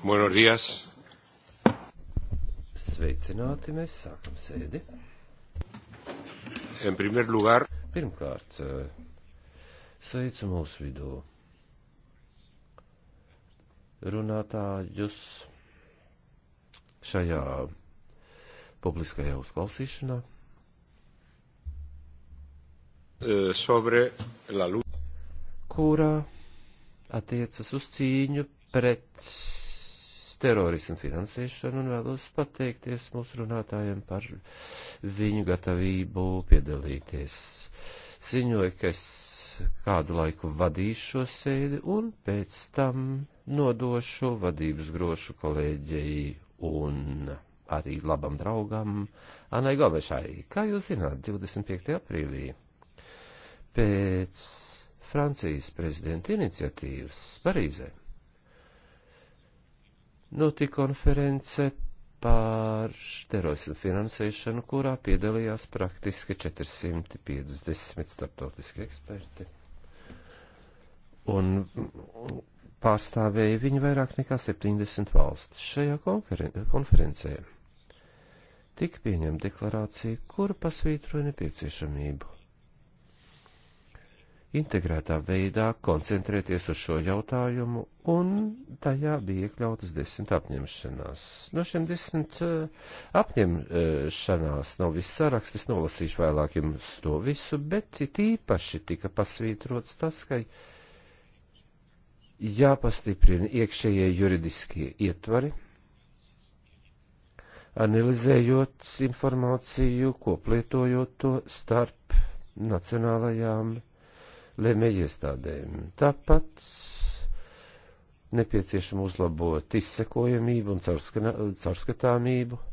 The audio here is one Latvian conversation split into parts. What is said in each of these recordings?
Buenos dias. Sveicināti, mēs sākam sēdi. En primer lugar. Pirmkārt, eh, sveicu mūsu vidū runātājus šajā publiskajā uzklausīšanā. Eh, sobre la lūdzu. Kurā attiecas uz cīņu pret terorismu finansēšanu un vēlos pateikties mūsu runātājiem par viņu gatavību piedalīties. Ziņoju, ka es kādu laiku vadīšu šo sēdi un pēc tam nodošu vadības grošu kolēģei un arī labam draugam Anai Gobešai, kā jūs zināt, 25. aprīlī. Pēc Francijas prezidenta iniciatīvas Parīzē notika konference par terorismu finansēšanu, kurā piedalījās praktiski 450 starptautiski eksperti. Un pārstāvēja viņu vairāk nekā 70 valstis. Šajā konferencē tika pieņemta deklarācija, kura pasvītroja nepieciešamību integrētā veidā koncentrēties uz šo jautājumu, un tajā bija iekļautas desmit apņemšanās. No šiem desmit eh, apņemšanās nav viss saraksts, nolasīšu vēlāk jums to visu, bet it īpaši tika pasvītrots tas, ka jāpastiprina iekšējie juridiskie ietvari, analizējot informāciju, koplietojot to starp nacionālajām lēmēju iestādēm. Tāpat nepieciešama uzlabot izsekojamību un caurskatāmību e,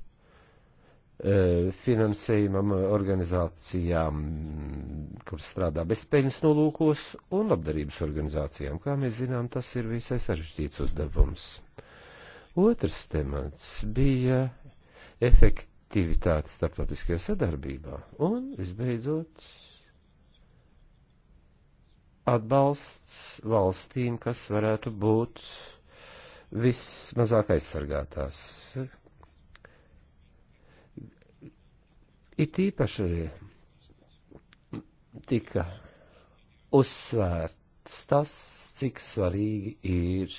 finansējumam organizācijām, kur strādā bezpeļņas nolūkos, un labdarības organizācijām. Kā mēs zinām, tas ir visai sarežģīts uzdevums. Otrs temats bija efektivitāte starptautiskajā sadarbībā, un, visbeidzot, atbalsts valstīm, kas varētu būt vismazāk aizsargātās. It īpaši arī tika uzsvērts tas, cik svarīgi ir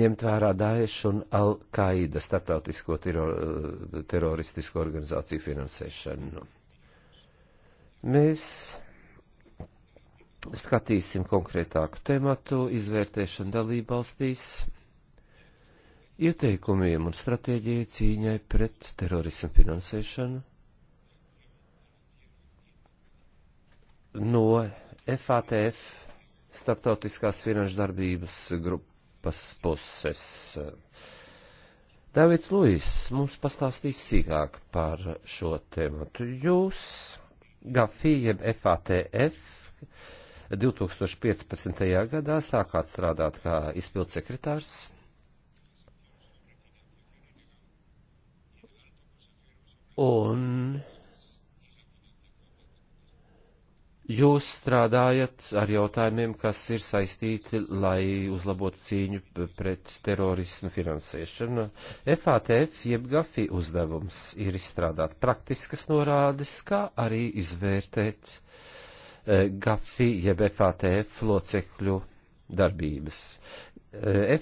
ņemt vērā Daesh un Al-Qaida starptautisko teror, teroristisko organizāciju finansēšanu. Mēs skatīsim konkrētāku tematu, izvērtēšanu dalību valstīs, ieteikumiem un stratēģijai cīņai pret terorismu finansēšanu no FATF starptautiskās finanšu darbības grupas puses. Davids Luis mums pastāstīs sīkāk par šo tematu. Jūs GAFI, jeb FATF, 2015. gadā sākāt strādāt kā izpildsekretārs un Jūs strādājat ar jautājumiem, kas ir saistīti, lai uzlabotu cīņu pret terorismu finansēšanu. FATF jeb GAFI uzdevums ir izstrādāt praktiskas norādes, kā arī izvērtēt eh, GAFI jeb FATF locekļu darbības.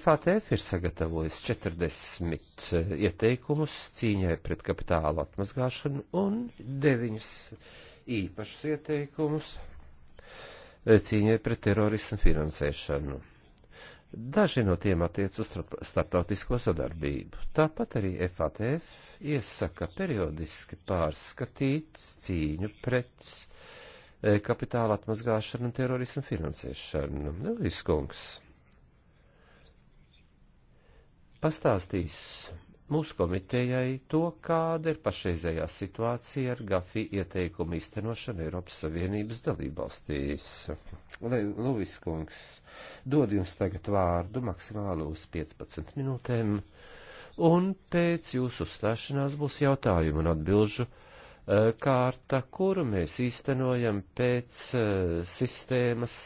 FATF eh, ir sagatavojis 40 eh, ieteikumus cīņai pret kapitālu atmazgāšanu un 9 īpašus ieteikumus e, cīņai pret terorismu finansēšanu. Daži no tiem attiec uz starptautisko sadarbību. Tāpat arī FATF iesaka periodiski pārskatīt cīņu pret e, kapitāla atmazgāšanu un terorismu finansēšanu. Nevis kungs pastāstīs mūsu komitejai to, kāda ir pašreizējā situācija ar GAFI ieteikumu īstenošanu Eiropas Savienības dalībvalstīs. Lūvis kungs, dod jums tagad vārdu maksimāli uz 15 minūtēm, un pēc jūsu uzstāšanās būs jautājumu un atbilžu eh, kārta, kuru mēs īstenojam pēc eh, sistēmas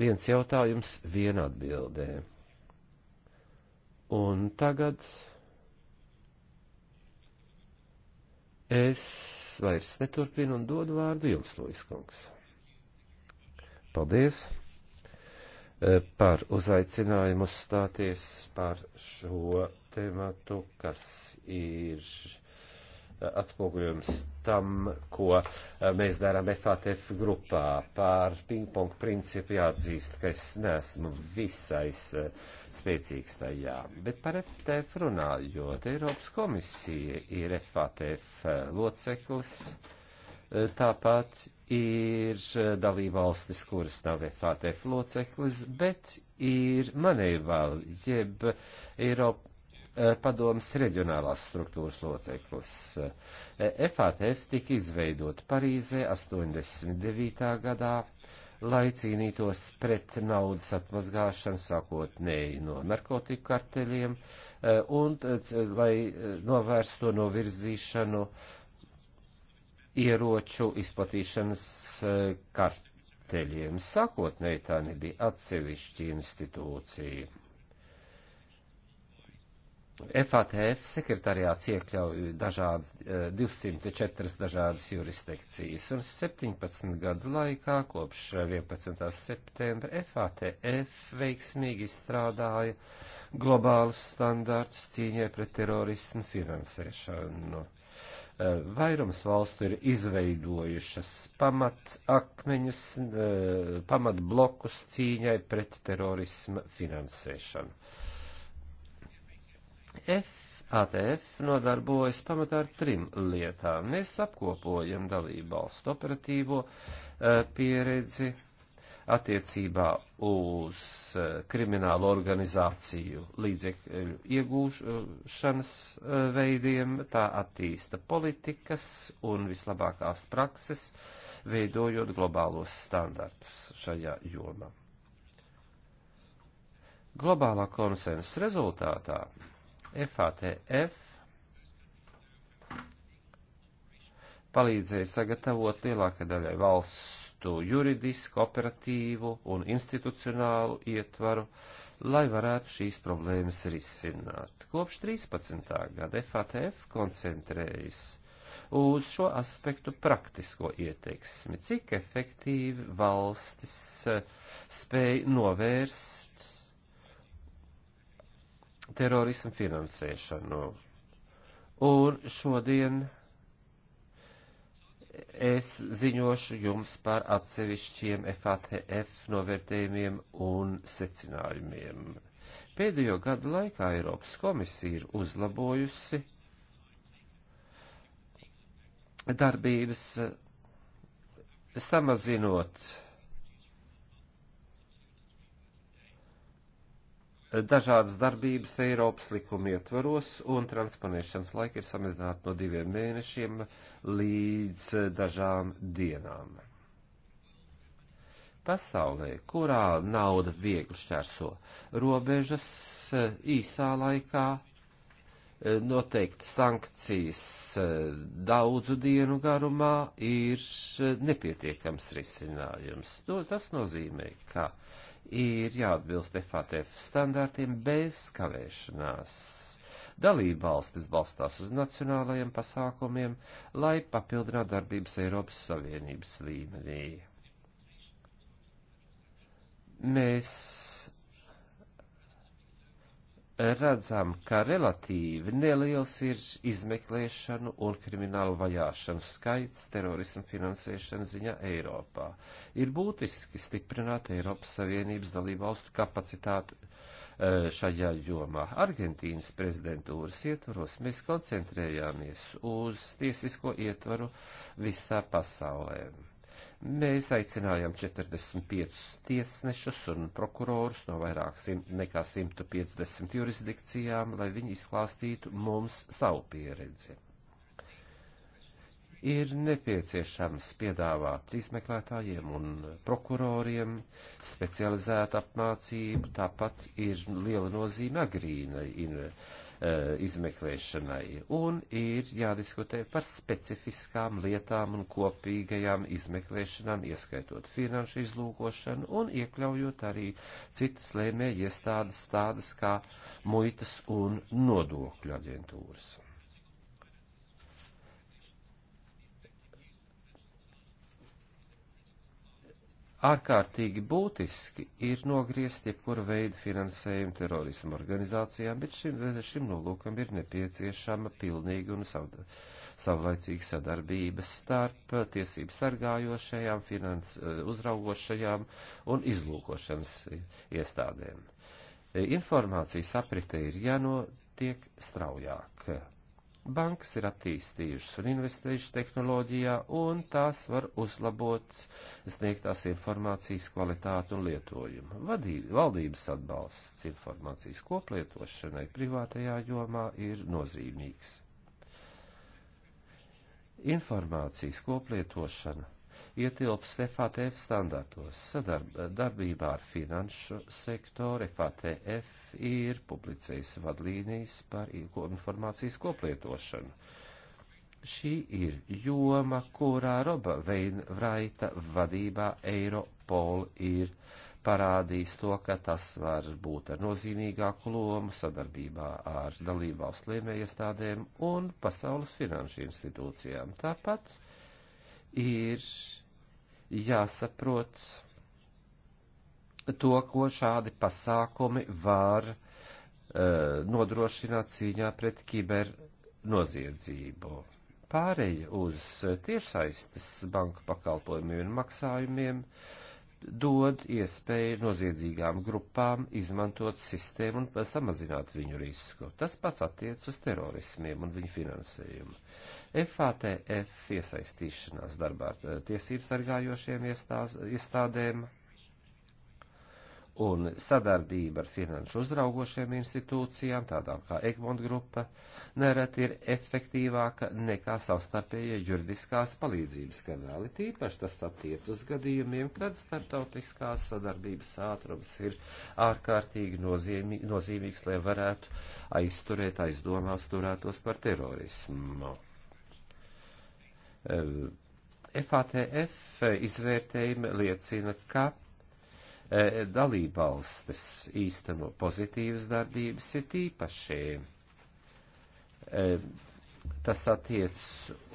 viens jautājums, viena atbildēm. Un tagad es vairs neturpinu un dodu vārdu jums, Lūis Kungs. Paldies e, par uzaicinājumu uzstāties par šo tematu, kas ir atspoguļojums tam, ko eh, mēs darām FATF grupā. Par pingpong principu jāatzīst, ka es neesmu visais eh, spēcīgs tajā. Bet par FATF runājot, Eiropas komisija ir FATF eh, loceklis. Tāpat ir dalībvalstis, kuras nav FATF loceklis, bet ir manevāli, jeb Eiropa Eh, padomas reģionālās struktūras loceklis. FATF eh, tika izveidota Parīzē 89. gadā, lai cīnītos pret naudas atmazgāšanu sākotnēji no narkotiku karteliem eh, un lai novērstu to novirzīšanu ieroču izplatīšanas karteļiem. Sākotnēji tā nebija atsevišķa institūcija FATF sekretariāts iekļauj dažādas 204 e, dažādas jurisdikcijas, un 17 gadu laikā kopš 11. septembra FATF veiksmīgi izstrādāja globālus standārtus cīņai pret terorismu finansēšanu. E, vairums valstu ir izveidojušas pamat akmeņus, e, pamat blokus cīņai pret terorismu finansēšanu FATF nodarbojas pamatā ar trim lietām. Mēs apkopojam dalību valstu operatīvo eh, pieredzi attiecībā uz eh, kriminālu organizāciju līdzekļu iegūšanas eh, veidiem, tā attīsta politikas un vislabākās prakses, veidojot globālos standartus šajā jomā. Globālā konsensa rezultātā FATF palīdzēja sagatavot lielākai daļai valstu juridisku, operatīvu un institucionālu ietvaru, lai varētu šīs problēmas risināt. Kopš 13. gada FATF koncentrējas uz šo aspektu praktisko ieteiksmi, cik efektīvi valstis eh, spēj novērst terorismu finansēšanu. Un šodien es ziņošu jums par atsevišķiem FATF novērtējumiem un secinājumiem. Pēdējo gadu laikā Eiropas komisija ir uzlabojusi darbības samazinot dažādas darbības Eiropas likuma ietvaros, un transponēšanas laika ir samazināta no diviem mēnešiem līdz dažām dienām. Pasaulē, kurā nauda viegli šķērso robežas īsā laikā, eh, noteikti sankcijas eh, daudzu dienu garumā ir eh, nepietiekams risinājums. No, nu, tas nozīmē, ka uh, ir jāatbilst FATF standartiem bez kavēšanās. Dalība valstis balstās uz nacionālajiem pasākumiem, lai papildinātu darbības Eiropas Savienības līmenī. Mēs redzam, ka relatīvi neliels ir izmeklēšanu un kriminālu vajāšanu skaits terorismu finansēšanu ziņā Eiropā. Ir būtiski stiprināt Eiropas Savienības dalību valstu kapacitātu e, šajā jomā. Argentīnas prezidentūras ietvaros mēs koncentrējāmies uz tiesisko ietvaru visā pasaulē Mēs aicinājām 45 tiesnešus un prokurorus no vairāk simt, nekā 150 jurisdikcijām, lai viņi izklāstītu mums savu pieredzi. Ir nepieciešams piedāvāt izmeklētājiem un prokuroriem specializētu apmācību, tāpat ir liela nozīme agrīnai investīcijai Eh, izmeklēšanai, un ir jādiskutē par specifiskām lietām un kopīgajām izmeklēšanām, ieskaitot finanšu izlūkošanu un iekļaujot arī citas lēmē iestādes tādas kā muitas un nodokļu aģentūras. ārkārtīgi būtiski ir nogriezt jebkura veida finansējumu terorismu organizācijām, bet šim, šim nolūkam ir nepieciešama pilnīga un sav, savlaicīga sadarbība starp tiesību sargājošajām, finans, uzraugošajām un izlūkošanas iestādēm. Informācijas aprite ir jānotiek straujāk Bankas ir attīstījušas un investējušas tehnoloģijā, un tās var uzlabot sniegtās informācijas kvalitātu un lietojumu. Vadība, valdības atbalsts informācijas koplietošanai privātajā jomā ir nozīmīgs. Informācijas koplietošana ietilps FATF standartos. Sadarbībā ar finanšu sektoru FATF ir publicējis vadlīnijas par informācijas koplietošanu. Šī ir joma, kurā Roba Veinvraita vadībā Eiropol ir parādījis to, ka tas var būt ar nozīmīgāku lomu sadarbībā ar dalībvalstu lēmējiestādēm un pasaules finanšu institūcijām. Tāpat ir jāsaprot to, ko šādi pasākumi var uh, nodrošināt cīņā pret kibernoziedzību. Pāreja uz tiešsaistes banku pakalpojumiem un maksājumiem uh, dod iespēju noziedzīgām grupām izmantot sistēmu un samazināt viņu risku. Tas pats attiec uz terorismiem un viņu finansējumu. FATF iesaistīšanās darbā eh, tiesības sargājošiem iestādēm un sadarbība ar finanšu uzraugošiem institūcijām, tādām kā Egmont grupa, nereti ir efektīvāka nekā savstarpēja juridiskās palīdzības kanāli. Tīpaši tas attiec uz gadījumiem, kad starptautiskās sadarbības ātrums ir ārkārtīgi nozīmī, nozīmīgs, lai varētu aizturēt aizdomās turētos par terorismu. FATF ehm, izvērtējumi liecina, ka E, dalībvalstis īsteno pozitīvas darbības ir tīpaši. E, tas attiec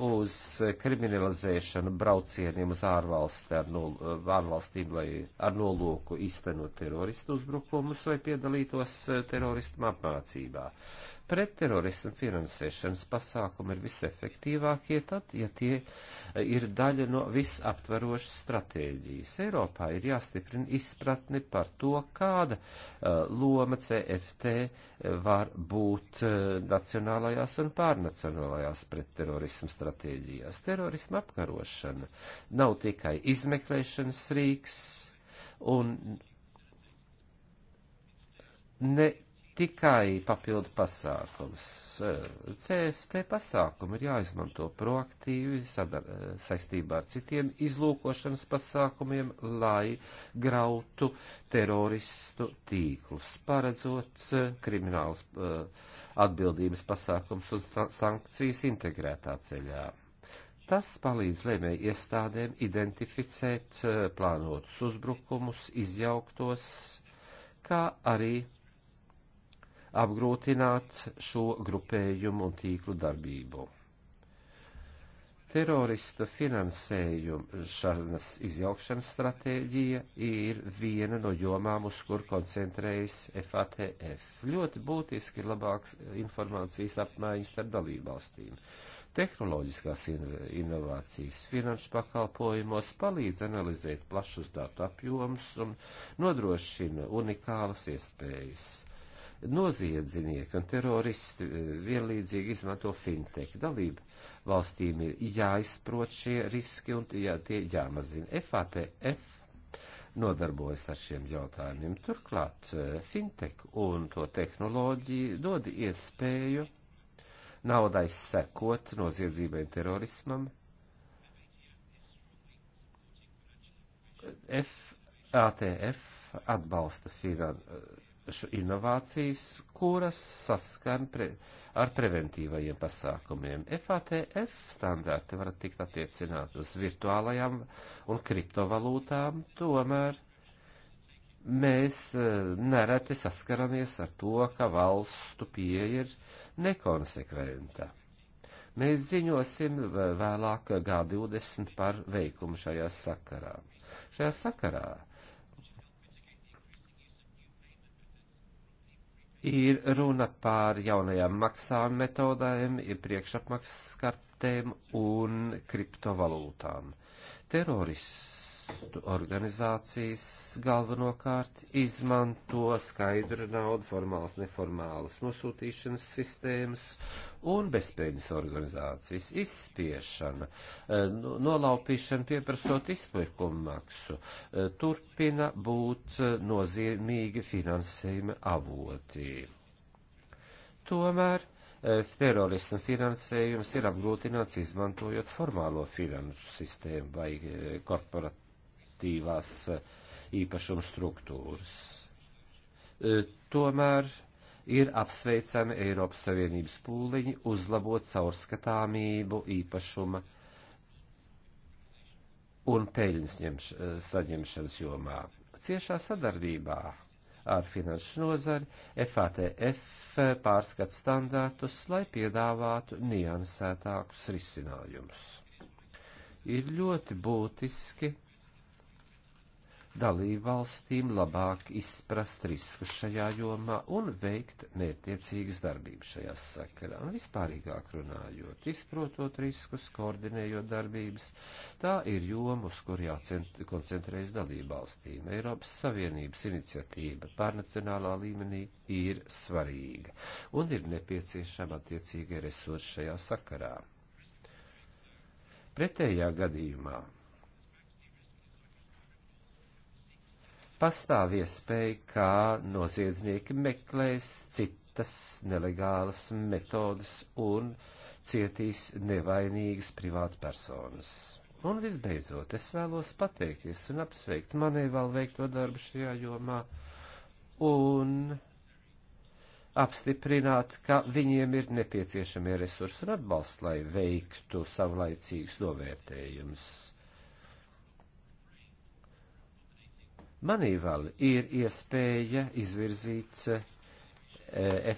uz kriminalizēšanu braucieniem uz ārvalsti ar nol, ārvalstīm, lai ar nolūku iztenot teroristu uzbrukumus vai piedalītos e, terorismu apmācībā. Pretterorismu finansēšanas pasākumi ir visefektīvākie tad, ja tie eh, ir daļa no visaptverošas stratēģijas. Eiropā ir jāstiprina izpratni par to, kāda uh, loma CFT eh, var būt uh, nacionālajās un pārnacionālajās pretterorismu stratēģijās. Terorisma apkarošana nav tikai izmeklēšanas rīks un ne tikai papildu pasākums. Eh, CFT pasākumi ir jāizmanto proaktīvi sadar, eh, saistībā ar citiem izlūkošanas pasākumiem, lai grautu teroristu tīklus, paredzot eh, kriminālus atbildības pasākums un sankcijas integrētā ceļā. Tas palīdz lēmēji iestādēm identificēt plānotus uzbrukumus, izjauktos, kā arī apgrūtināt šo grupējumu un tīklu darbību. Teroristu finansējumas izjaukšanas stratēģija ir viena no jomām, uz kur koncentrējas FATF. Ļoti būtiski ir labāks informācijas apmaiņas starp dalībvalstīm. Tehnoloģiskās inovācijas finanšu pakalpojumos palīdz analizēt plašus datu apjomus un nodrošina unikālas iespējas noziedznieki un teroristi e, vienlīdzīgi izmanto fintech. Dalību valstīm ir jāizprot šie riski un jā, tie jāmazina. FATF nodarbojas ar šiem jautājumiem. Turklāt e, fintech un to tehnoloģiju dod iespēju naudai sekot noziedzībai un terorismam. FATF atbalsta finan, inovācijas, kuras saskan pre, ar preventīvajiem pasākumiem. FATF standarti var tikt attiecināt uz virtuālajām un kriptovalūtām, tomēr mēs e, nereti saskaramies ar to, ka valstu pieeja ir nekonsekventa. Mēs ziņosim vēlāk G20 par veikumu šajā sakarā. Šajā sakarā ir runa pār jaunajām maksām metodēm, ir priekšapmaksas kartēm un kriptovalūtām. Terorists teroristu organizācijas galvenokārt izmanto skaidru naudu, formālas, neformālas nosūtīšanas sistēmas un bezspēļņas organizācijas izspiešana, eh, nolaupīšana pieprasot izpirkumu maksu, eh, turpina būt eh, nozīmīgi finansējuma avoti. Tomēr terorismu finansējums ir apgrūtināts izmantojot formālo finanšu sistēmu vai korporatīvu kolektīvās eh, īpašuma struktūras. Eh, tomēr ir apsveicami Eiropas Savienības pūliņi uzlabot caurskatāmību īpašuma un peļņas ņemš, eh, saņemšanas jomā. Ciešā sadarbībā ar finanšu nozari, FATF pārskat standārtus, lai piedāvātu niansētākus risinājumus. Ir ļoti būtiski dalībvalstīm labāk izprast riskus šajā jomā un veikt mērķiecīgas darbības šajā sakarā. Un vispārīgāk runājot, izprotot riskus, koordinējot darbības, tā ir joma, uz kur jākoncentrējas dalībvalstīm. Eiropas Savienības iniciatīva pārnacionālā līmenī ir svarīga un ir nepieciešama attiecīgie resursi šajā sakarā. Pretējā gadījumā pastāv iespēja, ka noziedznieki meklēs citas nelegālas metodas un cietīs nevainīgas privātu personas. Un visbeidzot, es vēlos pateikties un apsveikt manī vēl veikto darbu šajā jomā un apstiprināt, ka viņiem ir nepieciešamie resursi un atbalsts, lai veiktu savlaicīgus novērtējumus Manīvali ir iespēja izvirzīt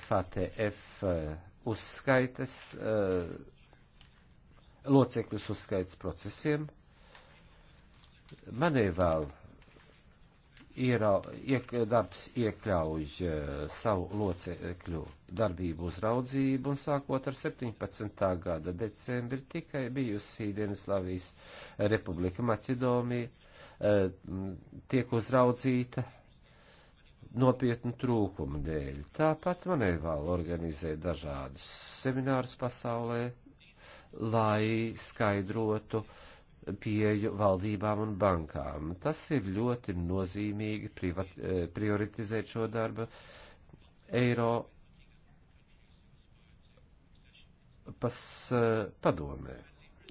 FATF eh, eh, uzskaites, eh, locekļus uzskaites procesiem. Manīvali iek, darbs iekļauj savu locekļu darbību uzraudzību, un sākot ar 17. gada decembri tikai bijusi Dienvidslāvijas Republika Maķedomija Eh, tiek uzraudzīta nopietnu trūkumu dēļ. Tāpat Manevāla organizē dažādus seminārus pasaulē, lai skaidrotu pieju valdībām un bankām. Tas ir ļoti nozīmīgi privat, eh, prioritizēt šo darbu eiro pas eh, padomē.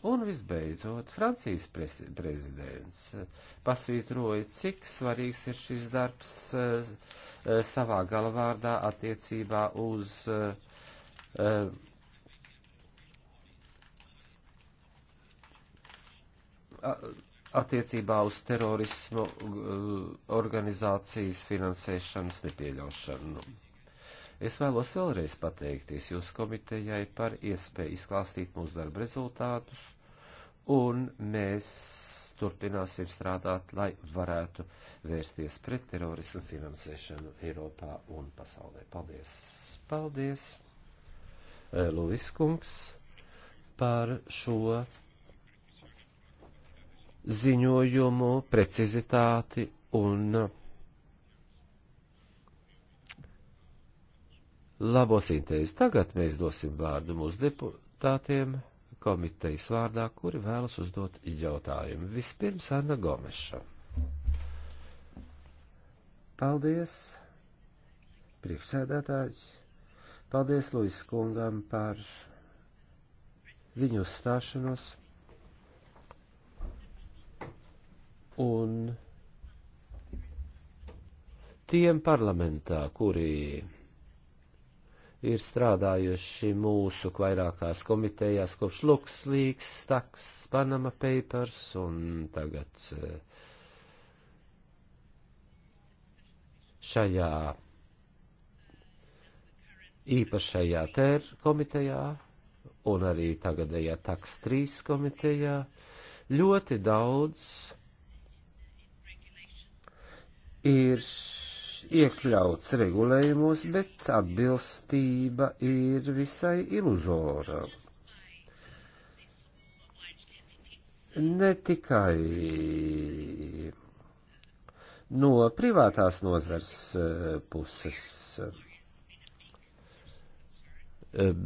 Un visbeidzot, Francijas prezidents eh, pasvītroja, cik svarīgs ir šis darbs eh, eh, savā galvārdā attiecībā uz attiecībā uz terorismu organizācijas finansēšanas nepieļaušanu. Es vēlos vēlreiz pateikties jūsu komitejai par iespēju izklāstīt mūsu darba rezultātus, un mēs turpināsim strādāt, lai varētu vērsties pret terorismu finansēšanu Eiropā un pasaulē. Paldies! Paldies, eh, Luvis Kungs, par šo ziņojumu precizitāti un labo sintēzi. Tagad mēs dosim vārdu mūsu deputātiem komitejas vārdā, kuri vēlas uzdot jautājumu. Vispirms Anna Gomeša. Paldies, priekšsēdētājs. Paldies Luis kungam par viņu uzstāšanos. Un tiem parlamentā, kuri ir strādājuši mūsu vairākās komitejās kopš Luxlīgs, Staks, Panama Papers un tagad eh, šajā īpašajā TER komitejā un arī tagadējā TAX 3 komitejā ļoti daudz ir iekļauts regulējumos, bet atbilstība ir visai iluzora. Ne tikai no privātās nozars eh, puses, eh,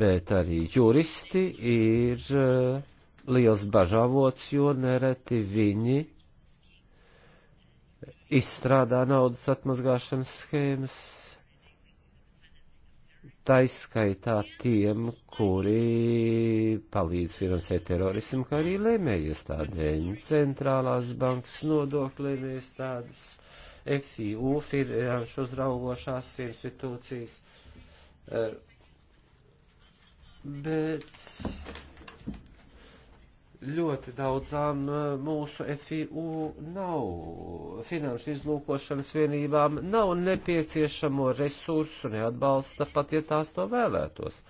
bet arī juristi ir eh, liels bažāvots, jo nereti viņi izstrādā naudas atmazgāšanas schēmas, taiskaitā tiem, kuri palīdz finansēt terorismu, kā arī lēmējiestādēm, centrālās bankas nodokļu lēmējiestādes, FIU, finanšu uzraugošās institūcijas. Eh, bet ļoti daudzām eh, mūsu FIU nav finanšu izlūkošanas vienībām, nav nepieciešamo resursu ne atbalsta, pat ja tās to vēlētos.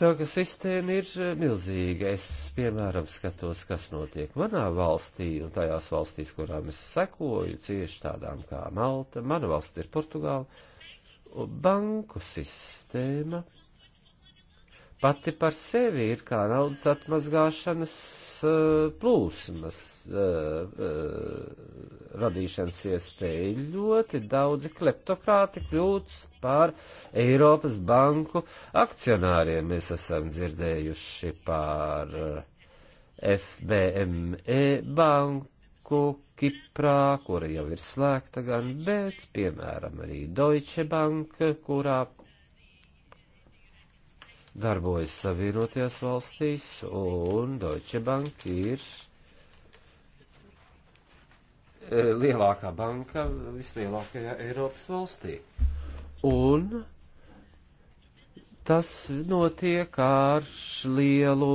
Tā ka sistēma ir eh, milzīga. Es, piemēram, skatos, kas notiek manā valstī un tajās valstīs, kurām es sekoju, cieši tādām kā Malta, mana valsts ir Portugāla, banku sistēma pati par sevi ir kā naudas atmazgāšanas eh, plūsmas eh, eh, radīšanas iespēja. Ļoti daudzi kleptokrāti kļūst par Eiropas banku akcionāriem. Mēs esam dzirdējuši par FBME banku Kiprā, kura jau ir slēgta gan, bet, piemēram, arī Deutsche Bank, kurā darbojas Savienotajās valstīs, un Deutsche Bank ir e, lielākā banka vislielākajā Eiropas valstī. Un tas notiek ar lielu.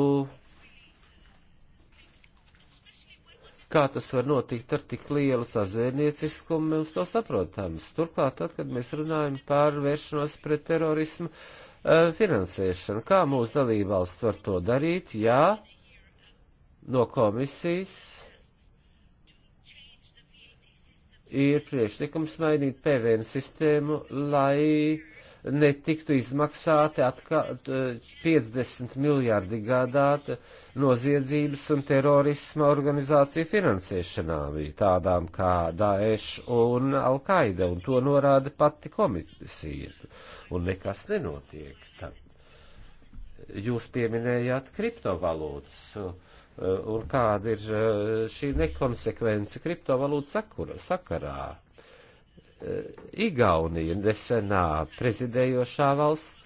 Kā tas var notikt ar tik lielu sazvērnieciskumu, mums to saprotams. Turklāt, tad, kad mēs runājam par vēršanos pret terorismu, uh, Eh, finansēšanu. Kā mūsu dalībvalsts var to darīt, ja no komisijas ir priekšlikums mainīt PVN sistēmu, lai netiktu izmaksāti atkal 50 miljārdi gadā noziedzības un terorisma organizāciju finansēšanā, tādām kā Daesh un Al-Qaida, un to norāda pati komisija, un nekas nenotiek. Tad jūs pieminējāt kriptovalūtas, un kāda ir eh, šī nekonsekvence kriptovalūtas sakarā? Eh, Igaunija nesenā prezidējošā valsts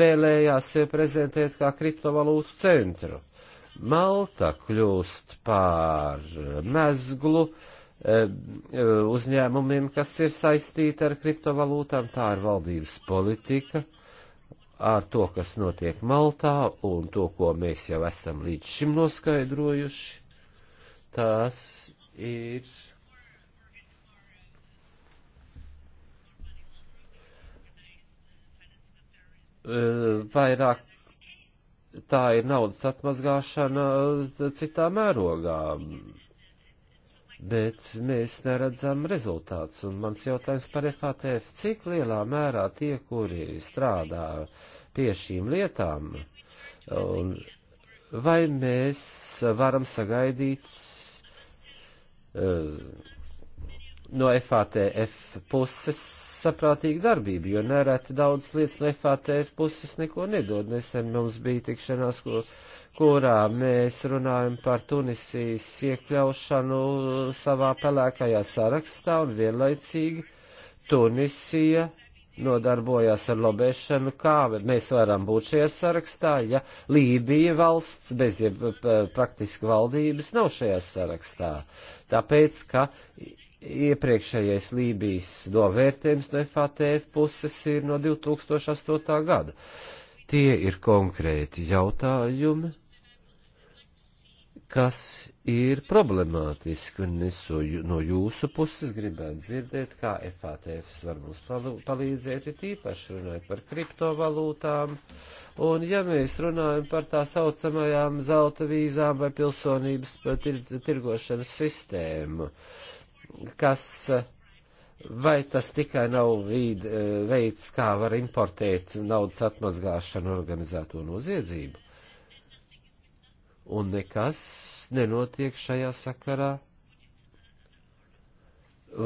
vēlējās sevi prezentēt kā kriptovalūtu centru. Malta kļūst par mezglu eh, uzņēmumiem, kas ir saistīti ar kriptovalūtām, tā ir valdības politika, ar to, kas notiek Maltā un to, ko mēs jau esam līdz šim noskaidrojuši. Tas ir E, vairāk tā ir naudas atmazgāšana e, citā mērogā. Bet mēs neredzam rezultātus, un mans jautājums par FATF, cik lielā mērā tie, kuri strādā pie šīm lietām, un vai mēs varam sagaidīt uh, no FATF puses saprātīga darbība, jo nereti daudz lietas no FATF puses neko nedod. Nesen mums bija tikšanās, ko, kurā mēs runājam par Tunisijas iekļaušanu savā pelēkajā sarakstā un vienlaicīgi Tunisija nodarbojās ar lobēšanu, kā mēs varam būt šajā sarakstā, ja Lībija valsts bez jeb praktiski valdības nav šajā sarakstā. Tāpēc, ka iepriekšējais Lībijas novērtējums no FATF puses ir no 2008. gada. Tie ir konkrēti jautājumi, kas ir problemātiski, un es no jūsu puses gribētu dzirdēt, kā FATF var mums palīdzēt, ir tīpaši runājot par kriptovalūtām, un ja mēs runājam par tā saucamajām zelta vīzām vai pilsonības tirgošanas sistēmu, uh, kas vai tas tikai nav vīd, eh, veids, kā var importēt naudas atmazgāšanu organizēto noziedzību. Un nekas nenotiek šajā sakarā,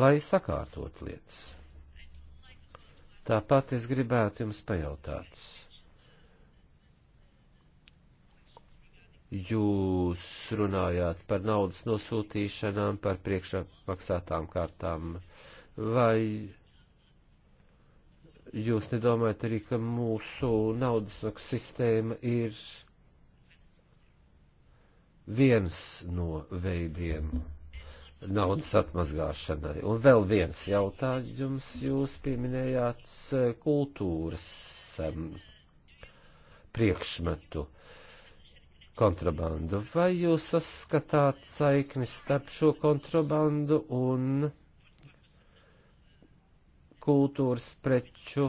lai sakārtot lietas. Tāpat es gribētu jums pajautāt. Jūs runājāt par naudas nosūtīšanām, par priekšmaksātām kārtām. Vai jūs nedomājat arī, ka mūsu naudas sistēma ir viens no veidiem naudas atmazgāšanai? Un vēl viens jautājums jūs pieminējāt eh, kultūras um, priekšmetu kontrabandu. Vai jūs saskatāt saiknis starp šo kontrabandu un kultūras preču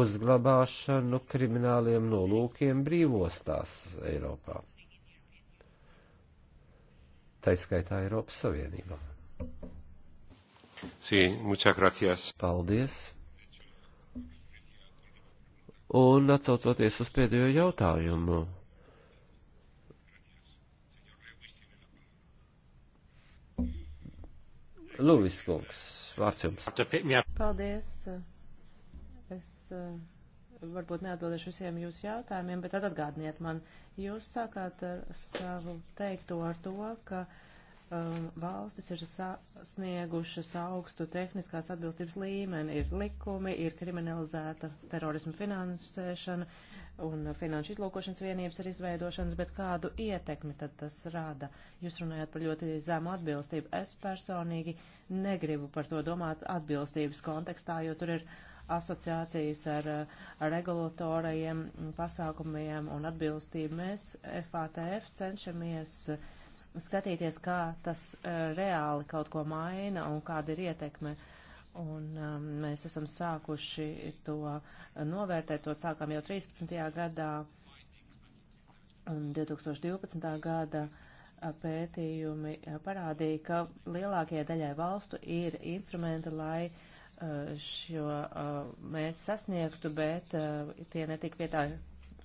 uzglabāšanu krimināliem nolūkiem brīvostās Eiropā? Taiskaitā Eiropas Savienībā. Sí, muchas gracias. Paldies. Un atcaucoties uz pēdējo jautājumu, Lūvis Kungs, vārds jums. Paldies. Es eh, varbūt neatbildēšu visiem jūsu jautājumiem, bet tad atgādniet man. Jūs sākāt ar eh, savu teikto ar to, ka. Uh, um, valstis ir sasniegušas augstu tehniskās atbilstības līmeni. Ir likumi, ir kriminalizēta terorismu finansēšana un finanšu izlūkošanas vienības ir izveidošanas, bet kādu ietekmi tad tas rada? Jūs runājat par ļoti zemu atbilstību. Es personīgi negribu par to domāt atbilstības kontekstā, jo tur ir asociācijas ar, ar regulatorajiem pasākumiem un atbilstību. Mēs FATF cenšamies uh, skatīties, kā tas e, reāli kaut ko maina un kāda ir ietekme. Un um, mēs esam sākuši to e, novērtēt, to sākām jau 13. gadā un 2012. gada e, pētījumi parādīja, ka lielākajai daļai valstu ir instrumenti, lai šo mērķi sasniegtu, bet tie netika pie tā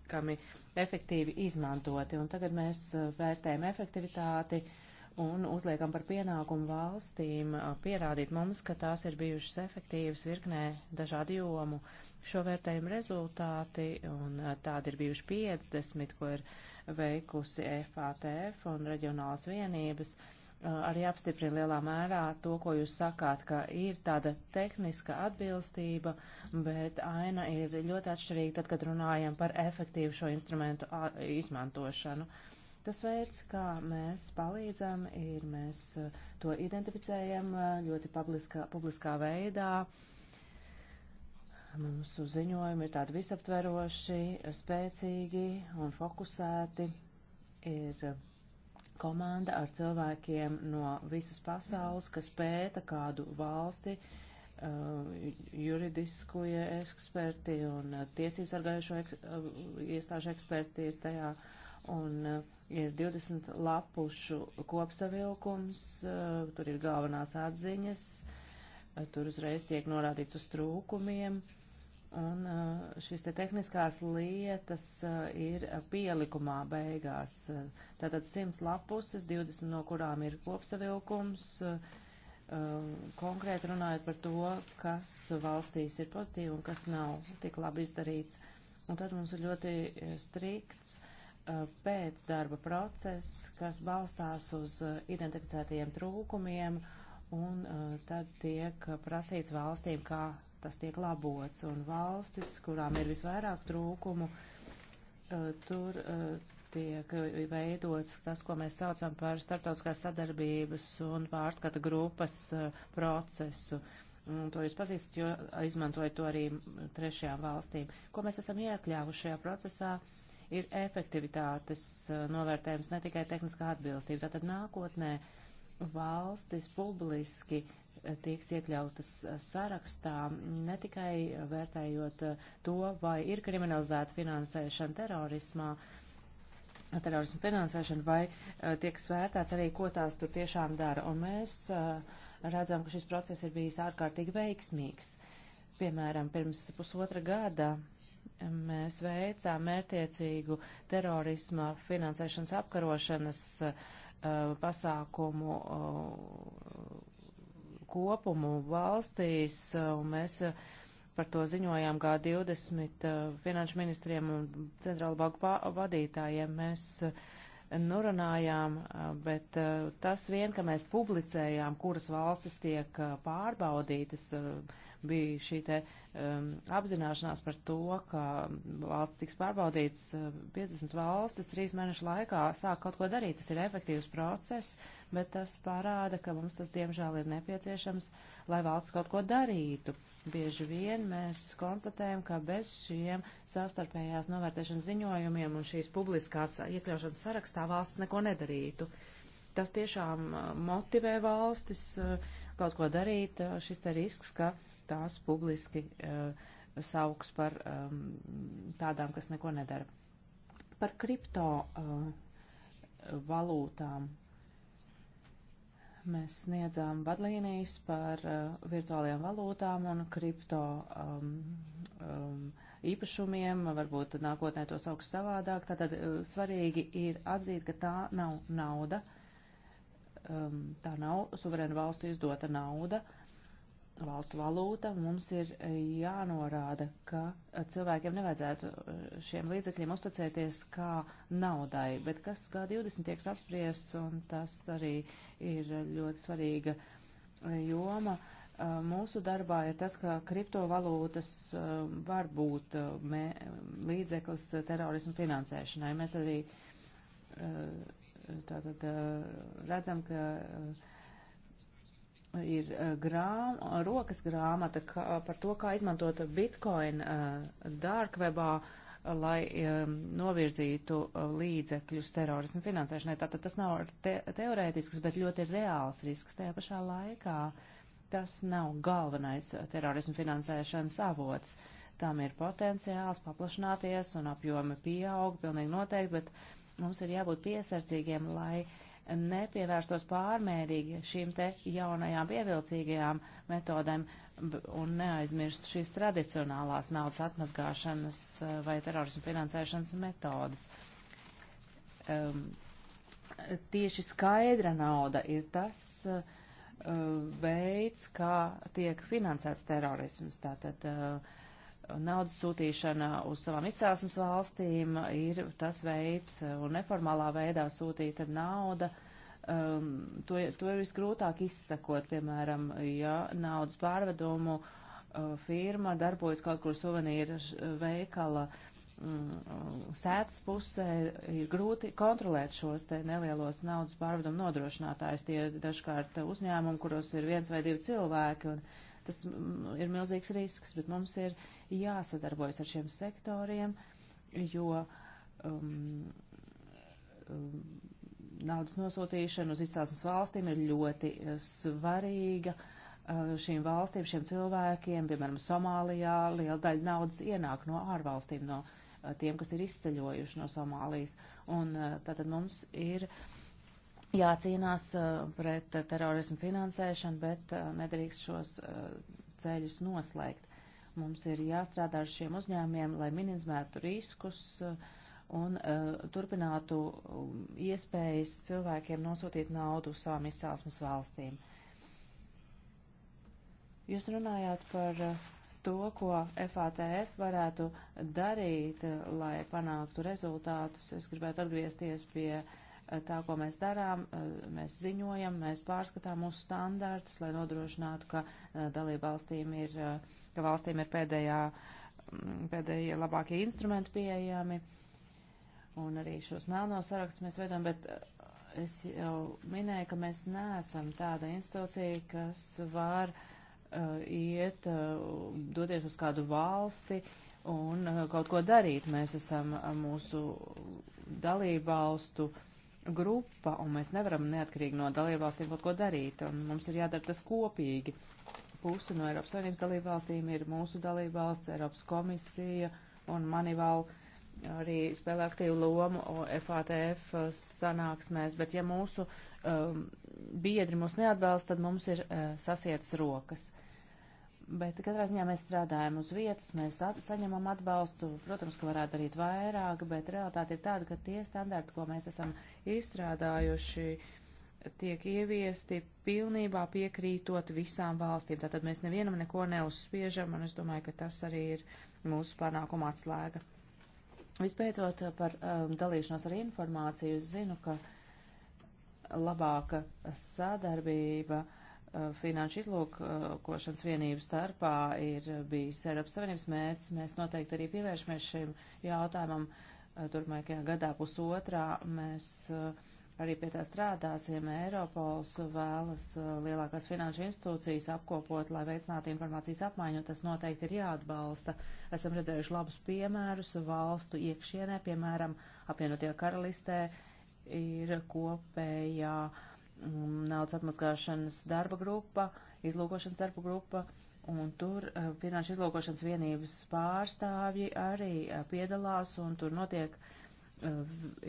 pietiekami efektīvi izmantoti. Un tagad mēs eh, vērtējam efektivitāti un uzliekam par pienākumu valstīm eh, pierādīt mums, ka tās ir bijušas efektīvas virknē dažādu jomu. Šo vērtējumu rezultāti, un eh, tādi ir bijuši 50, ko ir veikusi FATF e un reģionālas vienības, uh, Eh, arī apstiprina lielā mērā to, ko jūs sakāt, ka ir tāda tehniska atbilstība, bet aina ir ļoti atšķirīga tad, kad runājam par efektīvu šo instrumentu izmantošanu. Tas veids, kā mēs palīdzam, ir mēs eh, to identificējam eh, ļoti publiskā, publiskā veidā. Mūsu ziņojumi ir tādi visaptveroši, spēcīgi un fokusēti. Ir komanda ar cilvēkiem no visas pasaules, kas pēta kādu valsti, uh, juridiskoja eksperti un uh, tiesības argājušo eks, uh, iestāžu eksperti ir tajā. Un uh, ir 20 lapušu kopsavilkums, uh, tur ir galvenās atziņas, uh, tur uzreiz tiek norādīts uz trūkumiem. Uh, Un eh, šīs te tehniskās lietas eh, ir pielikumā beigās. Tātad 100 lapuses, 20 no kurām ir kopsavilkums, eh, konkrēti runājot par to, kas valstīs ir pozitīvi un kas nav tik labi izdarīts. Un tad mums ir ļoti strikts pēcdarba process, kas balstās uz identificētajiem trūkumiem un uh, tad tiek prasīts valstīm, kā tas tiek labots. Un valstis, kurām ir visvairāk trūkumu, uh, tur uh, tiek veidots tas, ko mēs saucam par starptautiskās sadarbības un pārskata grupas uh, procesu. Un to jūs pazīstat, jo izmantojat to arī trešajām valstīm. Ko mēs esam iekļāvuši šajā procesā, ir efektivitātes uh, novērtējums, ne tikai tehniskā atbilstība. Tātad nākotnē uh, valstis publiski eh, tiks iekļautas eh, sarakstā, ne tikai vērtējot eh, to, vai ir kriminalizēta finansēšana terorismā, terorismu finansēšana, vai tiek svērtāts arī, ko tās tur tiešām dara. Un mēs redzam, ka šis process ir bijis ārkārtīgi veiksmīgs. Piemēram, pirms pusotra gada mēs veicām mērtiecīgu terorisma finansēšanas apkarošanas uh, Uh, pasākumu uh, kopumu valstīs, uh, un mēs par to ziņojām G20 finanšu ministriem un centrālu banku vadītājiem. Mēs nurunājām, bet tas vien, ka mēs publicējām, kuras valstis tiek pārbaudītas, uh, bija šī te um, apzināšanās par to, ka valsts tiks pārbaudīts 50 uh, valstis trīs mēnešu laikā, sāk kaut ko darīt. Tas ir efektīvs process, bet tas parāda, ka mums tas diemžēl ir nepieciešams, lai valsts kaut ko darītu. Bieži vien mēs konstatējam, ka bez šiem savstarpējās novērtēšanas ziņojumiem un šīs publiskās iekļaušanas sarakstā valsts neko nedarītu. Tas tiešām uh, motivē valstis uh, kaut ko darīt. Šis te risks, ka tās publiski uh, sauks par um, tādām, kas neko nedara. Par kripto uh, valūtām mēs sniedzām vadlīnijas par uh, virtuālajām valūtām un kripto um, um, īpašumiem, varbūt nākotnē to sauks savādāk. Tātad uh, svarīgi ir atzīt, ka tā nav nauda, um, tā nav suverēna valstu izdota nauda. Uh, valstu valūta, mums ir eh, jānorāda, ka eh, cilvēkiem nevajadzētu eh, šiem līdzekļiem uzticēties kā naudai, bet kas G20 tiek apspriests, un tas arī ir ļoti svarīga joma. Mūsu darbā ir tas, ka kriptovalūtas var būt līdzeklis terorismu finansēšanai. Mēs arī tātad redzam, ka ir eh, grām, rokas grāmata kā, par to, kā izmantot bitcoin uh, darkwebā, lai um, novirzītu uh, līdzekļus terorismu finansēšanai. Tātad tas nav te teorētisks, bet ļoti reāls risks tajā pašā laikā. Tas nav galvenais terorismu finansēšanas avots. Tam ir potenciāls paplašināties un apjomi pieaug, pilnīgi noteikti, bet mums ir jābūt piesardzīgiem, lai uh, nepievērstos pārmērīgi šīm te jaunajām pievilcīgajām metodēm un neaizmirst šīs tradicionālās naudas atmazgāšanas eh, vai terorismu finansēšanas metodas. Um, tieši skaidra nauda ir tas uh, veids, kā tiek finansēts terorisms. Tātad, uh, naudas sūtīšana uz savām izcelsmes valstīm ir tas veids, uh, un neformālā veidā sūtīta nauda. Um, to, to ir visgrūtāk izsakot, piemēram, ja naudas pārvedumu uh, firma darbojas kaut kur suvenīra veikala mm, uh, sētas pusē, ir grūti kontrolēt šos te nelielos naudas pārvedumu nodrošinātājus. Tie ir dažkārt uzņēmumi, kuros ir viens vai divi cilvēki, un tas mm, ir milzīgs risks, bet mums ir uh, jāsadarbojas ar šiem sektoriem, jo um, um, naudas nosūtīšana uz izcelsmes valstīm ir ļoti uh, svarīga. Uh, šīm valstīm, šiem cilvēkiem, piemēram, Somālijā, liela daļa naudas ienāk no ārvalstīm, no uh, tiem, kas ir izceļojuši no Somālijas. Un tātad mums ir jācīnās pret terorismu finansēšanu, bet nedrīkst šos ceļus noslēgt. Mums ir jāstrādā ar šiem uzņēmiem, lai minimizētu riskus uh, un uh, turpinātu um, iespējas cilvēkiem nosūtīt naudu uz savām izcelsmes valstīm. Jūs runājāt par uh, to, ko FATF varētu darīt, uh, lai panāktu rezultātus. Es gribētu atgriezties pie uh, tā, ko mēs darām, eh, mēs ziņojam, mēs pārskatām mūsu standārtus, lai nodrošinātu, ka eh, dalība valstīm ir, eh, ka valstīm ir pēdējā, mm, pēdējie labākie instrumenti pieejami, un arī šos melno sarakstus mēs veidojam, bet es jau minēju, ka mēs neesam tāda institūcija, kas var uh, iet, uh, doties uz kādu valsti, uh, un kaut ko darīt. Mēs esam mūsu dalībvalstu grupa, un mēs nevaram neatkarīgi no dalībvalstīm kaut ko darīt, un mums ir jādara tas kopīgi. Pusi no Eiropas Savienības dalībvalstīm ir mūsu dalībvalsts, Eiropas komisija un Manival arī spēlē aktīvu lomu FATF uh, sanāksmēs, bet ja mūsu um, biedri mūs neatbalsta, tad mums ir uh, sasietas rokas. Uh, Bet katrā ziņā mēs strādājam uz vietas, mēs at saņemam atbalstu. Protams, ka varētu darīt vairāk, bet realitāte ir tāda, ka tie standarti, ko mēs esam izstrādājuši, tiek ieviesti pilnībā piekrītot visām valstīm. Tātad mēs nevienam neko neuzspiežam, un es domāju, ka tas arī ir mūsu panākuma atslēga. Vispēcot par um, dalīšanos ar informāciju, es zinu, ka labāka sadarbība uh, Uh, finanšu izlūkošanas vienību starpā ir bijis Eiropas Savienības mērķis. Mēs noteikti arī pievēršamies šim jautājumam uh, turpmākajā gadā pusotrā. Mēs uh, arī pie tā strādāsim. Eiropols vēlas lielākās finanšu institūcijas apkopot, lai veicinātu informācijas apmaiņu. Tas noteikti ir jāatbalsta. Esam redzējuši labus piemērus valstu iekšienē, piemēram, apvienotajā karalistē ir kopējā. Uh, naudas atmazgāšanas darba grupa, izlūkošanas darba grupa, un tur uh, finanšu izlūkošanas vienības pārstāvji arī uh, piedalās, un tur notiek uh,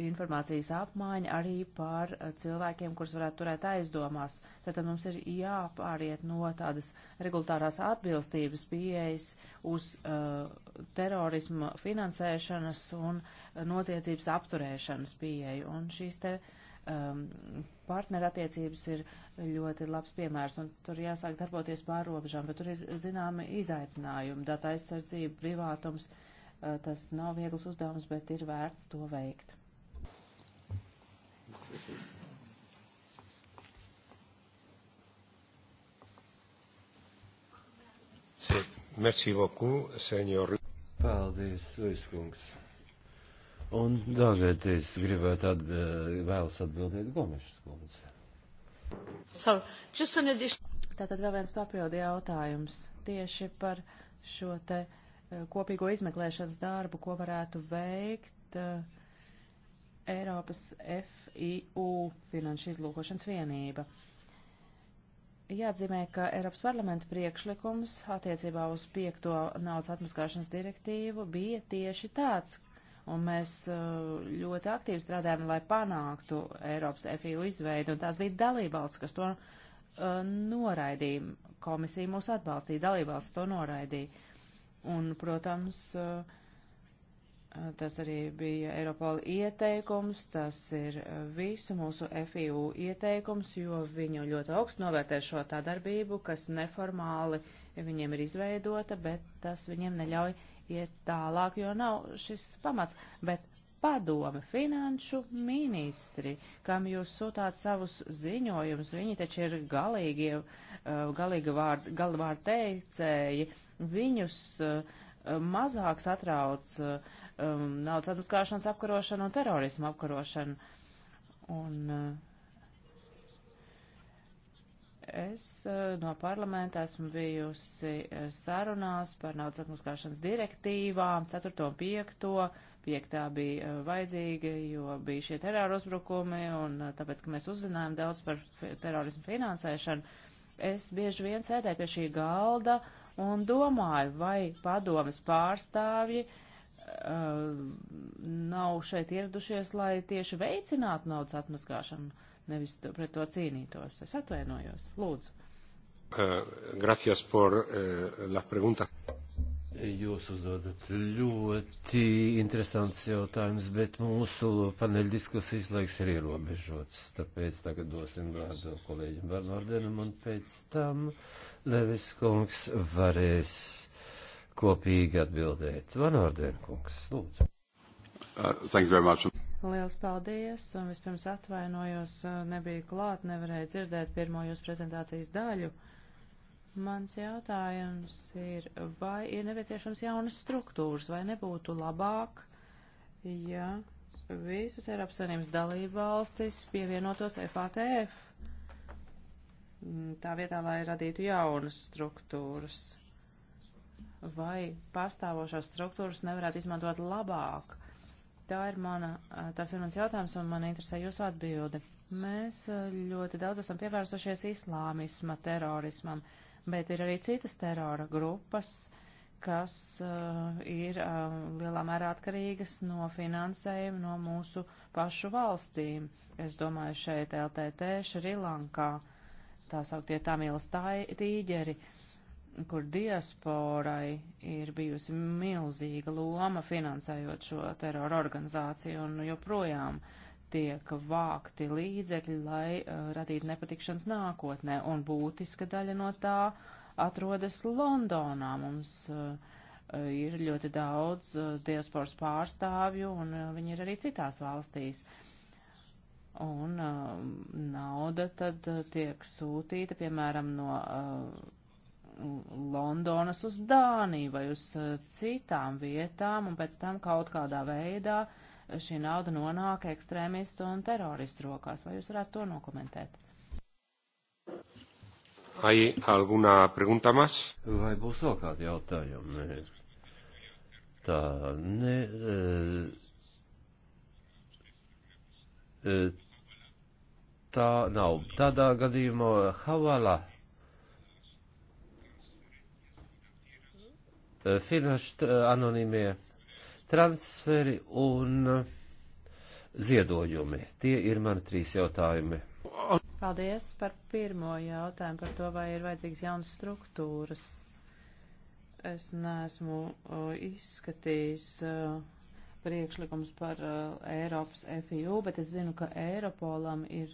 informācijas apmaiņa arī par cilvēkiem, kurus varētu turēt aizdomās. Tātad mums ir jāpāriet no tādas regulārās atbilstības pieejas uz uh, terorisma finansēšanas un noziedzības apturēšanas pieeju. Un šīs te uh, um, partnerattiecības ir ļoti labs piemērs, un tur jāsāk darboties pār robežām, bet tur ir zināmi izaicinājumi, data aizsardzība, privātums. Uh, tas nav viegls uzdevums, bet ir vērts to veikt. Merci beaucoup, senor. Paldies, Luiskungs. Un tagad es gribētu atb vēlas atbildēt Gomešas kundze. So, Tātad vēl viens papildi jautājums tieši par šo te e, kopīgo izmeklēšanas darbu, ko varētu veikt uh, Eiropas FIU finanšu izlūkošanas vienība. Jāatzīmē, ka Eiropas parlamenta priekšlikums attiecībā uz piekto naudas atmaskāšanas direktīvu bija tieši tāds, un mēs uh, ļoti aktīvi strādājam, lai panāktu Eiropas FIU izveidu, un tās bija dalībvalsts, kas to uh, noraidīja. Komisija mūs atbalstīja, dalībvalsts to noraidīja. Un, protams, uh, uh, tas arī bija Eiropola ieteikums, tas ir uh, visu mūsu FIU ieteikums, jo viņu ļoti augstu novērtē šo tā darbību, kas neformāli viņiem ir izveidota, bet tas viņiem neļauj iet tālāk, jo nav šis pamats. Bet padome, finanšu ministri, kam jūs sūtāt savus ziņojumus, viņi taču ir galīgie, eh, galīga vārda, galvārda teicēji, viņus eh, mazāk satrauc eh, um, naudas atmaskāšanas apkarošana un terorismu apkarošana. Un, uh, Es eh, no parlamenta esmu bijusi eh, sarunās par naudas atmaskāšanas direktīvām, 4. un 5. 5. bija eh, vajadzīga, jo bija šie teroruzbrukumi, un tāpēc, ka mēs uzzinājām daudz par terorismu finansēšanu, es bieži vien sēdēju pie šī galda un domāju, vai padomas pārstāvji uh, nav šeit ieradušies, lai tieši veicinātu naudas atmaskāšanu nevis pret to cīnītos. Es atvainojos. Lūdzu. Uh, gracias por uh, las preguntas. Jūs uzdodat ļoti interesants jautājums, bet mūsu paneļa diskusijas laiks ir ierobežots, tāpēc tagad dosim vārdu kolēģim Bernardenam un pēc tam Levis kungs varēs kopīgi atbildēt. Van Orden kungs, lūdzu. Uh, thank you very much. Liels paldies, un vispirms atvainojos, eh, nebija klāt, nevarēju dzirdēt pirmo jūsu prezentācijas daļu. Mans jautājums ir, vai ir nepieciešams jaunas struktūras, vai nebūtu labāk, ja visas Eiropas Savienības dalība valstis pievienotos FATF? Mm, tā vietā, lai radītu jaunas struktūras. Vai pastāvošās struktūras nevarētu izmantot labāk? Tā ir mana, tas ir mans jautājums un man interesē jūsu atbildi. Mēs ļoti daudz esam pievērsušies islāmisma terorismam, bet ir arī citas terora grupas, kas uh, ir uh, lielā mērā atkarīgas no finansējuma no mūsu pašu valstīm. Es domāju šeit LTT, Šrilankā, tā sauktie Tamilas tīģeri. Uh, kur diasporai ir bijusi milzīga loma finansējot šo terora organizāciju un joprojām tiek vākti līdzekļi, lai uh, radītu nepatikšanas nākotnē, un būtiska daļa no tā atrodas Londonā. Mums uh, ir ļoti daudz uh, diasporas pārstāvju, un uh, viņi ir arī citās valstīs. Un uh, nauda tad uh, tiek sūtīta, piemēram, no. Uh, Londonas uz Dāniju vai uz eh, citām vietām, un pēc tam kaut kādā veidā šī nauda nonāk ekstrēmistu un teroristu rokās. Vai jūs varētu to nokomentēt? Hay alguna pregunta más? Vai būs vēl kādi jautājumi? Nē. Tā, nē. E, e, eh, eh, tā nav. Tādā gadījumā Havala Eh, finanšu eh, anonīmie transferi un eh, ziedojumi. Tie ir mani trīs jautājumi. Paldies par pirmo jautājumu par to, vai ir vajadzīgs jaunas struktūras. Es neesmu izskatījis priekšlikums par Eiropas FIU, bet es zinu, ka Eiropolam ir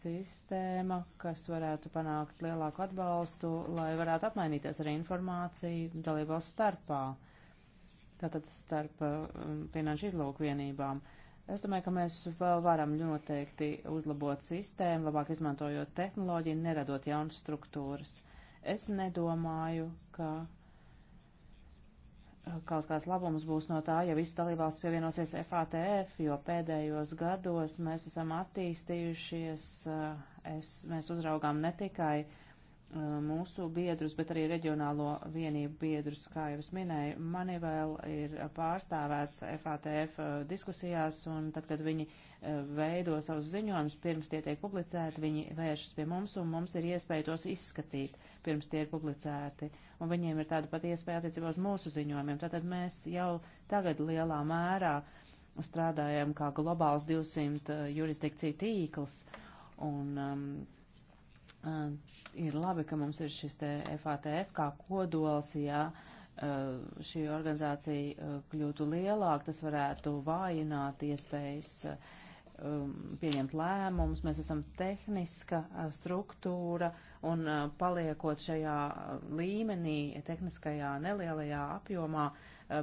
sistēma, kas varētu panākt lielāku atbalstu, lai varētu apmainīties ar informāciju dalībās starpā, tātad starp um, finanšu izlūku vienībām. Es domāju, ka mēs vēl varam noteikti uzlabot sistēmu, labāk izmantojot tehnoloģiju, neradot jaunas struktūras. Es nedomāju, ka kaut kāds labums būs no tā, ja visas dalībvalsts pievienosies FATF, jo pēdējos gados mēs esam attīstījušies, eh, es, mēs uzraugām ne tikai eh, mūsu biedrus, bet arī reģionālo vienību biedrus, kā jau es minēju. Mani vēl ir pārstāvēts FATF eh, diskusijās, un tad, kad viņi veido savus ziņojumus, pirms tie tiek publicēti, viņi vēršas pie mums, un mums ir iespēja tos izskatīt pirms tie ir publicēti, un viņiem ir tāda pat iespēja attiecībā uz mūsu ziņojumiem. Tātad mēs jau tagad lielā mērā strādājam kā globāls 200 uh, jurisdikciju tīkls, un um, uh, ir labi, ka mums ir šis te FATF kā kodols, ja uh, šī organizācija uh, kļūtu lielāka, tas varētu vājināt iespējas. Uh, Um, pieņemt lēmumus, mēs esam tehniska uh, struktūra un uh, paliekot šajā uh, līmenī, tehniskajā nelielajā apjomā,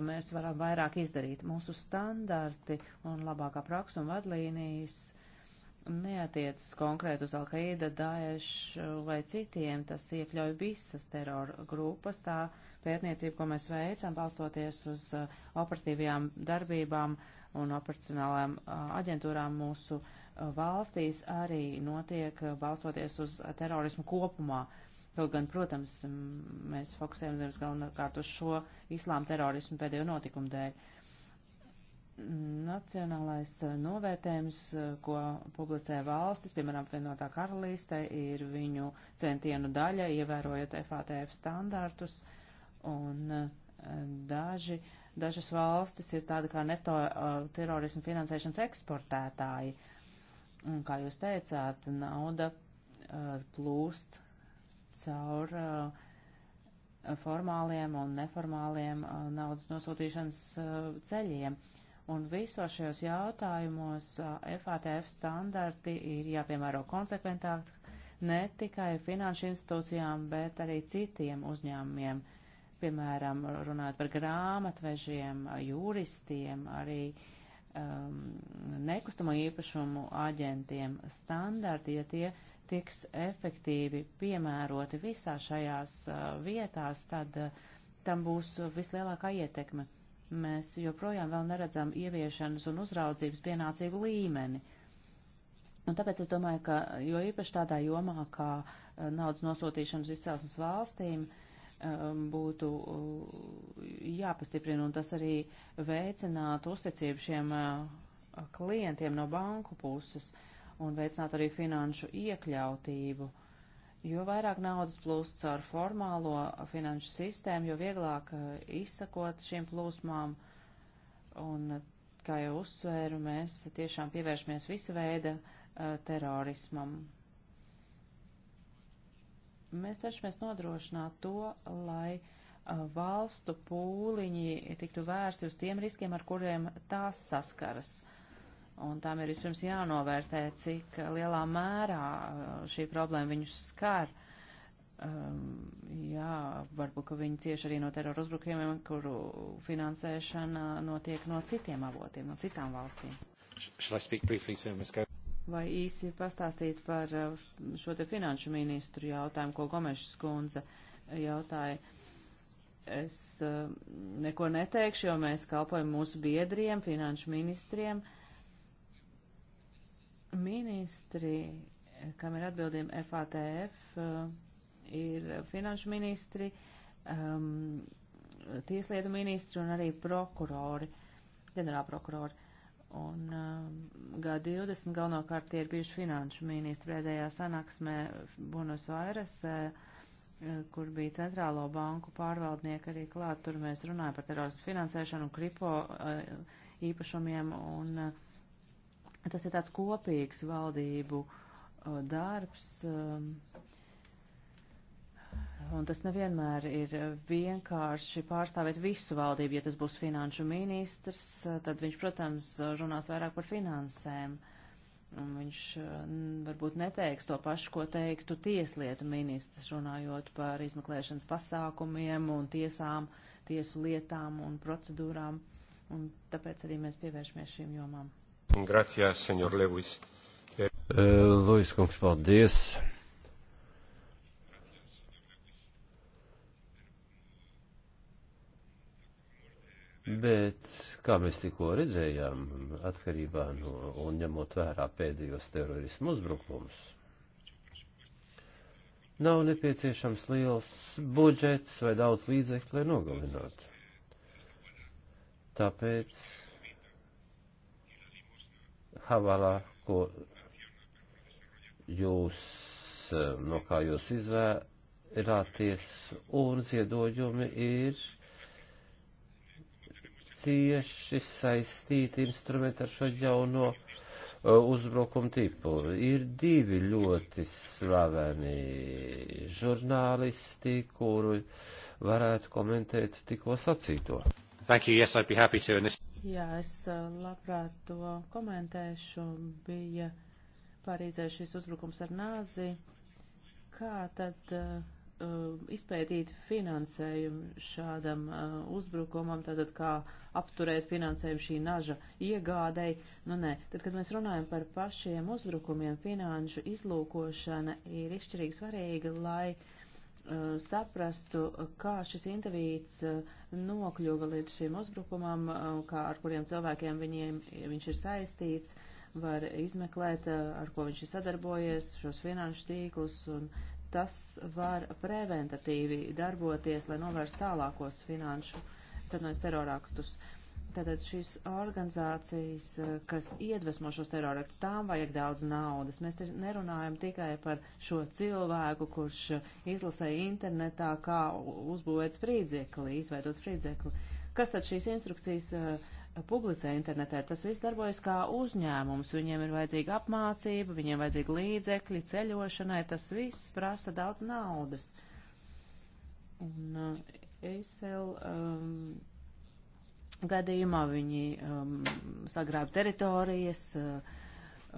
mēs varam vairāk izdarīt. Mūsu standarti un labākā praksa un vadlīnijas neatiecas konkrēt uz Alkaida, Daesh vai citiem, tas iekļauj visas terora grupas, tā pētniecība, ko mēs veicam, balstoties uz operatīvajām darbībām, uh, un operacionālām aģentūrām mūsu valstīs arī notiek balstoties uz terorismu kopumā. Kaut gan, protams, mēs fokusējamies galvenokārt uz šo islāma terorismu pēdējo notikumu dēļ. Nacionālais novērtējums, ko publicē valstis, piemēram, vienotā karalīste, ir viņu centienu daļa, ievērojot FATF standartus, un daži uh, Dažas valstis ir tāda kā neto uh, terorismu finansēšanas eksportētāji. Un, kā jūs teicāt, nauda uh, plūst caur uh, formāliem un neformāliem uh, naudas nosūtīšanas uh, ceļiem. Un visos šajos jautājumos uh, FATF standarti ir jāpiemēro konsekventāk ne tikai finanšu institūcijām, bet arī citiem uzņēmumiem. Uh, piemēram, runāt par grāmatvežiem, juristiem, arī um, nekustamo īpašumu aģentiem standarti, ja tie tiks efektīvi piemēroti visā šajās uh, vietās, tad uh, tam būs vislielākā ietekme. Mēs joprojām vēl neredzam ieviešanas un uzraudzības pienācīgu līmeni. Un tāpēc es domāju, ka jo īpaši tādā jomā kā uh, naudas nosūtīšanas izcelsmes valstīm, uh, Um, būtu uh, jāpastiprina, un tas arī veicinātu uzticību šiem uh, klientiem no banku puses un veicinātu arī finanšu iekļautību. Jo vairāk naudas plūst caur formālo finanšu sistēmu, jo vieglāk uh, izsakot šīm plūsmām. Un, kā jau uzsvēru, mēs tiešām pievēršamies visa veida terorismam Mēs cenšamies nodrošināt to, lai valstu pūliņi tiktu vērsti uz tiem riskiem, ar kuriem tās saskaras. Un tām ir vispirms jānovērtē, cik lielā mērā šī problēma viņus skar. Um, jā, varbūt, ka viņi cieši arī no terora uzbrukumiem, kuru finansēšana notiek no citiem avotiem, no citām valstīm. Sh vai īsi pastāstīt par uh, šo te finanšu ministru jautājumu, ko Gomešas kundze uh, jautāja. Es uh, neko neteikšu, jo mēs kalpojam mūsu biedriem, finanšu ministriem. Ministri, kam ir atbildījumi FATF, ir finanšu ministri, um, tieslietu ministri un arī prokurori, ģenerālprokurori. Un uh, um, G20 galvenokārt tie ir bijuši finanšu ministri pēdējā sanāksmē Buenos Aires, uh, uh, kur bija centrālo banku pārvaldnieki arī klāt. Tur mēs runājam par terorismu finansēšanu un kripo uh, īpašumiem. Un, uh, tas ir tāds kopīgs valdību uh, darbs. Uh, Un tas nevienmēr ir vienkārši pārstāvēt visu valdību. Ja tas būs finanšu ministrs, tad viņš, protams, runās vairāk par finansēm. Un viņš varbūt neteiks to pašu, ko teiktu tieslietu ministrs, runājot par izmeklēšanas pasākumiem un tiesām, tiesu lietām un procedūrām. Un tāpēc arī mēs pievēršamies šīm jomām. Gracias, senor Lewis. Eh, Luis, kungs, paldies. Bet, kā mēs tikko redzējām, atkarībā no un ņemot vērā pēdējos terorismu uzbrukums, nav nepieciešams liels budžets vai daudz līdzekļu, lai nogalinātu. Tāpēc Havalā, ko jūs, no kā jūs izvērāties, un ziedojumi ir cieši saistīti instrumenti ar šo jauno uh, uzbrukuma tipu. Ir divi ļoti slaveni žurnālisti, kuru varētu komentēt tikko sacīto. Thank you, yes, I'd be happy to. This... Jā, es uh, labprāt to komentēšu. Bija Parīzē šis uzbrukums ar nāzi. Kā tad uh, Uh, izpētīt finansējumu šādam uh, uzbrukumam, tātad kā apturēt finansējumu šī naža iegādei. Nu nē, tad, kad mēs runājam par pašiem uzbrukumiem, finanšu izlūkošana ir izšķirīgi svarīga, lai uh, saprastu, kā šis indivīds uh, nokļuva līdz šiem uzbrukumam, uh, kā ar kuriem cilvēkiem viņiem, viņš ir saistīts, var izmeklēt, uh, ar ko viņš ir sadarbojies, šos finanšu tīklus un tas var preventatīvi darboties, lai novērstu tālākos finanšu satnojas terorāktus. Tātad šīs organizācijas, eh, kas iedvesmo šos terorāktus, tām vajag daudz naudas. Mēs te nerunājam tikai par šo cilvēku, kurš eh, izlasēja internetā, kā uzbūvēt sprīdzekli, izveidot sprīdzekli. Kas tad šīs instrukcijas uh, publicē internetē. Tas viss darbojas kā uzņēmums. Viņiem ir vajadzīga apmācība, viņiem vajadzīga līdzekļi ceļošanai. Tas viss prasa daudz naudas. Un uh, ESL um, gadījumā viņi um, sagrāb teritorijas uh,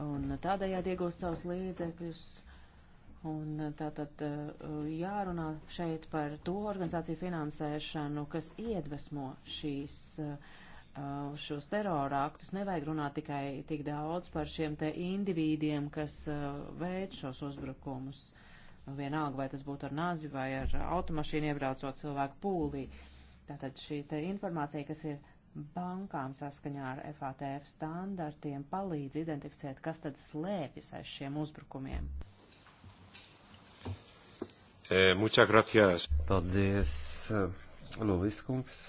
un tādējādi iegūst savus līdzekļus. Un uh, tātad uh, jārunā šeit par to organizāciju finansēšanu, kas iedvesmo šīs uh, uz uh, šos terora aktus nevajag runāt tikai tik daudz par šiem te individiem, kas uh, veids šos uzbrukumus. Nu, vienalga, vai tas būtu ar nazi vai ar automašīnu iebraucot cilvēku pūlī. Tātad šī te informācija, kas ir bankām saskaņā ar FATF standartiem, palīdz identificēt, kas tad slēpjas aiz šiem uzbrukumiem. E, muchas gracias. Paldies, eh, Luvis Kungs.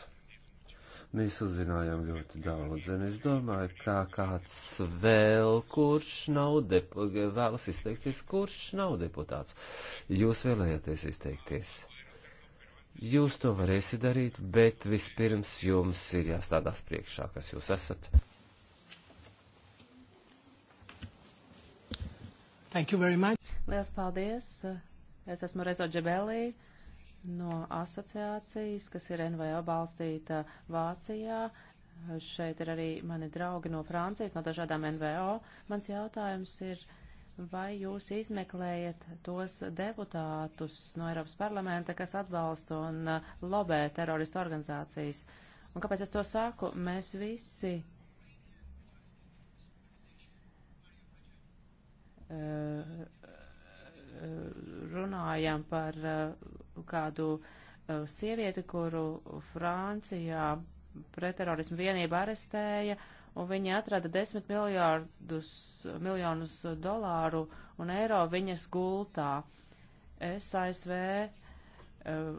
Mēs uzzinājām ļoti daudz, un es domāju, kā kāds vēl, kurš nav depu, vēlas izteikties, kurš nav deputāts. Jūs vēlējāties izteikties. Jūs to varēsiet darīt, bet vispirms jums ir jāstādās priekšā, kas jūs esat. Thank you very much. Lielas paldies. Es esmu Rezo Džebelī no asociācijas, kas ir NVO balstīta Vācijā. Šeit ir arī mani draugi no Francijas, no dažādām NVO. Mans jautājums ir, vai jūs izmeklējat tos deputātus no Eiropas parlamenta, kas atbalsta un uh, lobē teroristu organizācijas? Un kāpēc es to saku? Mēs visi uh, uh, runājam par kādu uh, sievieti, kuru Francijā preterorismu vienība arestēja, un viņi atrada desmit miljārdus, miljonus dolāru un eiro viņas gultā. Es ASV uh,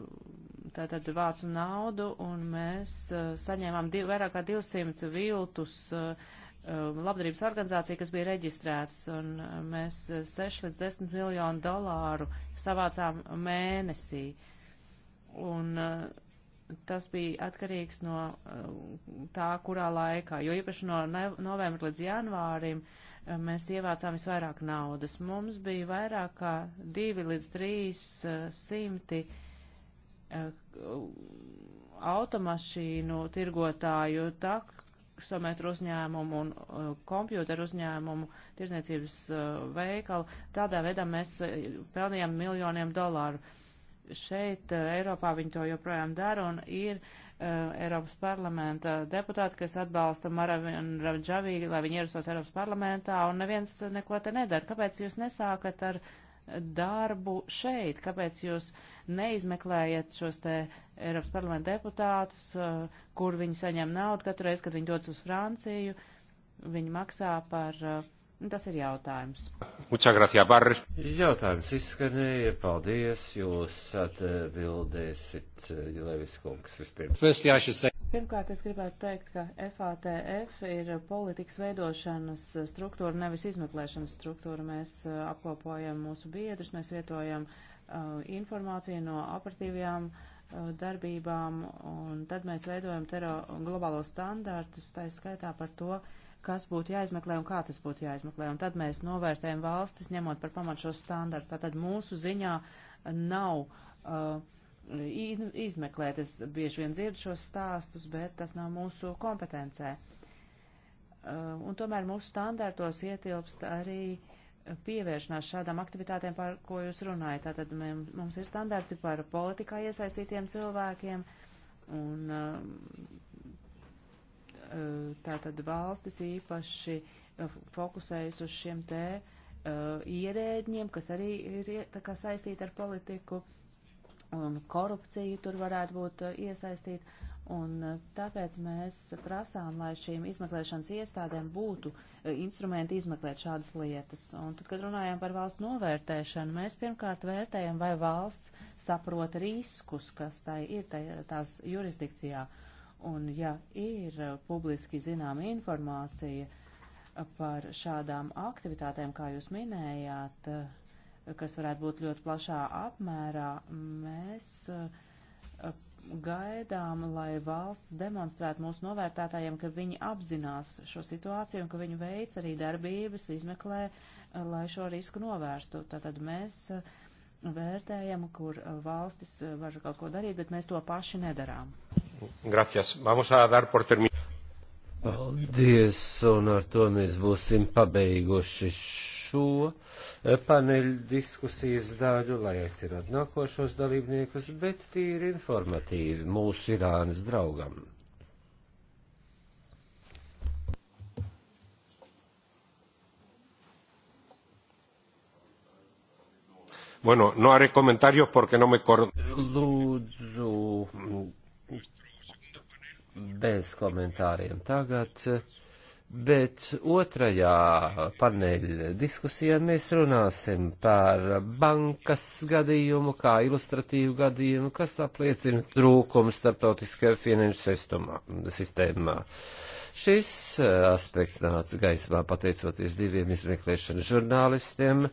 tātad vācu naudu, un mēs uh, saņēmām div, vairāk kā 200 viltus uh, Um, labdarības organizācija, kas bija reģistrētas, un uh, mēs 6 uh, līdz 10 miljonu dolāru savācām mēnesī. Un uh, tas bija atkarīgs no tā, kurā laikā, jo īpaši no novembra līdz janvārim mēs ievācām visvairāk naudas. Mums bija vairāk kā 2 līdz 300 automašīnu tirgotāju, tak, taksometru uzņēmumu un uh, kompjūteru uzņēmumu, tirzniecības uh, veikalu. Tādā veidā mēs uh, pelnījām miljoniem dolāru. Šeit uh, Eiropā viņi to joprojām dara un ir uh, Eiropas parlamenta deputāti, kas atbalsta Maravinu Ravdžavī, lai viņi ierastos Eiropas parlamentā un neviens neko te nedara. Kāpēc jūs nesākat ar darbu šeit? Kāpēc jūs uh, neizmeklējiet šos te Eiropas parlamenta deputātus, uh, kur viņi saņem naudu katru reizi, kad viņi dodas uz Franciju. Viņi maksā par. Uh, tas ir jautājums. Gracias, Barres. Jautājums izskanēja. Paldies. Jūs atbildēsit, uh, Levis kungs, vispirms. Pirmkārt, es gribētu teikt, ka FATF ir politikas veidošanas struktūra, nevis izmeklēšanas struktūra. Mēs apkopojam mūsu biedrus, mēs vietojam uh, Uh, informāciju no operatīvajām uh, darbībām, un tad mēs veidojam tero, globālos standārtus, tā skaitā par to, kas būtu jāizmeklē un kā tas būtu jāizmeklē. Un tad mēs novērtējam valstis, ņemot par pamatu šos standārtus. Tātad mūsu ziņā nav uh, izmeklēt. Es bieži vien dzirdu šos stāstus, bet tas nav mūsu kompetencē. Uh, un tomēr mūsu standārtos ietilpst arī pievēršanās šādām aktivitātēm, par ko jūs runājat. Tātad mums ir standarti par politikā iesaistītiem cilvēkiem un um, e, tātad valstis īpaši e, fokusējas uz šiem te e, ierēģiem, kas arī ir tā kā saistīti ar politiku un korupciju tur varētu būt iesaistīta. Un eh, tāpēc mēs prasām, lai šīm izmeklēšanas iestādēm būtu eh, instrumenti izmeklēt šādas lietas. Un tad, kad runājam par valstu novērtēšanu, mēs pirmkārt vērtējam, vai valsts saprot riskus, kas tai ir tai, tās jurisdikcijā. Un ja ir eh, publiski zināma informācija par šādām aktivitātēm, kā jūs minējāt, kas varētu būt ļoti plašā apmērā, mēs gaidām, lai valsts demonstrētu mūsu novērtētājiem, ka viņi apzinās šo situāciju un ka viņi veic arī darbības, izmeklē, eh, lai šo risku novērstu. Tātad mēs eh, vērtējam, kur eh, valstis var kaut ko darīt, bet mēs to paši nedarām. Gracias. Vamos a dar por terminado. Paldies, un ar to mēs būsim pabeiguši šo eh, paneļu diskusijas daļu, lai aicinātu nākošos dalībniekus, bet tīri informatīvi mūsu Irānas draugam. Bueno, no haré comentarios porque no me Lūdzu, mm, bez komentāriem tagad. Bet otrajā paneļa diskusijā mēs runāsim par bankas gadījumu, kā ilustratīvu gadījumu, kas apliecina trūkumu starptautiskajā finanšu sistēmā. Šis eh, aspekts nāca gaismā pateicoties diviem izmeklēšanas žurnālistiem,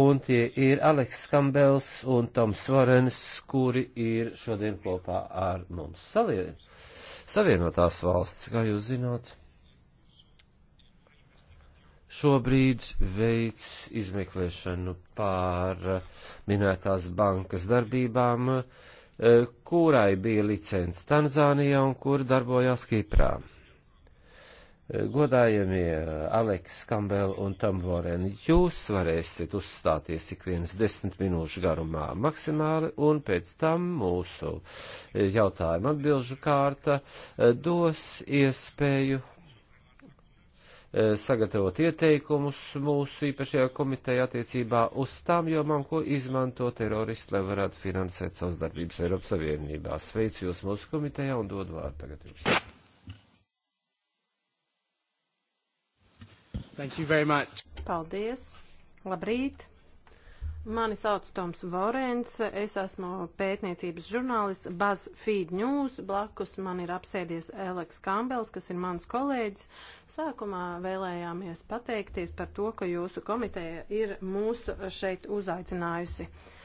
un tie ir Aleks Kambels un Toms Varens, kuri ir šodien kopā ar mums savienotās valsts, kā jūs zināt šobrīd veic izmeklēšanu pār minētās bankas darbībām, e, kurai bija licence Tanzānijā un kur darbojās Kiprā. E, godājamie Aleks Kambel un Tamboren, jūs varēsiet uzstāties ik viens desmit minūšu garumā maksimāli, un pēc tam mūsu e, jautājuma atbilžu kārta dos iespēju E, sagatavot ieteikumus mūsu īpašajā komiteja attiecībā uz tām jomām, ko izmanto teroristi, lai varētu finansēt savas darbības Eiropas Savienībā. Sveicu jūs mūsu komitejā un dodu vārdu tagad jums. Thank you very much. Paldies. Labrīt. Mani sauc Toms Vorens, es esmu pētniecības žurnālists BuzzFeed News, blakus man ir apsēdies Eleks Kambels, kas ir mans kolēģis. Sākumā vēlējāmies pateikties par to, ka jūsu komiteja ir mūs šeit uzaicinājusi. Uh,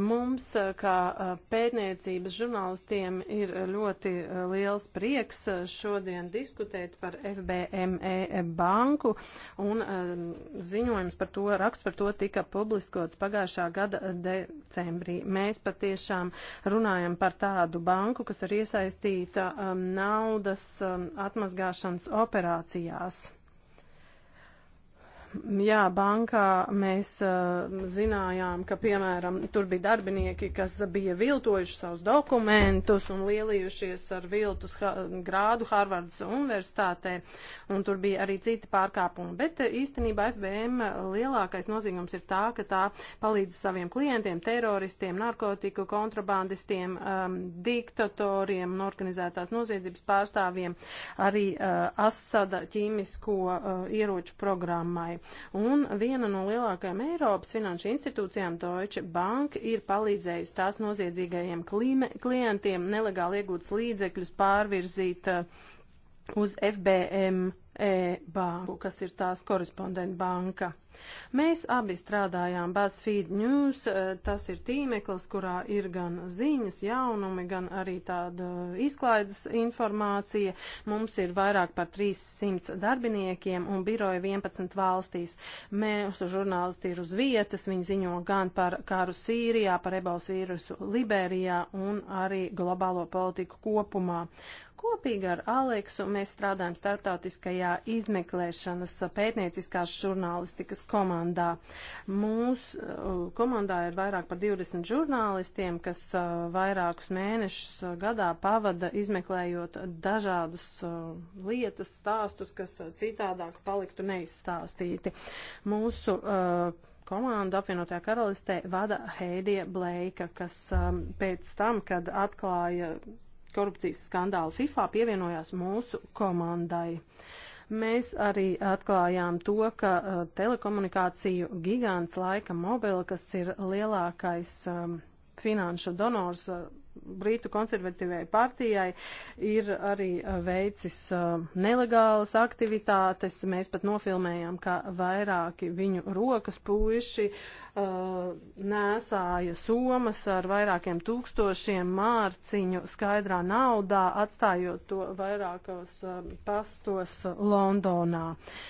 Mums, eh, kā eh, pētniecības žurnālistiem, ir ļoti eh, liels prieks šodien diskutēt par FBME banku, un ziņojums par to, raksts par to tika publiskots pagājušā gada decembrī. Mēs patiešām runājam par tādu banku, kas ir iesaistīta naudas atmazgāšanas operācijās. Jā, bankā mēs uh, zinājām, ka, piemēram, tur bija darbinieki, kas bija viltojuši savus dokumentus un lielījušies ar viltus ha grādu Harvardas universitātē, un tur bija arī citi pārkāpumi. Bet eh, īstenībā FBM lielākais nozīmums ir tā, ka tā palīdz saviem klientiem, teroristiem, narkotiku kontrabandistiem, um, diktatoriem un organizētās noziedzības pārstāvjiem, arī uh, eh, Asada ķīmisko uh, ieroču programmai. Un viena no lielākajām Eiropas finanšu institūcijām, Deutsche Bank, ir palīdzējusi tās noziedzīgajiem klime, klientiem nelegāli iegūtas līdzekļus pārvirzīt uh, uz FBM e-banku, kas ir tās korespondenta banka. Mēs abi strādājām BuzzFeed News, e, tas ir tīmeklis, kurā ir gan ziņas, jaunumi, gan arī tāda izklaides informācija. Mums ir vairāk par 300 darbiniekiem un biroja 11 valstīs. Mūsu žurnālisti ir uz vietas, viņi ziņo gan par karu Sīrijā, par ebols vīrusu Liberijā un arī globālo politiku kopumā. Kopīgi ar Aleksu mēs strādājam starptautiskajā militārajā izmeklēšanas pētnieciskās žurnālistikas komandā. Mūsu uh, komandā ir vairāk par 20 žurnālistiem, kas uh, vairākus mēnešus uh, gadā pavada izmeklējot dažādas uh, lietas, stāstus, kas uh, citādāk paliktu neizstāstīti. Mūsu uh, komandu apvienotajā karalistē vada Heidija Bleika, kas um, pēc tam, kad atklāja korupcijas skandālu FIFA, pievienojās mūsu komandai. Uh, Mēs arī atklājām to, ka uh, telekomunikāciju gigants laika mobila, kas ir lielākais um, finanšu donors uh, Brītu konservatīvai partijai ir arī uh, veicis uh, nelegālas aktivitātes. Mēs pat nofilmējām, ka vairāki viņu rokas puiši uh, nēsāja somas ar vairākiem tūkstošiem mārciņu skaidrā naudā, atstājot to vairākos uh, pastos Londonā. Uh,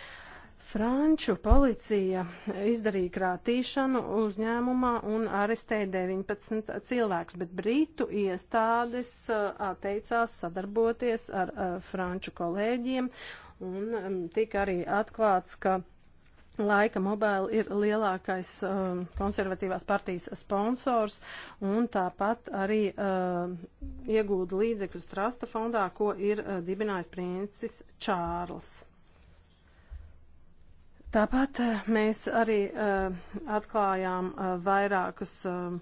Franču policija izdarīja krātīšanu uzņēmumā un arestēja 19 cilvēkus, bet Britu iestādes atteicās sadarboties ar Franču kolēģiem un tika arī atklāts, ka Laika mobila ir lielākais um, konservatīvās partijas sponsors un tāpat arī uh, iegūda līdzekļus trasta fondā, ko ir uh, dibinājis princis Čārls. Tāpat eh, mēs arī uh, atklājām uh, vairākus. Uh,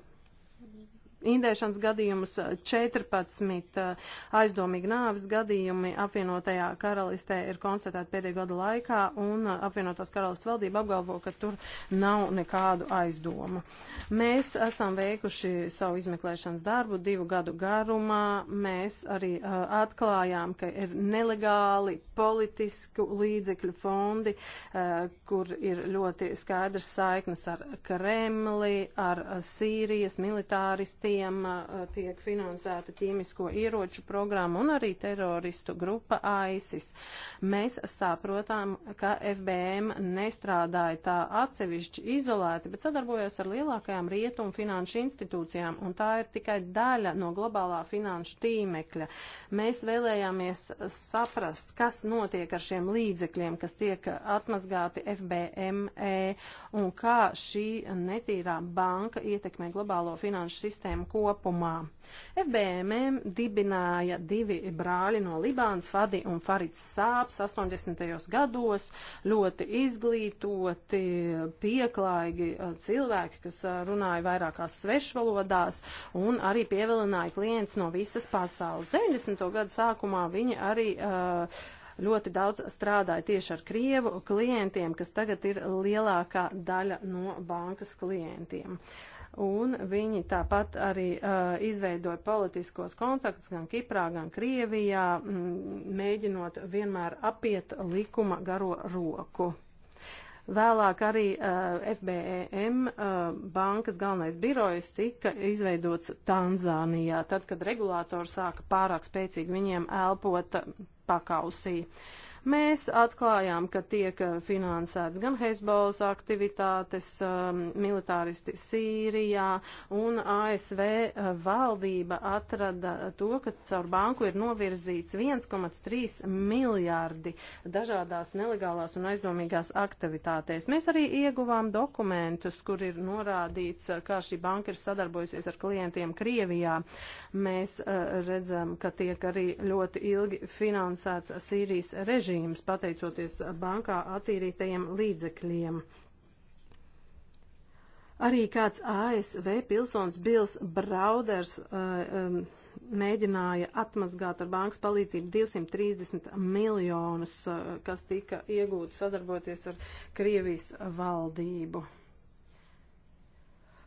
indēšanas gadījumus, 14 eh, eh, aizdomīgi nāvis gadījumi apvienotajā karalistē ir konstatēti pēdējo gadu laikā, un eh, apvienotās karalists valdība apgalvo, ka tur nav nekādu aizdomu. Mēs esam veikuši savu izmeklēšanas darbu divu gadu garumā. Mēs arī uh, atklājām, ka ir nelegāli politisku līdzekļu fondi, uh, kur ir ļoti skaidrs saiknes ar Kremli, ar Sīrijas militāristiem grupiem tiek finansēta ķīmisko ieroču programma un arī teroristu grupa ISIS. Mēs saprotam, ka FBM nestrādāja tā atsevišķi izolēti, bet sadarbojas ar lielākajām rietumu finanšu institūcijām, un tā ir tikai daļa no globālā finanšu tīmekļa. Mēs vēlējāmies saprast, kas notiek ar šiem līdzekļiem, kas tiek atmazgāti FBME un kā šī netīrā banka ietekmē globālo finanšu sistēmu sistēmu kopumā. FBMM dibināja divi brāļi no Libānas, Fadi un Farids Sāps, 80. gados, ļoti izglītoti, pieklājīgi eh, cilvēki, kas eh, runāja vairākās svešvalodās un arī pievilināja klients no visas pasaules. 90. gadu sākumā viņi arī uh, ļoti daudz strādāja tieši ar Krievu klientiem, kas tagad ir lielākā daļa no bankas klientiem. Uh, un viņi tāpat arī uh, izveidoja politiskos kontaktus gan Kiprā, gan Krievijā, m, mm, mēģinot vienmēr apiet likuma garo roku. Vēlāk arī uh, FBEM uh, bankas galvenais birojs tika izveidots Tanzānijā, tad, kad regulātori sāka pārāk spēcīgi viņiem elpot pakausī. Uh, Mēs atklājām, ka tiek eh, finansēts gan Hezbollas aktivitātes, um, militāristi Sīrijā un ASV eh, valdība atrada to, ka caur banku ir novirzīts 1,3 miljārdi dažādās nelegālās un aizdomīgās aktivitātēs. Mēs arī ieguvām dokumentus, kur ir norādīts, eh, kā šī banka ir sadarbojusies ar klientiem Krievijā. Mēs uh, redzam, ka tiek arī ļoti ilgi finansēts Sīrijas režīms režīms, pateicoties bankā attīrītajiem līdzekļiem. Arī kāds ASV pilsonis Bills Brauders uh, um, mēģināja atmazgāt ar bankas palīdzību 230 miljonus, uh, kas tika iegūti sadarboties ar Krievijas valdību.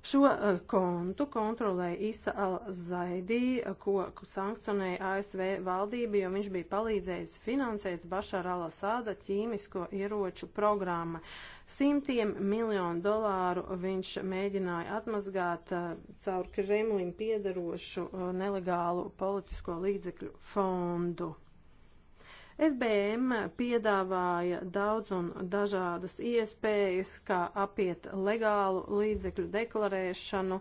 Šo eh, kontu kontrolēja Isa Al-Zaidī, eh, ko sankcionēja ASV valdība, jo viņš bija palīdzējis finansēt Bašara Al-Asāda ķīmisko ieroču programmu. Simtiem miljonu dolāru viņš mēģināja atmazgāt eh, caur Kremlim piedarošu nelegālu politisko līdzekļu fondu. FBM piedāvāja daudz un dažādas iespējas, kā apiet legālu līdzekļu deklarēšanu.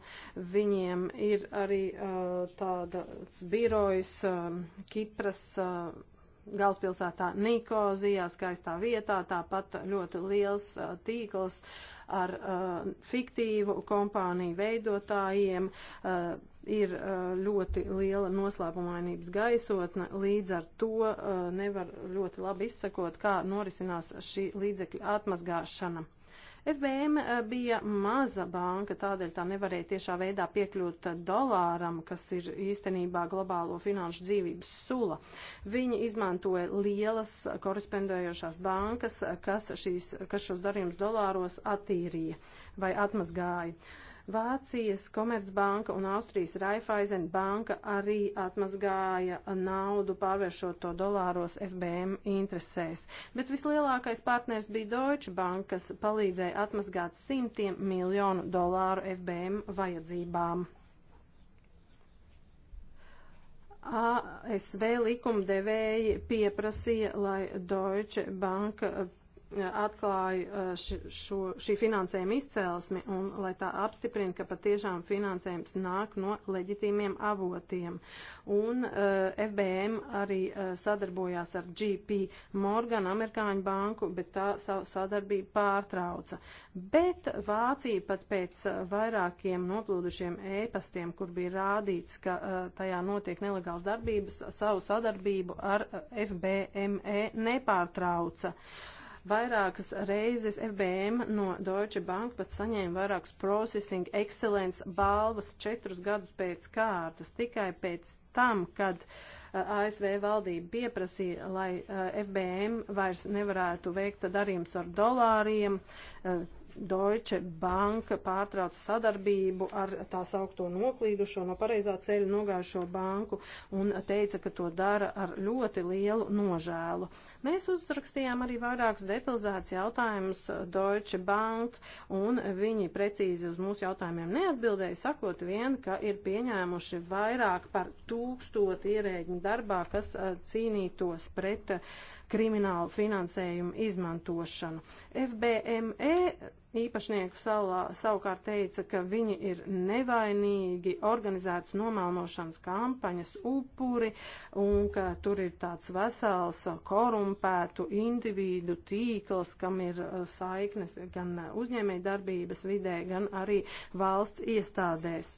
Viņiem ir arī uh, tāds birojs uh, Kipras. Uh, galvaspilsētā Nikozijā, skaistā vietā, tāpat ļoti liels uh, tīkls ar uh, fiktīvu kompāniju veidotājiem, uh, ir uh, ļoti liela noslēpumainības gaisotne, līdz ar to uh, nevar ļoti labi izsakot, kā norisinās šī līdzekļa atmazgāšana. FBM uh, bija maza banka, tādēļ tā nevarēja tiešā veidā piekļūt dolāram, kas ir īstenībā globālo finanšu dzīvības sula. Viņi izmantoja lielas korespondējošās bankas, kas, šīs, kas šos darījumus dolāros attīrīja vai atmazgāja. Vācijas Komercbanka un Austrijas Raiffeisen banka arī atmazgāja naudu, pārvēršot to dolāros FBM interesēs. Bet vislielākais partners bija Deutsche Bank, kas palīdzēja atmazgāt simtiem miljonu dolāru FBM vajadzībām. ASV likumdevēji pieprasīja, lai Deutsche Bank atklāja uh, šo, šī finansējuma izcēlesmi un lai tā apstiprina, ka patiešām finansējums nāk no leģitīmiem avotiem. Un uh, FBM arī uh, sadarbojās ar GP Morgan, Amerikāņu banku, bet tā savu sadarbību pārtrauca. Bet Vācija pat pēc uh, vairākiem noplūdušiem ēpastiem, kur bija rādīts, ka uh, tajā notiek nelegāls darbības, savu sadarbību ar uh, FBME nepārtrauca. Uh, Vairākas reizes FBM no Deutsche Bank pat saņēma vairākus Processing Excellence balvas četrus gadus pēc kārtas, tikai pēc tam, kad uh, ASV valdība pieprasīja, lai uh, FBM vairs nevarētu veikt darījums ar dolāriem. Uh, Deutsche Bank pārtrauca sadarbību ar tā saukto noklīdušo no pareizā ceļa nogājušo banku un teica, ka to dara ar ļoti lielu nožēlu. Mēs uzrakstījām arī vairākus detalizētus jautājumus Deutsche Bank un viņi precīzi uz mūsu jautājumiem neatbildēja, sakot vien, ka ir pieņēmuši vairāk par tūkstot ierēģiņu darbā, kas cīnītos pret uh, kriminālu finansējumu izmantošanu. FBME īpašnieku salā, savukārt teica, ka viņi ir nevainīgi organizētas nomalnošanas kampaņas upuri un ka tur ir tāds vesels korumpētu individu tīkls, kam ir uh, saiknes gan uzņēmējdarbības vidē, gan arī valsts iestādēs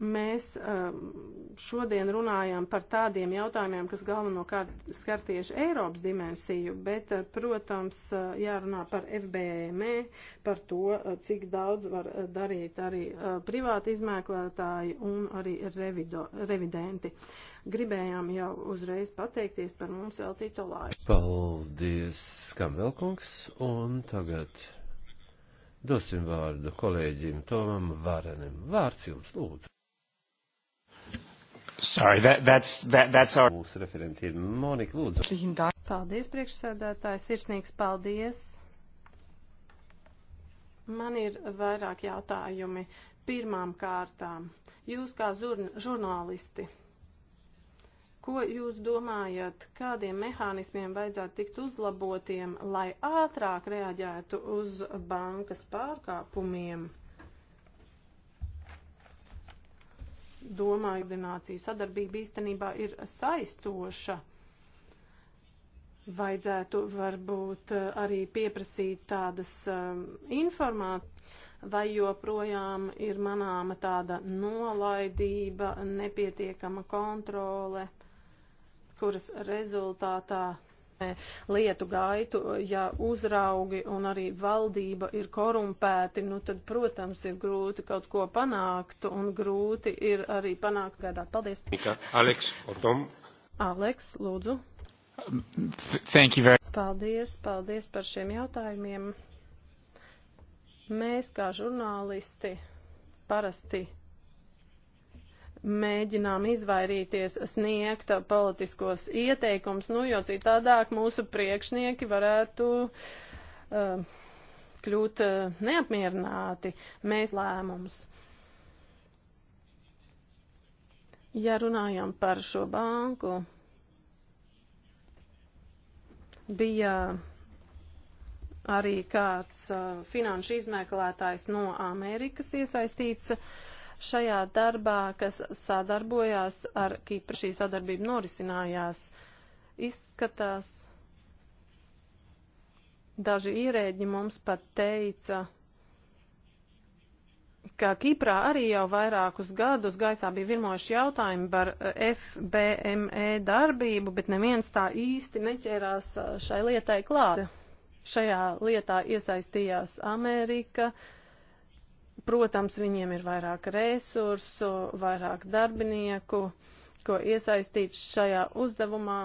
mēs um, šodien runājam par tādiem jautājumiem, kas galvenokārt skar tieši Eiropas dimensiju, bet, uh, protams, uh, jārunā par FBME, par to, uh, cik daudz var darīt arī privāti izmēklētāji un arī revido, revidenti. Gribējām jau uzreiz pateikties par mums veltīto laiku. Paldies, Skamvelkungs, un tagad. Dosim vārdu kolēģim Tomam Varenim. Vārds jums lūdzu. Sorry, that, that's, that, that's our... Mūsu referenti ir Monika Lūdzu. Paldies, priekšsēdētāji, sirsnīgs paldies. Man ir vairāk jautājumi. Pirmām kārtām, jūs kā žurn žurnālisti, ko jūs domājat, kādiem mehānismiem vajadzētu tikt uzlabotiem, lai ātrāk reaģētu uz bankas pārkāpumiem? domāju, koordinācija sadarbība īstenībā ir saistoša. Vajadzētu varbūt eh, arī pieprasīt tādas um, eh, informācijas, vai joprojām ir manāma tāda nolaidība, nepietiekama kontrole, kuras rezultātā lietu gaitu, ja uzraugi un arī valdība ir korumpēti, nu tad, protams, ir grūti kaut ko panākt un grūti ir arī panākt gaidāt. Paldies. Nika, Aleks, Otom. Aleks, lūdzu. Thank you very much. Paldies, paldies par šiem jautājumiem. Mēs kā žurnālisti parasti mēģinām izvairīties sniegt politiskos ieteikums, nu, jo citādāk mūsu priekšnieki varētu uh, kļūt uh, neapmierināti mēs lēmumus. Ja runājam par šo banku, bija arī kāds uh, finanšu izmeklētājs no Amerikas iesaistīts. Uh, šajā darbā, kas sadarbojās ar Kipru. Šī sadarbība norisinājās. Izskatās, daži ierēģi mums pat teica, ka Kiprā arī jau vairākus gadus gaisā bija virmoši jautājumi par eh, FBME darbību, bet neviens tā īsti neķērās eh, šai lietai klāt. Šajā lietā iesaistījās Amerika, uh, Protams, viņiem ir vairāk resursu, vairāk darbinieku, ko iesaistīt šajā uzdevumā.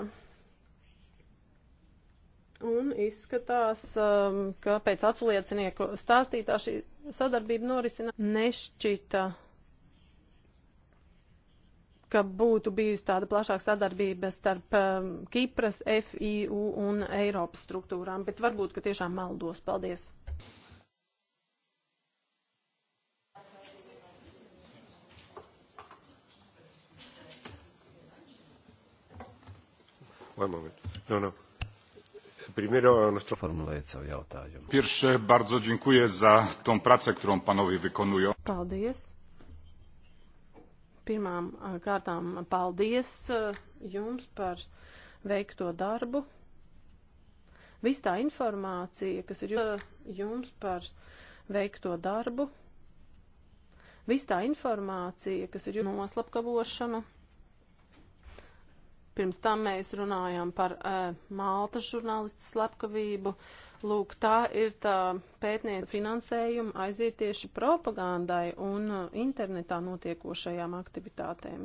Un izskatās, um, ka pēc apliecinieku stāstītā šī sadarbība norisina nešķita, ka būtu bijusi tāda plašāka sadarbība starp um, Kipras, FIU un Eiropas struktūrām, bet varbūt, ka tiešām maldos. Paldies! One moment. No, no. Primero nuestro... Formulējiet savu jautājumu. Pirmie, bardzo dziękuję za tą pracę, którą panowie wykonują. Paldies. Pirmām kārtām paldies jums par veikto darbu. Viss tā informācija, kas ir jums par veikto darbu. Viss tā informācija, kas ir noslapkavošana. Pirms tam mēs runājām par uh, Maltas žurnālistu slepkavību. Lūk, tā ir tā pētnieka finansējuma aiziet tieši propagandai un uh, internetā notiekošajām aktivitātēm.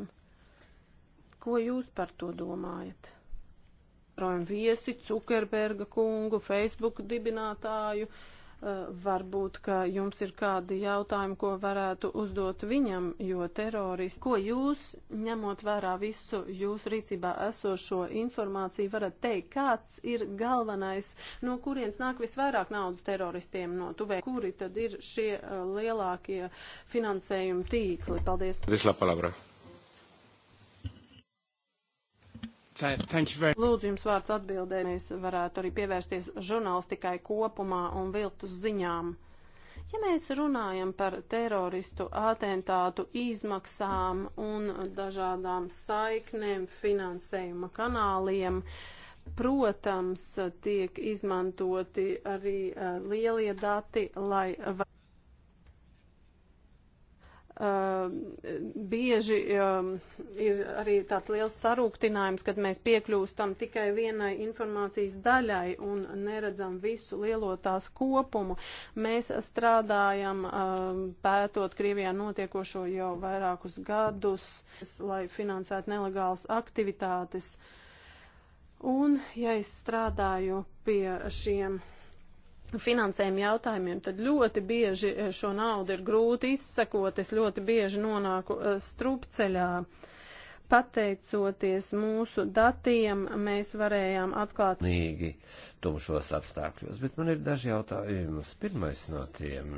Ko jūs par to domājat? Rojam viesi, Cukerberga kungu, Facebook dibinātāju. Uh, Eh, varbūt, ka jums ir kādi jautājumi, ko varētu uzdot viņam, jo terorists, ko jūs, ņemot vērā visu jūsu rīcībā esošo informāciju, varat teikt, kāds ir galvenais, no kurienes nāk visvairāk naudas teroristiem no tuvē, kuri tad ir šie eh, lielākie finansējuma tīkli. Paldies. Lūdzu, jums vārds atbildē, mēs varētu arī pievērsties žurnālistikai kopumā un viltus ziņām. Ja mēs runājam par teroristu atentātu izmaksām un dažādām saiknēm, finansējuma kanāliem, protams, tiek izmantoti arī eh, lielie dati, lai. Uh, bieži um, ir arī tāds liels sarūktinājums, kad mēs piekļūstam tikai vienai informācijas daļai un neredzam visu lielo tās kopumu. Mēs strādājam um, pētot Krievijā notiekošo jau vairākus gadus, lai finansētu nelegālas aktivitātes. Un, ja es strādāju pie šiem finansējuma jautājumiem, tad ļoti bieži eh, šo naudu ir grūti izsakot, es ļoti bieži nonāku eh, strupceļā. Pateicoties mūsu datiem, mēs varējām atklāt nīgi tumšos apstākļos, bet man ir daži jautājumus. Pirmais no tiem.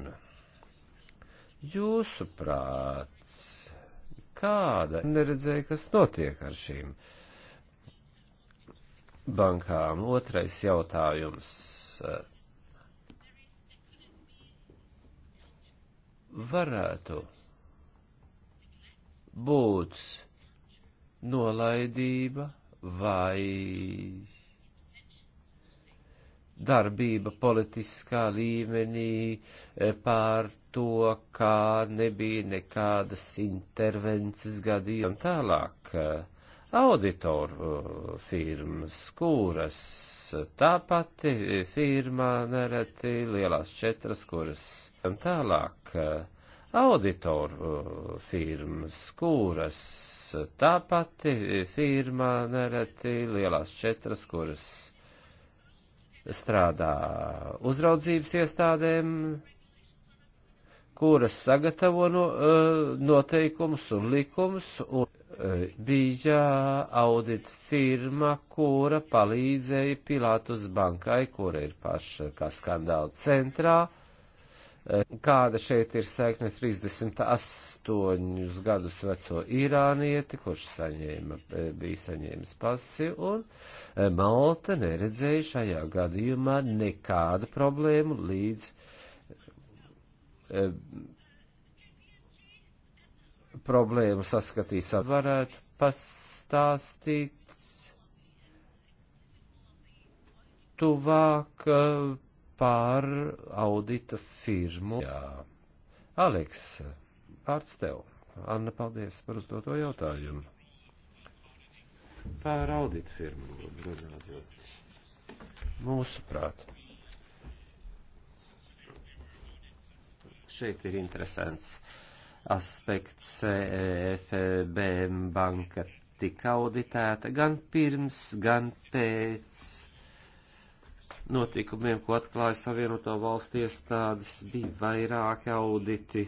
Jūsu prāts, kāda neredzēja, kas notiek ar šīm bankām? Otrais jautājums varētu būt nolaidība vai darbība politiskā līmenī e, pār to, kā nebija nekādas intervences gadījumi tālāk. E, Auditoru e, firmas, kuras tā pati firmā nereti lielās četras, kuras tālāk auditoru uh, firmas, kuras tā pati firma nereti lielās četras, kuras strādā uzraudzības iestādēm, kuras sagatavo no, uh, noteikumus un likumus, un uh, bija audit firma, kura palīdzēja Pilātus bankai, kura ir paša kā skandāla centrā, Eh, kāda šeit ir saikne 38 gadus veco īrānieti, kurš saņēma, eh, bija saņēmis pasi, un eh, Malta neredzēja šajā gadījumā nekādu problēmu līdz problēmu saskatīs varētu pastāstīt tuvāk pār audita firmu. Jā. Aleks, vārds tev. Anna, paldies par uzdoto jautājumu. Pār audita firmu runājot. Mūsuprāt. Šeit ir interesants aspekts EFBM banka tika auditēta gan pirms, gan pēc notikumiem, ko atklāja Savienoto valstu iestādes, bija vairāki auditi.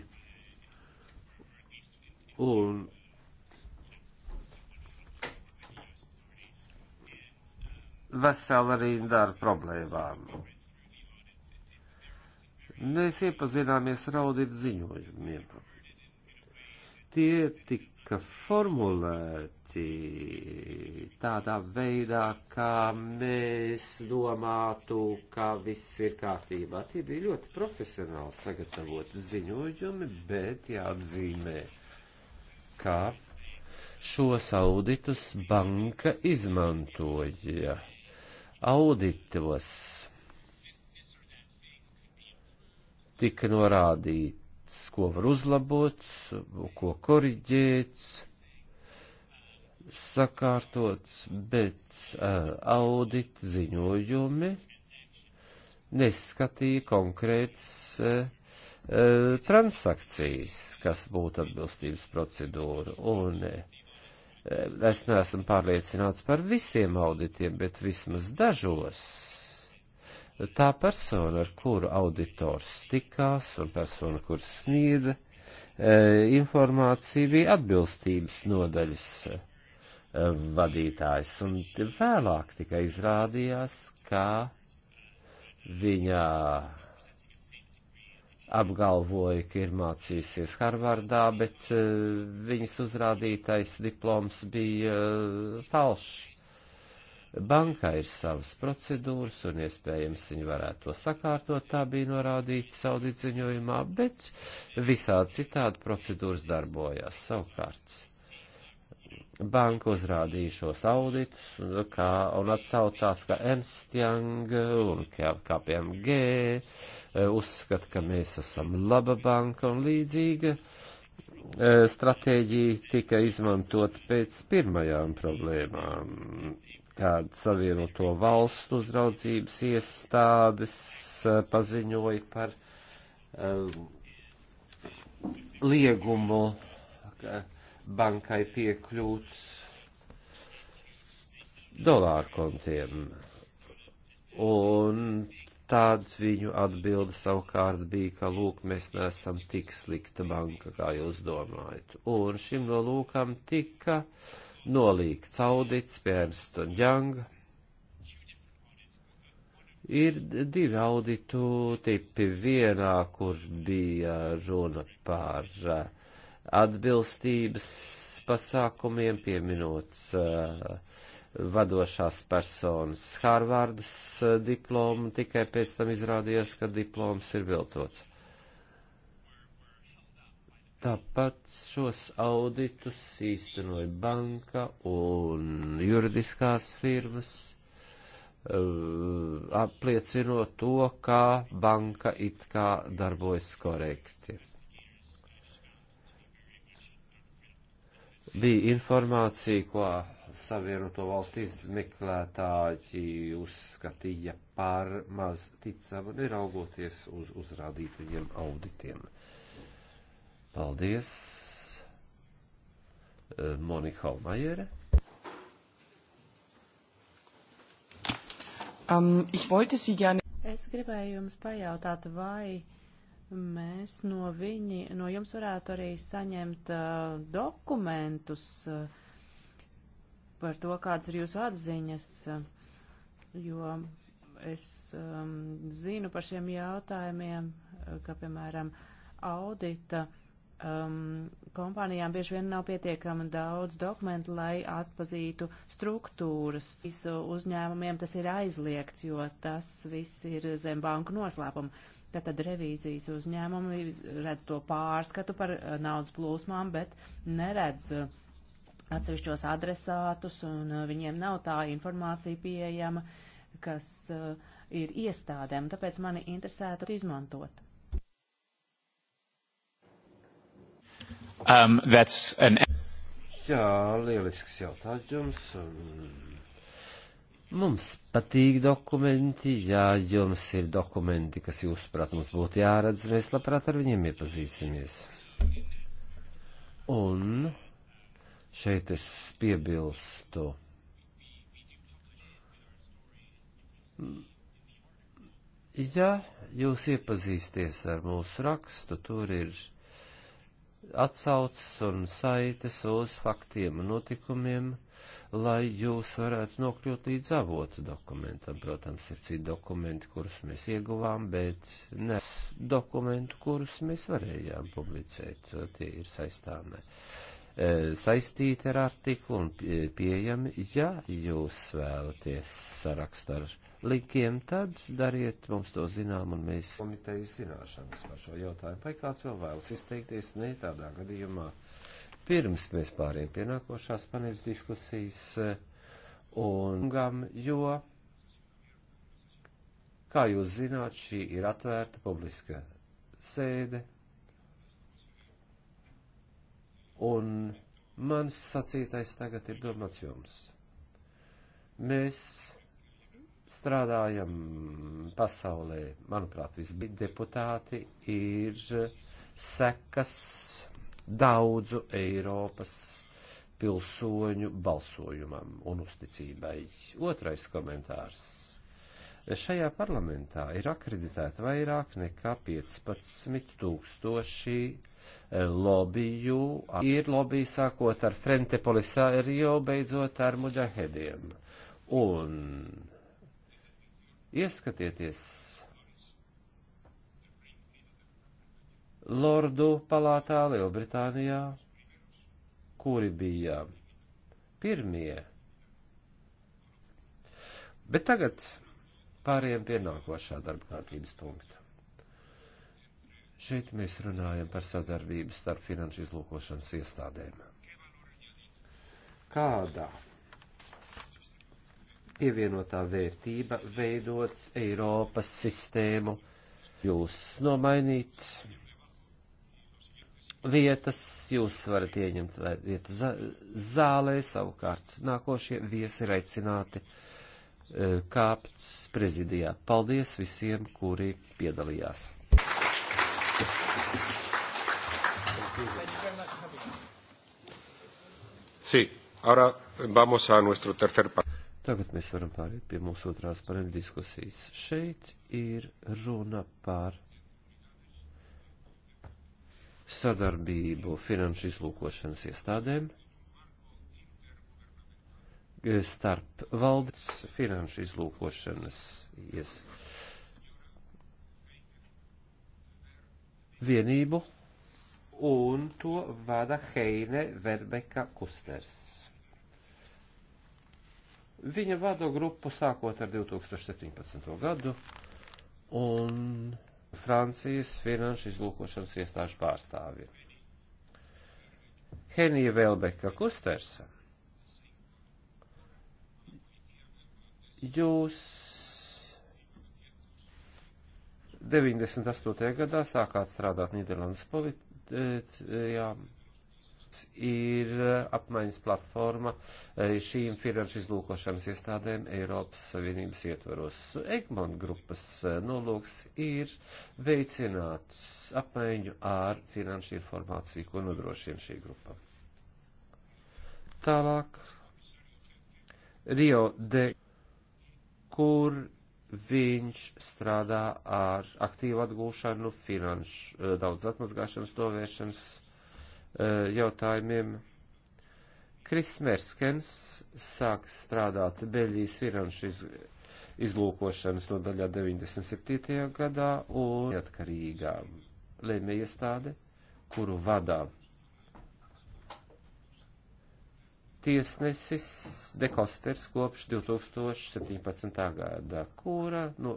Un vesela rinda ar problēmām. Mēs iepazināmies ar audita ziņojumiem. Tie tik tika formulēti tādā veidā, kā mēs domātu, ka viss ir kārtībā. Tie bija ļoti profesionāli sagatavoti ziņojumi, bet jāatzīmē, ka šos auditus banka izmantoja auditos tika norādīti ko var uzlabot, ko koriģēt, sakārtot, bet uh, audit ziņojumi neskatīja konkrētas uh, eh, uh, eh, transakcijas, kas būtu atbilstības procedūra. Un, uh, Es neesmu pārliecināts par visiem auditiem, bet vismaz dažos tā persona, ar kuru auditors tikās un persona, kuras sniedza e, informāciju, bija atbilstības nodaļas e, vadītājs. Un vēlāk tikai izrādījās, ka viņa apgalvoja, ka ir mācījusies Harvardā, bet e, viņas uzrādītais diploms bija e, falšs. Bankā ir savas procedūras un iespējams viņi varētu to sakārtot, tā bija norādīts saudīt ziņojumā, bet visādi citādi procedūras darbojās savukārt. Banka uzrādīja šos auditus kā, un atsaucās, ka Ernst Young un KPMG e, uzskata, ka mēs esam laba banka un līdzīga e, stratēģija tika izmantot pēc pirmajām problēmām tādu savienoto valstu uzraudzības iestādes eh, paziņoja par um, liegumu bankai piekļūt dolāru kontiem. Un tāds viņu atbilde savukārt bija, ka, lūk, mēs neesam tik slikta banka, kā jūs domājat. Un šim nolūkam tika uh, nolīgts audits pie Ernst un Young. Ir divi auditu tipi vienā, kur bija runa par eh, atbilstības pasākumiem, pieminots uh, eh, vadošās personas Hārvārdas eh, diplomu, tikai pēc tam izrādījās, ka diploms ir viltots. Tāpat šos auditus īstenoja banka un juridiskās firmas, uh, apliecinot to, kā banka it kā darbojas korekti. Bija informācija, ko Savienoto valstu izmeklētāji uzskatīja par maz ticamu, neraugoties uz uzrādītajiem auditiem. Uh, Paldies, eh, Monika Holmajere. Um, es gribēju jums pajautāt, vai mēs no, viņi, no jums varētu arī saņemt uh, dokumentus uh, par to, kādas ir jūsu atziņas, uh, jo es um, zinu par šiem jautājumiem, uh, ka, piemēram, audita uh, um, kompānijām bieži vien nav pietiekami daudz dokumentu, lai atpazītu struktūras. Visu uh, uzņēmumiem tas ir aizliegts, jo tas viss ir zem banku noslēpuma. Tātad revīzijas uzņēmumi redz to pārskatu par uh, naudas plūsmām, bet neredz uh, atsevišķos adresātus, un viņiem nav tā informācija pieejama, kas ir iestādēm. Tāpēc mani interesētu izmantot. Um, that's an... Jā, lielisks jautājums. Mums patīk dokumenti, ja jums ir dokumenti, kas jūs, prāt, mums būtu jāredz, mēs labprāt ar viņiem iepazīsimies. Un šeit es piebilstu. Ja jūs iepazīsties ar mūsu rakstu, tur ir atsaucas un saites uz faktiem un notikumiem, lai jūs varētu nokļūt līdz avotu dokumentam. Protams, ir citi dokumenti, kurus mēs ieguvām, bet ne dokumentu, kurus mēs varējām publicēt. Tie ir saistāmi. E, saistīti ar artiklu un pieejami, ja jūs vēlaties sarakstu ar likiem, tad dariet mums to zinām un mēs. Komitejas zināšanas par šo jautājumu. Vai kāds vēl vēlas izteikties? Nē, tādā gadījumā. Pirms mēs pāriem pie nākošās paneļas diskusijas un gam, jo, kā jūs zināt, šī ir atvērta publiska sēde. Un mans sacītais tagad ir domāts jums. Mēs strādājam pasaulē. Manuprāt, visi deputāti ir sekas daudzu Eiropas pilsoņu balsojumam un uzticībai. Otrais komentārs. Šajā parlamentā ir akreditēta vairāk nekā 15 tūkstoši e, lobiju. Ir lobija sākot ar Frente Polisario, beidzot ar Muģahediem. Un Ieskatieties Lordu palātā Lielbritānijā, kuri bija pirmie. Bet tagad pāriem pie nākošā darba kārtības punkta. Šeit mēs runājam par sadarbību starp finanšu izlūkošanas iestādēm. Kādā pievienotā vērtība veidot Eiropas sistēmu, jūs nomainīt vietas, jūs varat ieņemt vietas zālē, savukārt nākošie viesi ir aicināti e, kāpt prezidijā. Paldies visiem, kuri piedalījās. Sí, ahora vamos a nuestro tercer paso. Tagad mēs varam pāriet pie mūsu otrās paneļa diskusijas. Šeit ir runa par sadarbību finanšu izlūkošanas iestādēm eh, starp valdes finanšu izlūkošanas iestādēm vienību un to vada Heine Verbeka Kusters. Viņa vado grupu sākot ar 2017. gadu un Francijas finanšu izlūkošanas iestāžu pārstāvju. Henija Velbeka Kustersa. Jūs 98. gadā sākāt strādāt Nīderlandes politikā eh, eh, ir e, apmaiņas platforma e, šīm finanšu izlūkošanas iestādēm Eiropas Savienības ietvaros. Egmont grupas e, nolūks ir veicināt apmaiņu ar finanšu informāciju, ko nodrošina šī grupa. Tālāk. Rio de kur viņš strādā ar aktīvu atgūšanu, finanšu daudz atmazgāšanas novēršanas Eh, jautājumiem. Kris Merskens sāk strādāt Beļģijas finanšu izlūkošanas nodaļā 97. gadā un neatkarīgā lēmēja iestāde, kuru vadā tiesnesis Dekosters kopš 2017. gada, kura nu,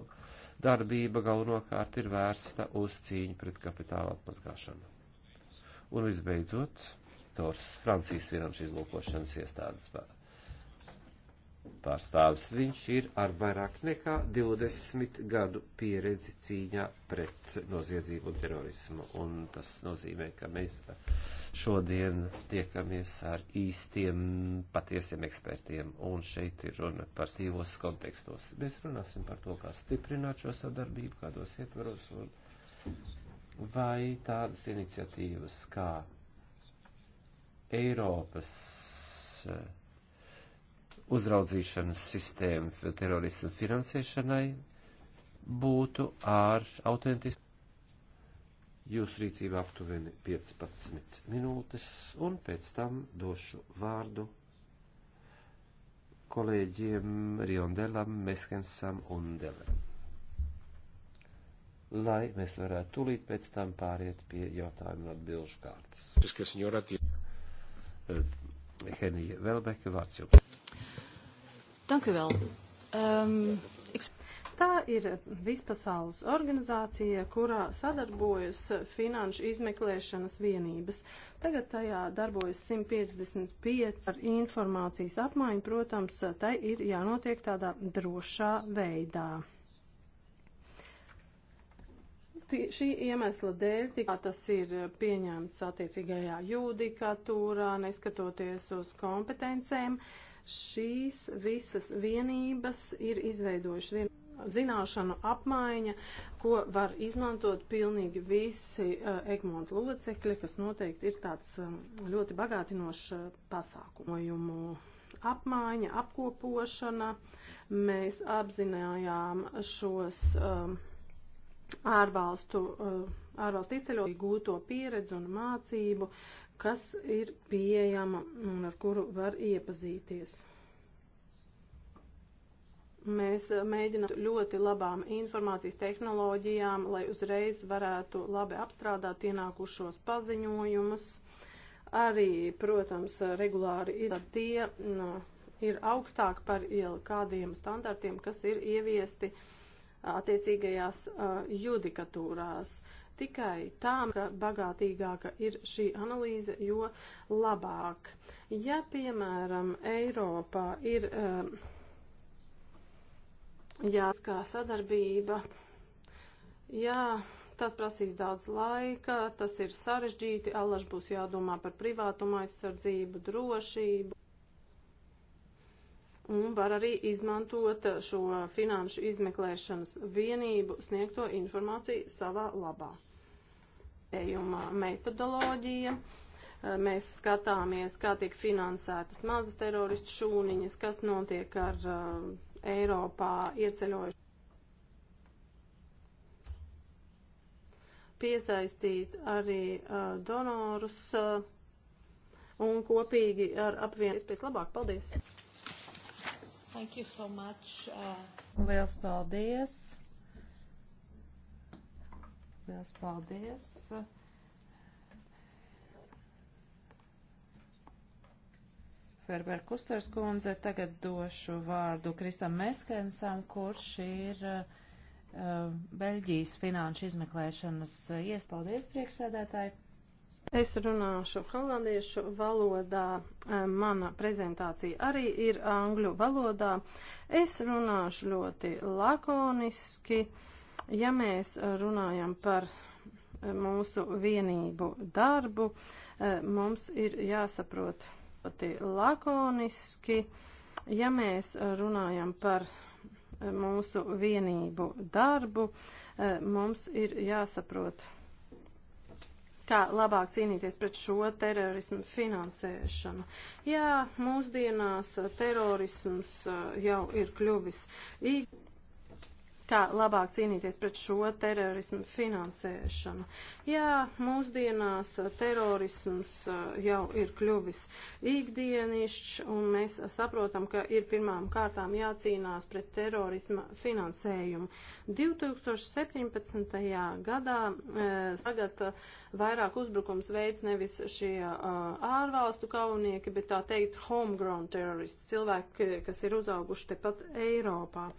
darbība galvenokārt ir vērsta uz cīņu pret kapitāla atmazgāšanu. Un visbeidzot, Tors Francijas finanšu izlūkošanas iestādes pārstāvis. Viņš ir ar vairāk nekā 20 gadu pieredzi cīņā pret noziedzību un terorismu. Un tas nozīmē, ka mēs šodien tiekamies ar īstiem, patiesiem ekspertiem. Un šeit ir runa par stīvos kontekstos. Mēs runāsim par to, kā stiprināt šo sadarbību, kādos ietvaros. Un vai tādas iniciatīvas kā Eiropas eh, uzraudzīšanas sistēma terorismu finansēšanai būtu ar autentisku. Jūsu rīcībā aptuveni 15 minūtes, un pēc tam došu vārdu kolēģiem Riondelam, Meskensam un Deleram lai mēs varētu tūlīt pēc tam pāriet pie jautājumu un atbilžu kārtas. Eh, Henija Velbeke, vārds jums. Danku vēl. Um, ehm, Tā ir vispasaules organizācija, kurā sadarbojas finanšu izmeklēšanas vienības. Tagad tajā darbojas 155 ar informācijas apmaiņu, protams, tai ir jānotiek tādā drošā veidā. Šī iemesla dēļ tikā tas ir pieņemts attiecīgajā judikatūrā, neskatoties uz kompetencēm. Šīs visas vienības ir izveidojušas vienu zināšanu apmaiņa, ko var izmantot pilnīgi visi uh, Egmonta locekļi, kas noteikti ir tāds um, ļoti bagātinošs uh, pasākumojumu apmaiņa, apkopošana. Mēs apzinājām šos. Um, uh, ārvalstu, eh, ārvalstu izceļot gūto pieredzi un mācību, kas ir pieejama un ar kuru var iepazīties. Mēs mēģinām ļoti labām informācijas tehnoloģijām, lai uzreiz varētu labi apstrādāt ienākušos paziņojumus. Arī, protams, regulāri ir tie, mm, ir augstāk par kādiem standartiem, kas ir ieviesti uh, attiecīgajās uh, judikatūrās. Tikai tām, ka bagātīgāka ir šī analīze, jo labāk. Ja, piemēram, Eiropā ir uh, jāskā sadarbība, jā, Tas prasīs daudz laika, tas ir sarežģīti, allaž būs jādomā par privātumu aizsardzību, drošību un var arī izmantot šo finanšu izmeklēšanas vienību sniegto informāciju savā labā. Ejuma metodoloģija. Eh, mēs skatāmies, kā tiek finansētas mazas teroristu šūniņas, kas notiek ar uh, Eiropā ieceļojušiem. Piesaistīt arī uh, donorus uh, un kopīgi ar apvienības pēc labāk. Paldies! Thank you so much. Uh... Liels paldies. Liels paldies. Ferber Kusters kundze, tagad došu vārdu Krisam Meskensam, kurš ir uh, uh Beļģijas finanšu izmeklēšanas uh, iespaldies priekšsēdētāji. Es runāšu holandiešu valodā, eh, mana prezentācija arī ir angļu valodā. Es runāšu ļoti lakoniski, ja mēs runājam par eh, mūsu vienību darbu, eh, mums ir jāsaprot ļoti lakoniski, ja mēs runājam par mūsu vienību darbu, mums ir jāsaprot kā labāk cīnīties pret šo terorismu finansēšanu. Jā, mūsdienās terorisms uh, jau ir kļuvis kā labāk cīnīties pret šo terorismu finansēšanu. Jā, mūsdienās terorisms uh, jau ir kļuvis ikdienišķs, un mēs saprotam, ka ir pirmām kārtām jācīnās pret terorisma finansējumu. 2017. gadā uh, tagad e, vairāk uzbrukums veids nevis šie e, ārvalstu kaunieki, bet tā teikt homegrown teroristi, cilvēki, kas ir uzauguši tepat Eiropā.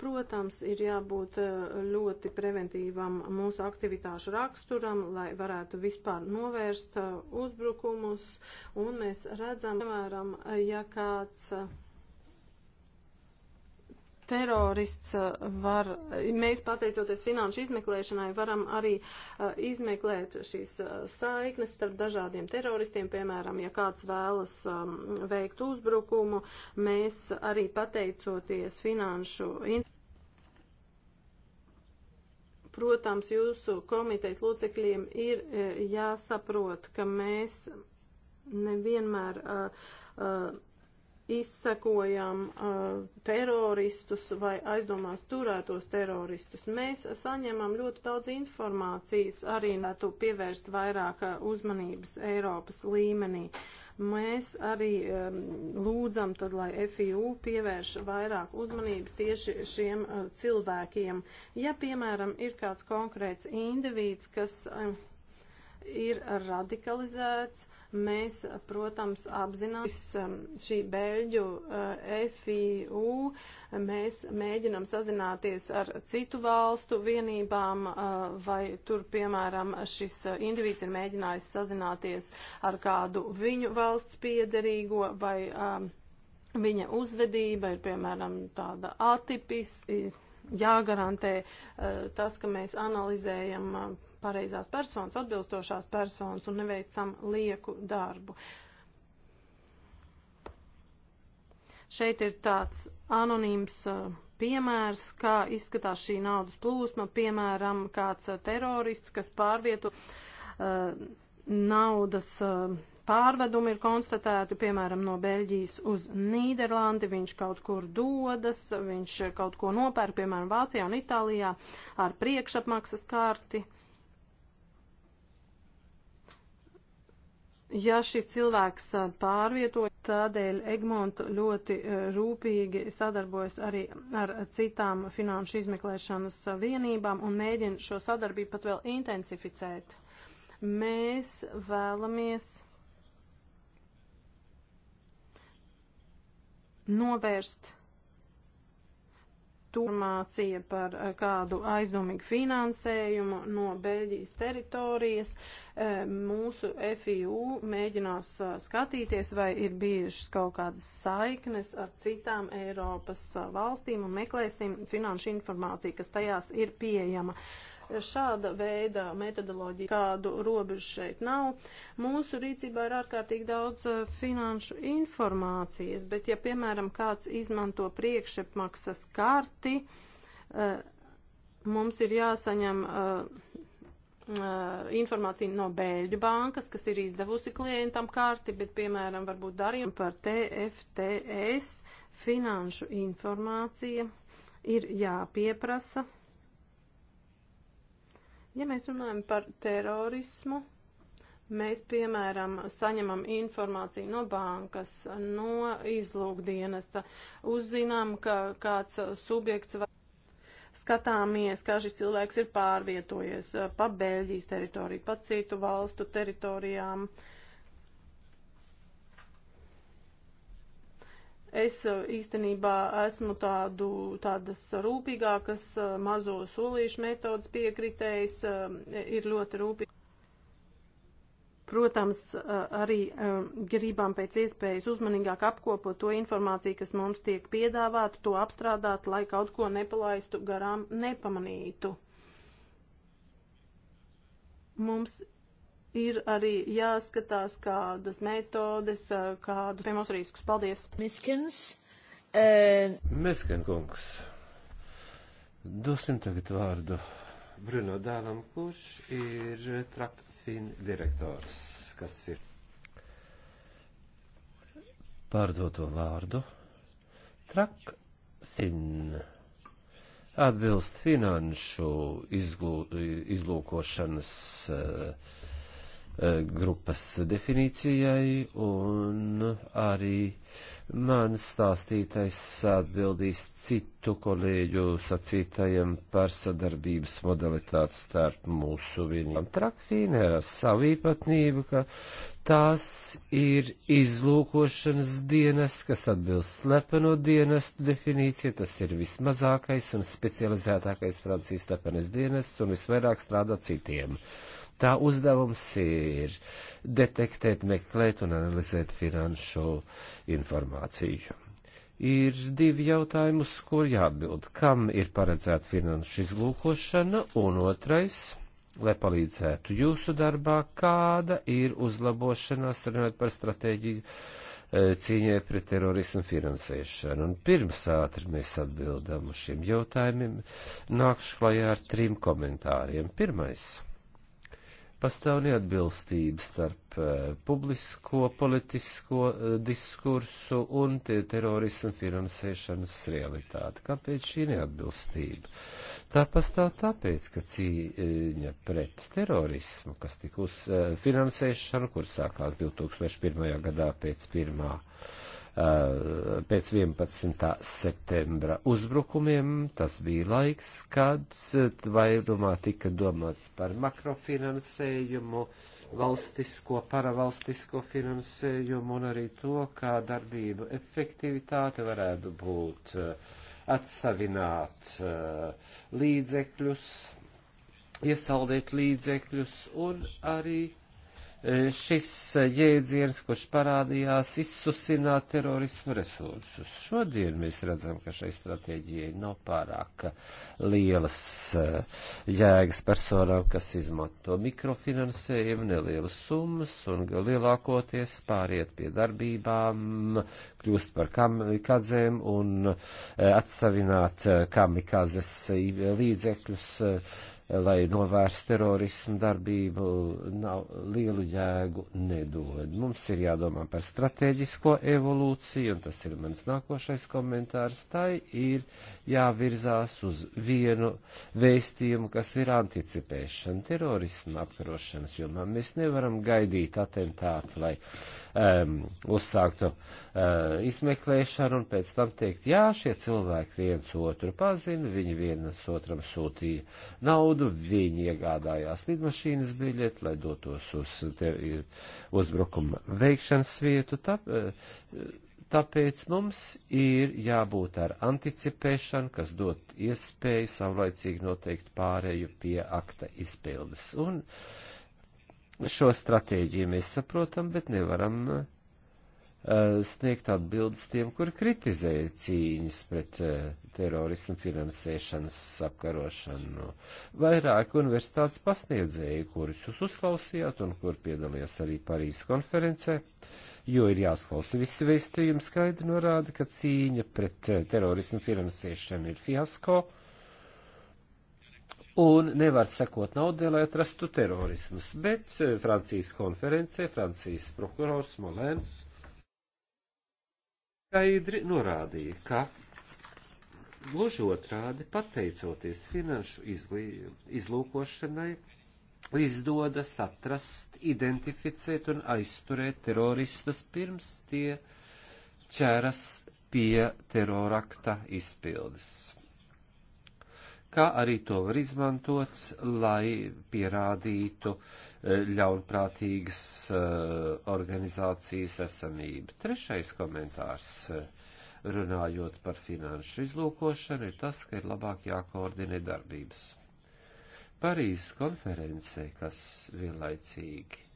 Protams, ir jābūt eh, ļoti preventīvam mūsu aktivitāšu raksturam, lai varētu vispār novērst eh, uzbrukumus, un mēs redzam, piemēram, ja kāds eh, terorists uh, var, mēs pateicoties finanšu izmeklēšanai, varam arī uh, izmeklēt šīs uh, saiknes starp dažādiem teroristiem. Piemēram, ja kāds vēlas um, veikt uzbrukumu, mēs arī pateicoties finanšu. Protams, jūsu komitejas locekļiem ir uh, jāsaprot, ka mēs nevienmēr. Uh, uh, izsekojam uh, teroristus vai aizdomās turētos teroristus. Mēs saņemam ļoti daudz informācijas, arī varētu pievērst vairāk uh, uzmanības Eiropas līmenī. Mēs arī um, lūdzam, tad, lai FIU pievērš vairāk uzmanības tieši šiem uh, cilvēkiem. Ja, piemēram, ir kāds konkrēts indivīds, kas. Um, ir radikalizēts. Mēs, protams, apzināmies um, šī Beļģu uh, FIU. Mēs mēģinam sazināties ar citu valstu vienībām, uh, vai tur, piemēram, šis uh, individs ir mēģinājis sazināties ar kādu viņu valsts piederīgo vai um, viņa uzvedība ir, piemēram, tāda atipiska. Jāgarantē tas, ka mēs analizējam pareizās personas, atbilstošās personas un neveicam lieku darbu. Šeit ir tāds anonīms uh, piemērs, kā izskatās šī naudas plūsma, piemēram, kāds uh, terorists, kas pārvietu uh, naudas uh, pārvedumi ir konstatēti, piemēram, no Beļģijas uz Nīderlandi, viņš kaut kur dodas, viņš kaut ko nopērk, piemēram, Vācijā un Itālijā ar priekšapmaksas karti. Uh, ja šis cilvēks pārvietoja, tādēļ Egmont ļoti rūpīgi sadarbojas arī ar citām finanšu izmeklēšanas vienībām un mēģina šo sadarbību pat vēl intensificēt. Mēs vēlamies novērst turmācija par eh, kādu aizdomīgu finansējumu no Beļģijas teritorijas. Eh, mūsu FIU mēģinās eh, skatīties, vai ir bijušas kaut kādas saiknes ar citām Eiropas valstīm un meklēsim finanšu informāciju, kas tajās ir pieejama. Uh, šāda veida metodoloģija, kādu robežu šeit nav. Mūsu rīcībā ir ārkārtīgi daudz eh, finanšu informācijas, bet ja, piemēram, kāds izmanto priekšapmaksas karti, eh, mums ir jāsaņem eh, informāciju no Bēļu bankas, kas ir izdevusi klientam karti, bet, piemēram, varbūt darījumi par TFTS finanšu informācija ir jāpieprasa Ja mēs runājam par terorismu, mēs, piemēram, saņemam informāciju no bankas, no izlūkdienesta, uzzinām, ka kāds subjekts var skatāmies, kā šis cilvēks ir pārvietojies pa Beļģijas teritoriju, pa citu valstu teritorijām. Uh, Es uh, īstenībā esmu tādu, tādas rūpīgākas uh, mazo solīšu metodas piekritējs, um, ir ļoti rūpīgi. Protams, uh, arī um, gribam pēc iespējas uzmanīgāk apkopot to informāciju, kas mums tiek piedāvāta, to apstrādāt, lai kaut ko nepalaistu garām nepamanītu. Mums ir arī jāskatās, kādas metodes, kādus pie mums riskus. Paldies! Miskins! Uh... Miskin kungs! Dosim tagad vārdu Bruno Dēlam, kurš ir Traktfin direktors, kas ir pārdoto vārdu. Traktfin atbilst finanšu izglū, izlūkošanas uh, grupas definīcijai, un arī man stāstītais atbildīs citu kolēģu sacītajiem par sadarbības modalitāti starp mūsu vienībām. Trakvīne ir ar savu īpatnību, ka tās ir izlūkošanas dienas, kas atbilst slepeno dienestu definīciju, tas ir vismazākais un specializētākais Francijas slepenes dienests un visvairāk strādā citiem. Uh, Tā uzdevums ir detektēt, meklēt un analizēt finanšu informāciju. Ir divi jautājumi, uz kur jāatbild. Kam ir paredzēta finanšu izlūkošana? Un otrais, lai palīdzētu jūsu darbā, kāda ir uzlabošanās runājot par stratēģiju e, cīņai pret terorismu finansēšanu. Un pirms ātri mēs atbildam uz šiem jautājumiem, nākšu klajā ar trim komentāriem. Pirmais pastāv neatbilstība starp uh, publisko, politisko uh, diskursu un te terorismu finansēšanas realitāti. Kāpēc šī neatbilstība? Tā pastāv tāpēc, ka cīņa pret terorismu, kas tika uz uh, finansēšanu, kur sākās 2001. gadā pēc pirmā Eh, pēc 11. septembra uzbrukumiem. Tas bija laiks, kad eh, vairumā tika domāts par makrofinansējumu, valstisko, paravalstisko finansējumu un arī to, kā darbību efektivitāte varētu būt eh, atsavināt līdzekļus, iesaldēt līdzekļus un arī E, šis jēdziens, kurš parādījās izsusināt terorismu resursus. Šodien mēs redzam, ka šai stratēģijai nav pārāk lielas e, jēgas personām, kas izmanto mikrofinansējumu, nelielas summas un lielākoties pāriet pie darbībām, kļūst par kamikadzēm un e, atsavināt kamikazes līdzekļus lai novērstu terorismu darbību, nav lielu jēgu nedod. Mums ir jādomā par strateģisko evolūciju, un tas ir mans nākošais komentārs. Tai ir jāvirzās uz vienu vēstījumu, kas ir anticipēšana terorismu apkarošanas jomā. Mēs nevaram gaidīt atentātu, lai um, uzsāktu uh, Eh, izmeklēšanu un pēc tam teikt, jā, šie cilvēki viens otru pazina, viņi viens otram sūtīja naudu, viņi iegādājās lidmašīnas biļeti, lai dotos uz te, uzbrukuma veikšanas vietu. Tā, eh, tāpēc mums ir jābūt ar anticipēšanu, kas dot iespēju savlaicīgi noteikt pārēju pie akta izpildes. Un šo stratēģiju mēs saprotam, bet nevaram uh, Eh, sniegt atbildes tiem, kur kritizē cīņas pret eh, terorismu finansēšanas apkarošanu. Vairāk universitātes pasniedzēju, kurus jūs uzklausījāt un kur piedalījās arī Parīzes konferencē, jo ir jāsklausa visi veistījumi skaidri norāda, ka cīņa pret eh, terorismu finansēšanu ir fiasko un nevar sekot naudai, lai atrastu terorismus. Bet Francijas konferencē Francijas prokurors Molēns skaidri norādīja, ka gluži otrādi, pateicoties finanšu izlī, izlūkošanai, izdodas atrast, identificēt un aizturēt teroristus pirms tie ķeras pie terorakta izpildes kā arī to var izmantot, lai pierādītu e, ļaunprātīgas e, organizācijas esamību. Trešais komentārs, e, runājot par finanšu izlūkošanu, ir tas, ka ir labāk jākoordinē darbības. Parīzes konferencē, kas vienlaicīgi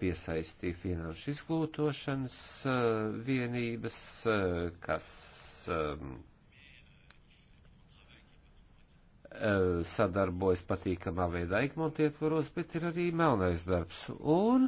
piesaistīja finanšu izglītošanas vienības, kas Eh, sadarbojas patīkamā veidā ikmonti ietvaros, bet ir arī melnais darbs. Un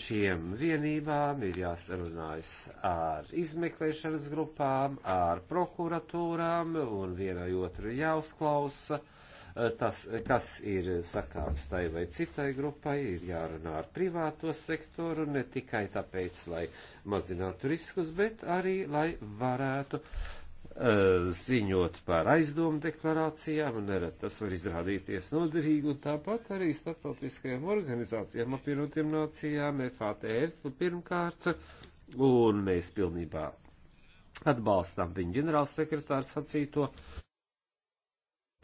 šiem vienībām ir jāsarunājas ar izmeklēšanas grupām, ar prokuratūrām, un vienai otru jāuzklausa. Eh, tas, kas ir sakāms tai vai citai grupai, ir jārunā ar privāto sektoru, ne tikai tāpēc, lai mazinātu riskus, bet arī, lai varētu uh, Eh, ziņot par aizdomu deklarācijām, un nerad tas var izrādīties noderīgi, un tāpat arī starptautiskajām organizācijām, apvienotiem nācijām, FATF pirmkārt, un mēs pilnībā atbalstām viņu ģenerālsekretāru sacīto.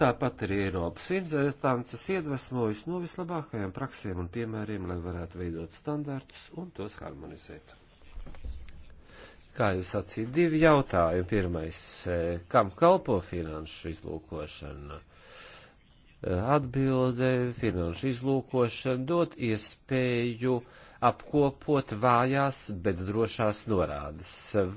Tāpat arī Eiropas instances iedvesmojas no vislabākajām praksēm un piemēriem, lai varētu veidot standartus un tos harmonizēt kā jūs sacījāt, divi jautājumi. Pirmais, eh, kam kalpo finanšu izlūkošana? Eh, atbilde, finanšu izlūkošana dot iespēju uh, apkopot vājās, bet drošās norādes eh,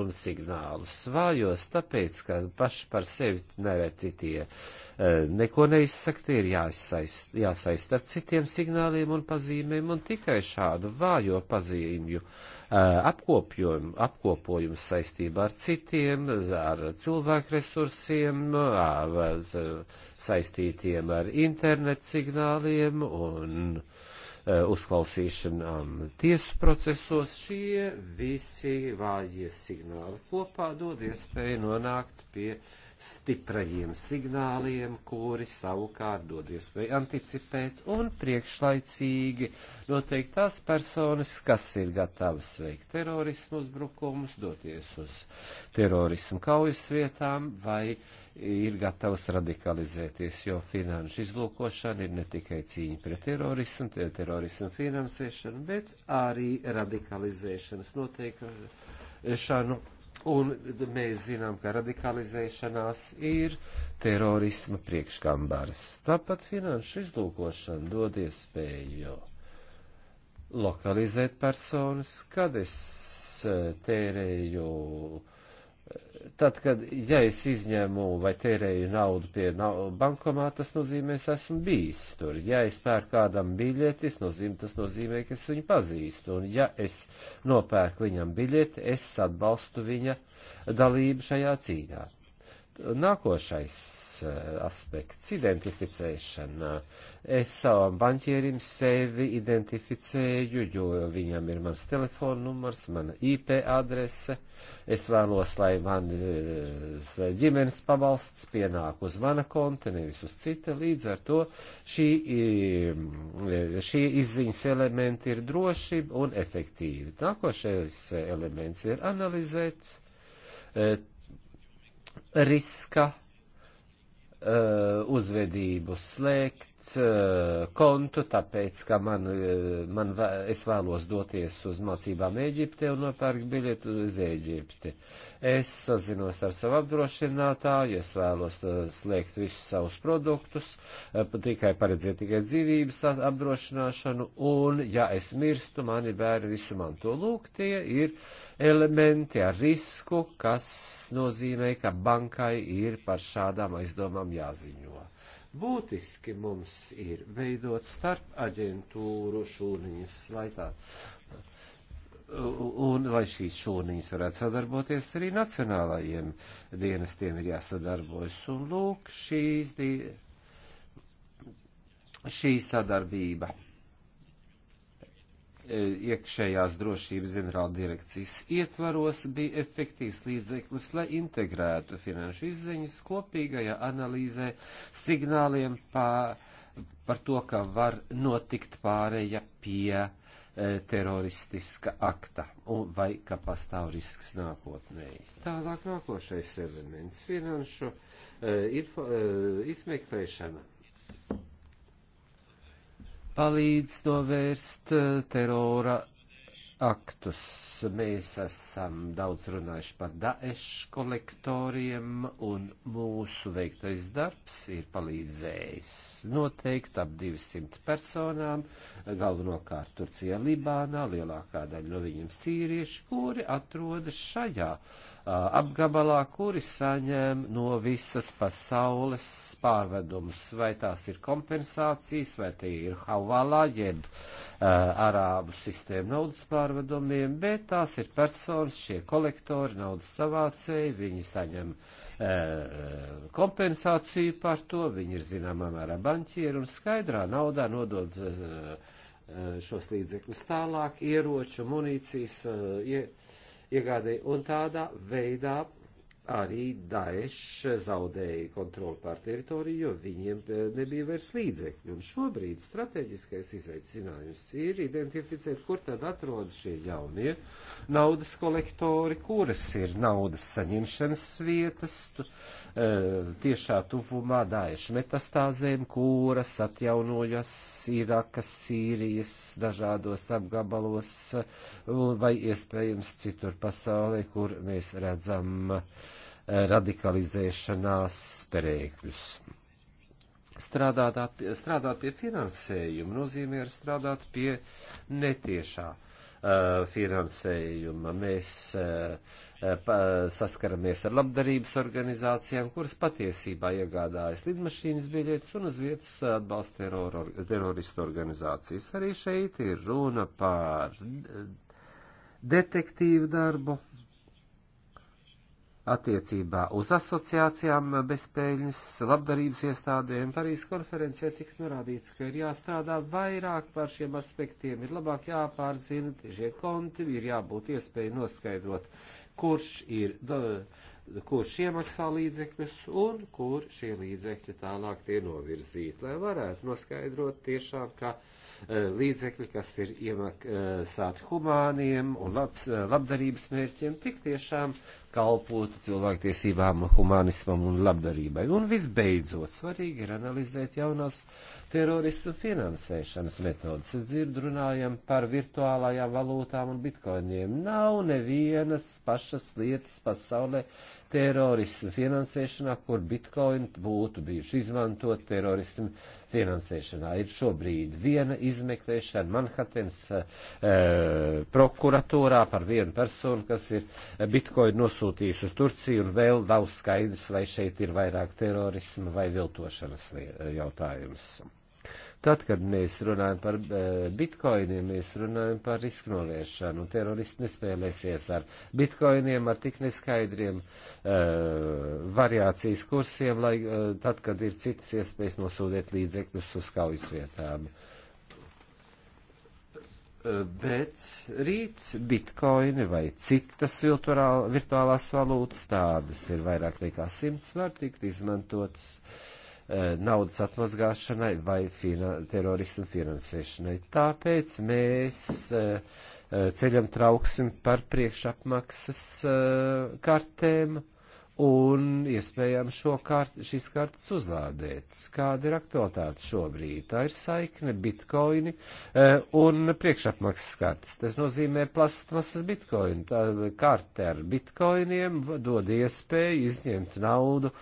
un signālus. Vājos tāpēc, ka paši par sevi nereti tie eh, neko neizsakti, ir jāsaist, jāsaist ar citiem signāliem un pazīmēm, un tikai šādu vājo pazīmju eh, apkopjum, apkopojums saistībā ar citiem, ar cilvēku resursiem, ar, saistītiem ar internet signāliem un Eh, uzklausīšanām tiesu procesos. Šie visi vājie signāli kopā dod iespēju nonākt pie uh, stiprajiem signāliem, kuri savukārt dod iespēju anticipēt un priekšlaicīgi noteikt tās personas, kas ir gatavas veikt terorismu uzbrukumus, doties uz terorismu kaujas vietām vai ir gatavas radikalizēties, jo finanšu izlūkošana ir ne tikai cīņa pret terorismu, te terorismu finansēšanu, bet arī radikalizēšanas noteikšanu Un mēs zinām, ka radikalizēšanās ir terorisma priekškambars. Tāpat finanšu izlūkošana dod iespēju lokalizēt personas, kad es eh, tērēju uh, tad, kad, ja es izņemu vai tērēju naudu pie bankomā, tas nozīmē, es esmu bijis tur. Ja es pērku kādam biļeti, nozīmē, tas nozīmē, ka es viņu pazīstu. Un ja es nopērku viņam biļeti, es atbalstu viņa dalību šajā cīņā. Nākošais eh, aspekts - identificēšana. Es savam banķierim sevi identificēju, jo viņam ir mans telefonnumurs, mana IP adrese. Es vēlos, lai man eh, ģimenes pabalsts pienāk uz mana konta, nevis uz cita. Līdz ar to šī, eh, šī izziņas elementi ir droši un efektīvi. Nākošais elements ir analizēts riska uh, uzvedību slēgt, Eh, kontu, tāpēc, ka man, eh, man, es vēlos doties uz mācībām Ēģipte un nopērku biļetu uz Ēģipti. Es sazinos ar savu apdrošinātāju, es vēlos eh, slēgt visus savus produktus, tikai paredziet tikai dzīvības apdrošināšanu, un, ja es mirstu, mani bērni visu man to lūk, tie ir elementi ar risku, kas nozīmē, ka bankai ir par šādām aizdomām jāziņo Būtiski mums ir veidot starp aģentūru šūniņas slaitā. Un lai šīs šūniņas varētu sadarboties, arī nacionālajiem dienestiem ir jāsadarbojas. Un lūk, šīs, di... šī sadarbība E, iekšējās drošības ģenerāla direkcijas ietvaros bija efektīvs līdzeklis, lai integrētu finanšu izziņas kopīgajā analīzē signāliem pār, par to, ka var notikt pāreja pie e, teroristiska akta un vai ka pastāv risks nākotnē. Tālāk nākošais elements - finanšu e, info, e, izmeklēšana palīdz novērst eh, terora aktus. Mēs esam daudz runājuši par Daesh kolektoriem, un mūsu veiktais darbs ir palīdzējis noteikt ap 200 personām, galvenokārt Turcijā, Libānā, lielākā daļa no viņiem sīrieši, kuri atrodas šajā uh, apgabalā, kuri saņem no visas pasaules pārvedumus, vai tās ir kompensācijas, vai tie ir havalā, jeb uh, arābu sistēma naudas pārvedumiem, bet tās ir personas, šie kolektori, naudas savācēji, viņi saņem uh, kompensāciju par to, viņi ir zināmā mērā banķieri un skaidrā naudā nodod uh, šos līdzekļus tālāk, ieroču, munīcijas, uh, ie, iegādēji un tādā veidā arī Daesh zaudēja kontroli pār teritoriju, jo viņiem eh, nebija vairs līdzekļu. Un šobrīd strateģiskais izaicinājums ir identificēt, kur tad atrodas šie jaunie naudas kolektori, kuras ir naudas saņemšanas vietas eh, tiešā tuvumā Daesh metastāzēm, kuras atjaunojas Irakas, Sīrijas dažādos apgabalos vai iespējams citur pasaulē, kur mēs redzam uh, radikalizēšanās spērēkļus. Strādāt, strādāt pie finansējuma nozīmē ir strādāt pie netiešā finansējuma. Mēs saskaramies ar labdarības organizācijām, kuras patiesībā iegādājas lidmašīnas biļetes un uz vietas atbalsta teror, teroristu organizācijas. Arī šeit ir runa par detektīvu darbu, attiecībā uz asociācijām bezpēļņas labdarības iestādēm. Parīz konferencē tika norādīts, ka ir jāstrādā vairāk par šiem aspektiem, ir labāk jāpārzina šie konti, ir jābūt iespēja noskaidrot, kurš ir, do, kurš iemaksā līdzekļus un kur šie līdzekļi tālāk tie novirzīti, lai varētu noskaidrot tiešām, ka e, līdzekļi, kas ir iemaksāti humāniem un labs, e, labdarības mērķiem, tik tiešām kalpotu cilvēktiesībām, humanismam un labdarībai. Un visbeidzot, svarīgi ir analizēt jaunās terorismu finansēšanas metodas. Es dzirdu, runājam par virtuālajām valūtām un bitkoiniem. Nav nevienas pašas lietas pasaulē terorismu finansēšanā, kur bitkoini būtu bijuši izmantot terorismu finansēšanā. Ir šobrīd viena izmeklēšana Manhatens e, eh, prokuratūrā par vienu personu, kas ir eh, bitkoini nosūtījis nosūtījuši uz Turciju, un vēl nav skaidrs, vai šeit ir vairāk terorisma vai viltošanas jautājums. Tad, kad mēs runājam par eh, bitkoiniem, mēs runājam par risku noviešanu, un teroristi nespēlēsies ar bitkoiniem, ar tik neskaidriem uh, variācijas kursiem, lai uh, tad, kad ir citas iespējas nosūtīt līdzekļus uz kaujas vietām. Uh, bet rīt bitkoini vai citas virtuālās valūtas tādas ir vairāk nekā simts var tikt izmantots eh, naudas atmazgāšanai vai fina, terorismu finansēšanai. Tāpēc mēs eh, eh, ceļam trauksim par priekšapmaksas kartēm un iespējams kārt, šīs kartes uzlādēt. Kāda ir aktualitāte šobrīd? Tā ir saikne bitkoini uh, e, un priekšapmaksas kartes. Tas nozīmē plastmasas bitkoini. Tā karte ar bitkoiniem dod iespēju izņemt naudu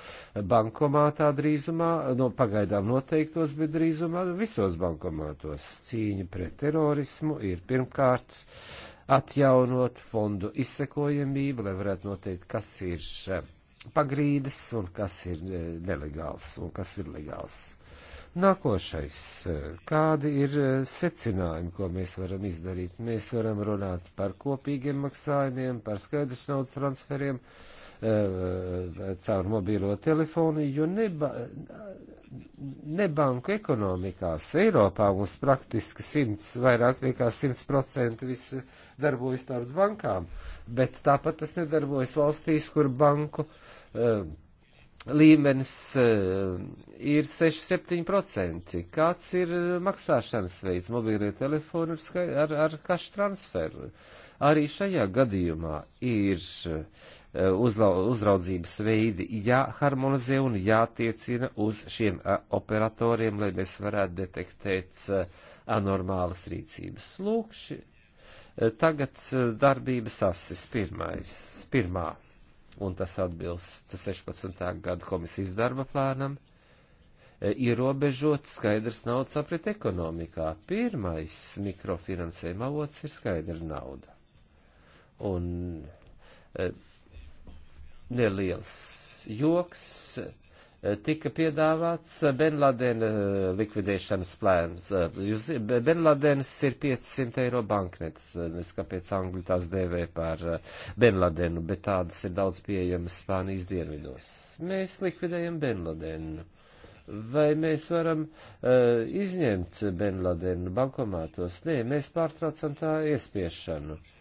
bankomātā drīzumā, no pagaidām noteiktos, bet drīzumā visos bankomātos. Cīņa pret terorismu ir pirmkārt atjaunot fondu izsekojamību, lai varētu noteikt, kas ir. Uh, pagrīdes un kas ir e, nelegāls un kas ir legāls. Nākošais, e, kādi ir e, secinājumi, ko mēs varam izdarīt? Mēs varam runāt par kopīgiem maksājumiem, par skaidrs naudas transferiem. Uh, Eh, caur mobīlo telefonu, jo neba, nebanku ekonomikās Eiropā mums praktiski simts, vairāk nekā simts procenti viss darbojas tāds bankām, bet tāpat tas nedarbojas valstīs, kur banku uh, līmenis uh, ir 6-7%. Kāds ir maksāšanas veids? Mobīlie telefoni ar, ar, ar kašu transferu. Arī šajā gadījumā ir uh, Eh, uzraudzības veidi jāharmonizē un jātiecina uz šiem eh, operatoriem, lai mēs varētu detektēt eh, anormālas rīcības. Lūk, ši, tagad darbības asis pirmais, pirmā, un tas atbilst 16. gada komisijas darba plānam, ierobežot skaidrs naudas aprit ekonomikā. Pirmais mikrofinansējuma avots ir skaidra nauda. Un neliels joks. Eh, tika piedāvāts eh, Benladena eh, likvidēšanas plēns. Jūs, Benladens ir 500 eiro banknetes, es kāpēc angļu tās dēvē par Benladenu, bet tādas ir daudz pieejamas Spānijas dienvidos. Mēs likvidējam Benladenu. Vai mēs varam uh, izņemt Benladenu bankomātos? Nē, mēs pārtraucam tā iespiešanu. Uh,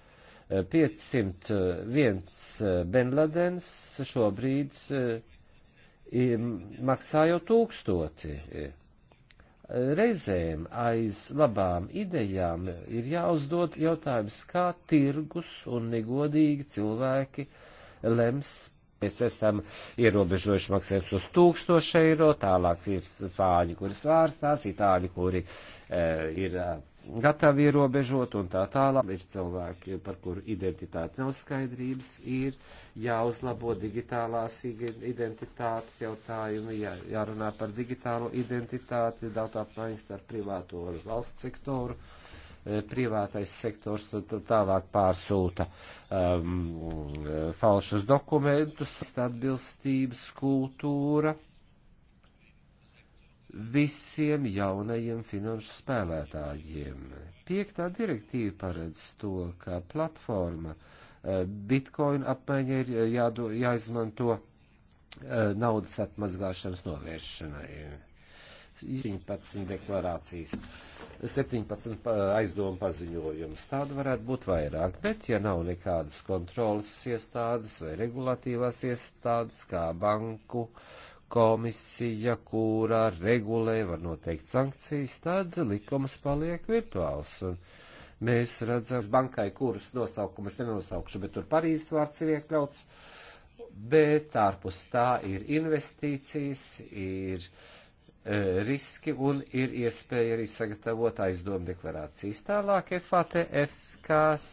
501 eh, Benladens šobrīd eh, maksā jau tūkstoti. Reizēm aiz labām idejām ir jāuzdod jautājums, kā tirgus un negodīgi cilvēki lems Mēs esam ierobežojuši maksājums uz 1000 eiro, tālāk ir spāņi, kuri svārstās, itāļi, kuri e, ir e, gatavi ierobežot un tā tālāk. Ir cilvēki, par kuru identitāti nav skaidrības, ir jāuzlabo digitālās identitātes jautājumi, jā, jārunā par digitālo identitāti, datu apmaiņas ar privāto valsts sektoru. E, Eh, privātais sektors tālāk pārsūta um, falšus dokumentus, atbilstības kultūra visiem jaunajiem finanšu spēlētājiem. Piektā direktīva paredz to, ka platforma eh, Bitcoin apmaiņa ir eh, jādo, jāizmanto naudas atmazgāšanas novēršanai 17 deklarācijas, 17 aizdomu paziņojums. Tāda varētu būt vairāk, bet ja nav nekādas kontrolas iestādes vai regulatīvās iestādes, kā banku komisija, kurā regulē var noteikt sankcijas, tad likums paliek virtuāls. Un mēs redzam bankai, kuras nosaukumus nenosaukšu, bet tur Parīzes vārds ir iekļauts, bet ārpus tā ir investīcijas, ir uh, E, riski un ir iespēja arī sagatavot aizdomu deklarācijas. Tālāk FATF, kas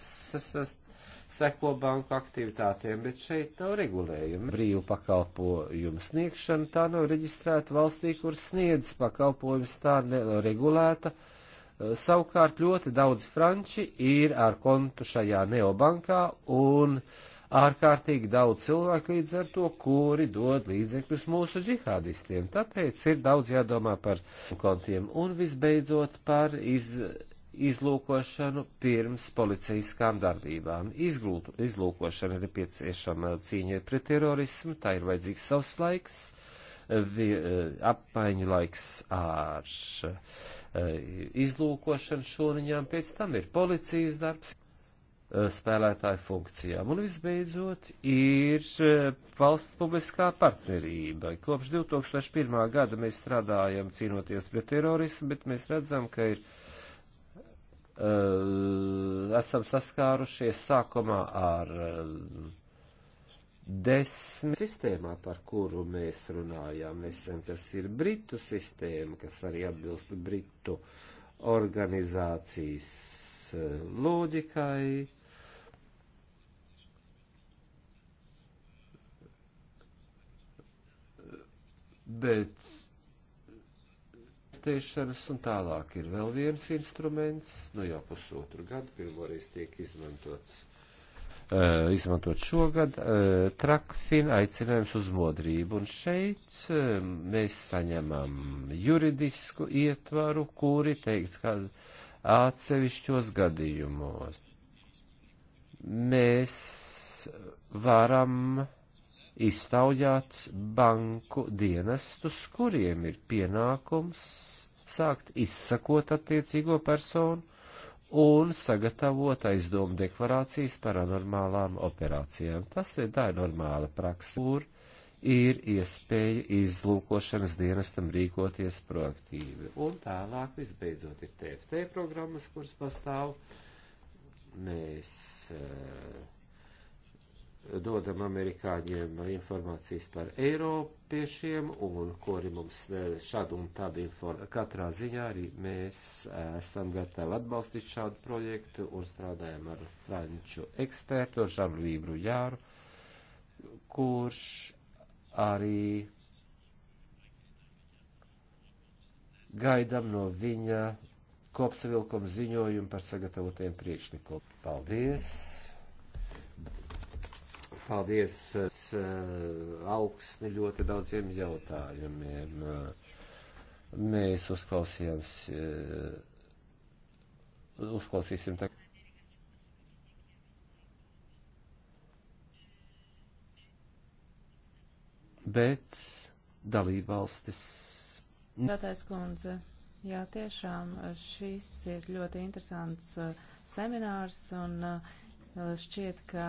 seko banku aktivitātēm, bet šeit nav regulējuma. Brīvu pakalpojumu sniegšana tā nav reģistrēta valstī, kur sniedz pakalpojums tā neregulēta. E, savukārt ļoti daudz franči ir ar kontu šajā neobankā un uh, ārkārtīgi daudz cilvēku līdz ar to, kuri dod līdzekļus mūsu džihādistiem. Tāpēc ir daudz jādomā par kontiem un visbeidzot par iz, izlūkošanu pirms policijaskām darbībām. Izglūtu, izlūkošana ir nepieciešama cīņai pret terorismu, tā ir vajadzīgs savs laiks, vi, eh, apmaiņu laiks ar eh, izlūkošanu šūniņām, pēc tam ir policijas darbs. Eh, spēlētāju funkcijām. Un visbeidzot ir eh, valsts publiskā partnerība. Kopš 2001. gada mēs strādājam cīnoties pret terorismu, bet mēs redzam, ka ir, uh, esam saskārušies sākumā ar uh, desmit sistēmā, par kuru mēs runājām nesen, kas ir Britu sistēma, kas arī atbilst Britu organizācijas loģikai bet testēšanas un tālāk ir vēl viens instruments, nu jau pusotru gadu pirmoreiz tiek izmantots. Uh, izmantot šogad uh, eh, trakfina aicinājums uz modrību, un šeit uh, mēs saņemam juridisku ietvaru, kuri teiks, ka atsevišķos gadījumos mēs varam uh, iztaujāt banku dienestus, kuriem ir pienākums sākt izsakot attiecīgo personu un sagatavot aizdomu deklarācijas par anormālām operācijām. Tas ir tā ir normāla praksa, kur ir iespēja izlūkošanas dienestam rīkoties proaktīvi. Un tālāk visbeidzot ir TFT programmas, kuras pastāv. Mēs uh, dodam amerikāņiem informācijas par Eiropiešiem un kuri mums e, šādu un tādu informāciju. Katrā ziņā arī mēs esam gatavi atbalstīt šādu projektu un strādājam ar franču ekspertu, ar Žanu Vībru Jāru, kurš arī gaidām no viņa kopsavilkuma ziņojumu par sagatavotajiem priekšlikumiem. Paldies! Paldies eh, augsni ļoti daudziem jautājumiem. Mēs uzklausījām, eh, uzklausīsim tā. Bet dalībvalstis. Datājs kundze, jā, tiešām eh, šis ir ļoti interesants seminārs un šķiet, ka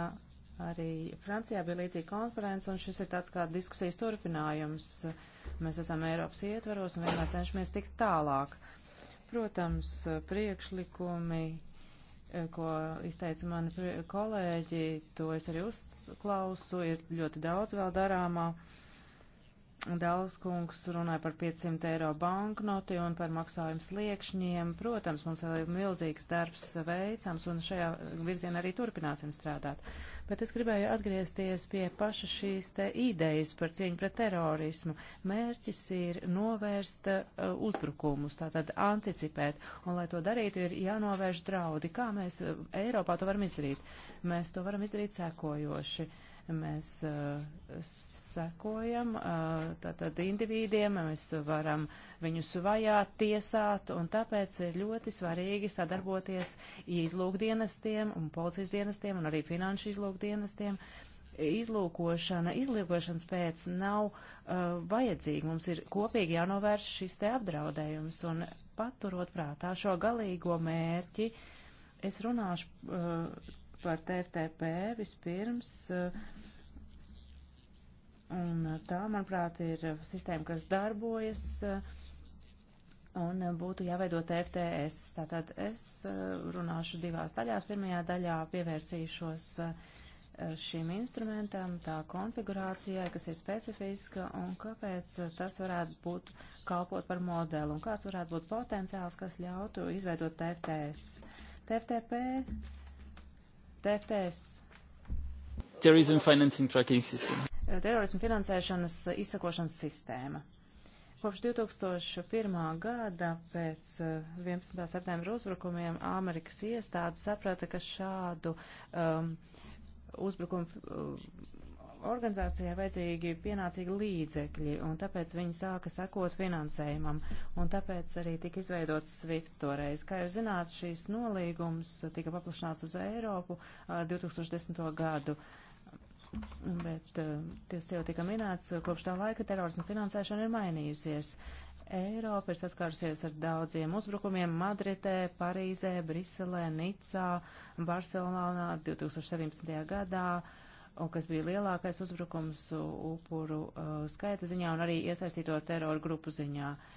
Arī Francijā bija līdzīga konference, un šis ir tāds kā diskusijas turpinājums. Mēs esam Eiropas ietvaros un vienmēr cenšamies tikt tālāk. Protams, priekšlikumi, ko izteica mani kolēģi, to es arī uzklausu, ir ļoti daudz vēl darāmā. Dāls kungs runāja par 500 eiro banknoti un par maksājumu sliekšņiem. Protams, mums vēl ir milzīgs darbs veicams, un šajā virzienā arī turpināsim strādāt. Uh, bet es gribēju atgriezties pie paša šīs te idejas par cīņu pret terorismu. Mērķis ir novērst uh, uzbrukumus, tātad anticipēt, un lai to darītu, ir jānovērš draudi. Kā mēs uh, Eiropā to varam izdarīt? Mēs to varam izdarīt sekojoši. Mēs uh, sekojam tātad individiem, mēs varam viņus vajāt, tiesāt, un tāpēc ir ļoti svarīgi sadarboties izlūkdienestiem un policijas dienestiem un arī finanšu izlūkdienestiem. Izlūkošana, izlūkošanas pēc nav uh, vajadzīga. Mums ir kopīgi jānovērš šis te apdraudējums un paturot prātā šo galīgo mērķi. Es runāšu uh, par TFTP vispirms. Uh, Un tā, manuprāt, ir sistēma, kas darbojas un būtu jāveido TFTS. Tātad es uh, runāšu divās daļās. Pirmajā daļā pievērsīšos uh, šim instrumentam, tā konfigurācijai, kas ir specifiska un kāpēc tas varētu būt kalpot par modeli un kāds varētu būt potenciāls, kas ļautu izveidot TFTS. TFTP, TFTS. Terrorism Financing Tracking System. Eh, terorismu finansēšanas eh, izsakošanas sistēma. Kopš 2001. gada pēc 11. Eh, septembra uzbrukumiem Amerikas iestādes saprata, ka šādu um, uzbrukumu um, organizācijai vajadzīgi pienācīgi līdzekļi, un tāpēc viņi sāka sekot finansējumam, un tāpēc arī tika izveidots SWIFT toreiz. Kā jūs zināt, šīs nolīgums tika paplašināts uz Eiropu ar 2010. gadu bet eh, tas jau tika minēts, eh, kopš tā laika terorismu finansēšana ir mainījusies. Eiropa ir saskārusies ar daudziem uzbrukumiem Madridē, Parīzē, Briselē, Nicā, Barcelonā 2017. gadā, un kas bija lielākais uzbrukums upuru uh, skaita ziņā un arī iesaistīto teroru grupu ziņā. Uh,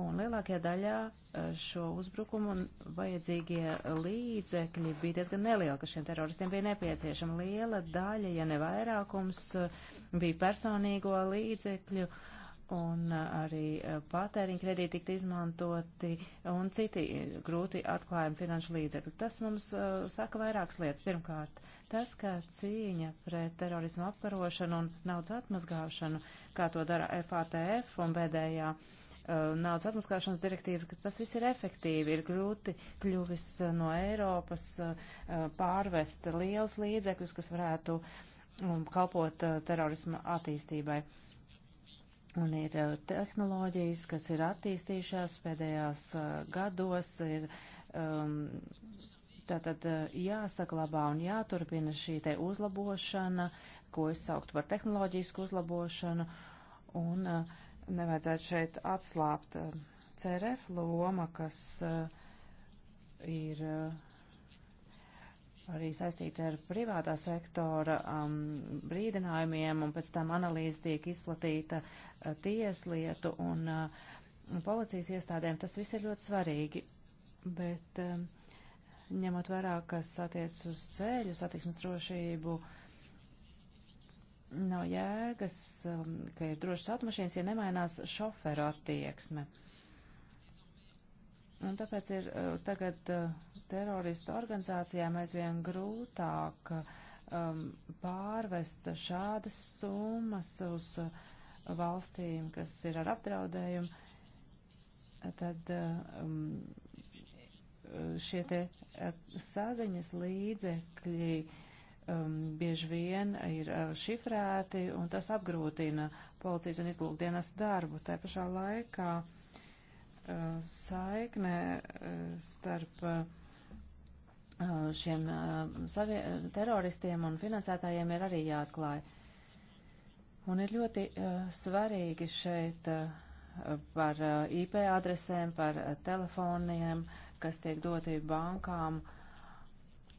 Un lielākajā daļā eh, šo uzbrukumu vajadzīgie līdzekļi bija diezgan nelieli, kas šiem teroristiem bija nepieciešama. Liela daļa, ja ne vairākums, eh, bija personīgo līdzekļu un eh, arī patēriņa kredīti tika izmantoti un citi grūti atklājumi finanšu līdzekļi. Tas mums uh, saka vairākas lietas. Pirmkārt, tas, ka cīņa pret terorismu apkarošanu un naudas atmazgāšanu, kā to dara FATF un bēdējā uh, Uh, naudas atmaskāšanas direktīvas, ka tas viss ir efektīvi, ir grūti kļuvis uh, no Eiropas uh, pārvest liels līdzekļus, kas varētu um, kalpot terorisma attīstībai. Un ir tehnoloģijas, kas ir attīstījušās pēdējās gados, ir um, tātad jāsaklabā un jāturpina šī te uzlabošana, ko es sauktu par tehnoloģisku uzlabošanu. Un, uh, nevajadzētu šeit atslāpt eh, CRF loma, kas eh, ir eh, arī saistīta ar privātā sektora um, brīdinājumiem, un pēc tam analīze tiek izplatīta uh, tieslietu un uh, policijas iestādēm. Tas viss ir ļoti svarīgi, bet um, ņemot vērā, kas attiec uz ceļu, satiksmes drošību, uh, nav jēgas, um, ka ir drošas automašīnas, ja nemainās šoferu attieksme. Un tāpēc ir uh, tagad uh, teroristu organizācijām aizvien grūtāk um, pārvest šādas summas uz uh, valstīm, kas ir ar apdraudējumu. Tad um, šie te saziņas līdzekļi uh, um, bieži vien ir uh, šifrēti, un tas apgrūtina policijas un izglūkdienas darbu. Tā pašā laikā uh, saikne uh, starp uh, šiem uh, savie, teroristiem un finansētājiem ir arī jāatklāj. Un ir ļoti uh, svarīgi šeit uh, par uh, IP adresēm, par uh, telefoniem, kas tiek doti bankām.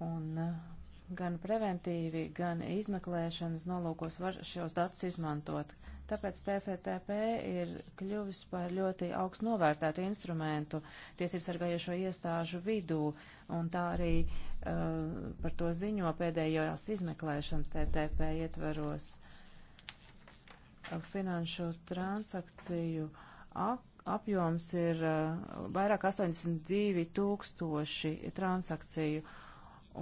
Un uh, gan preventīvi, gan izmeklēšanas nolūkos var šos datus izmantot. Tāpēc TFTP ir kļuvis par ļoti augstu novērtētu instrumentu tiesību sargājošo iestāžu vidū, un tā arī uh, par to ziņo pēdējās izmeklēšanas TFTP ietveros finanšu transakciju ak apjoms ir uh, vairāk 82 tūkstoši transakciju.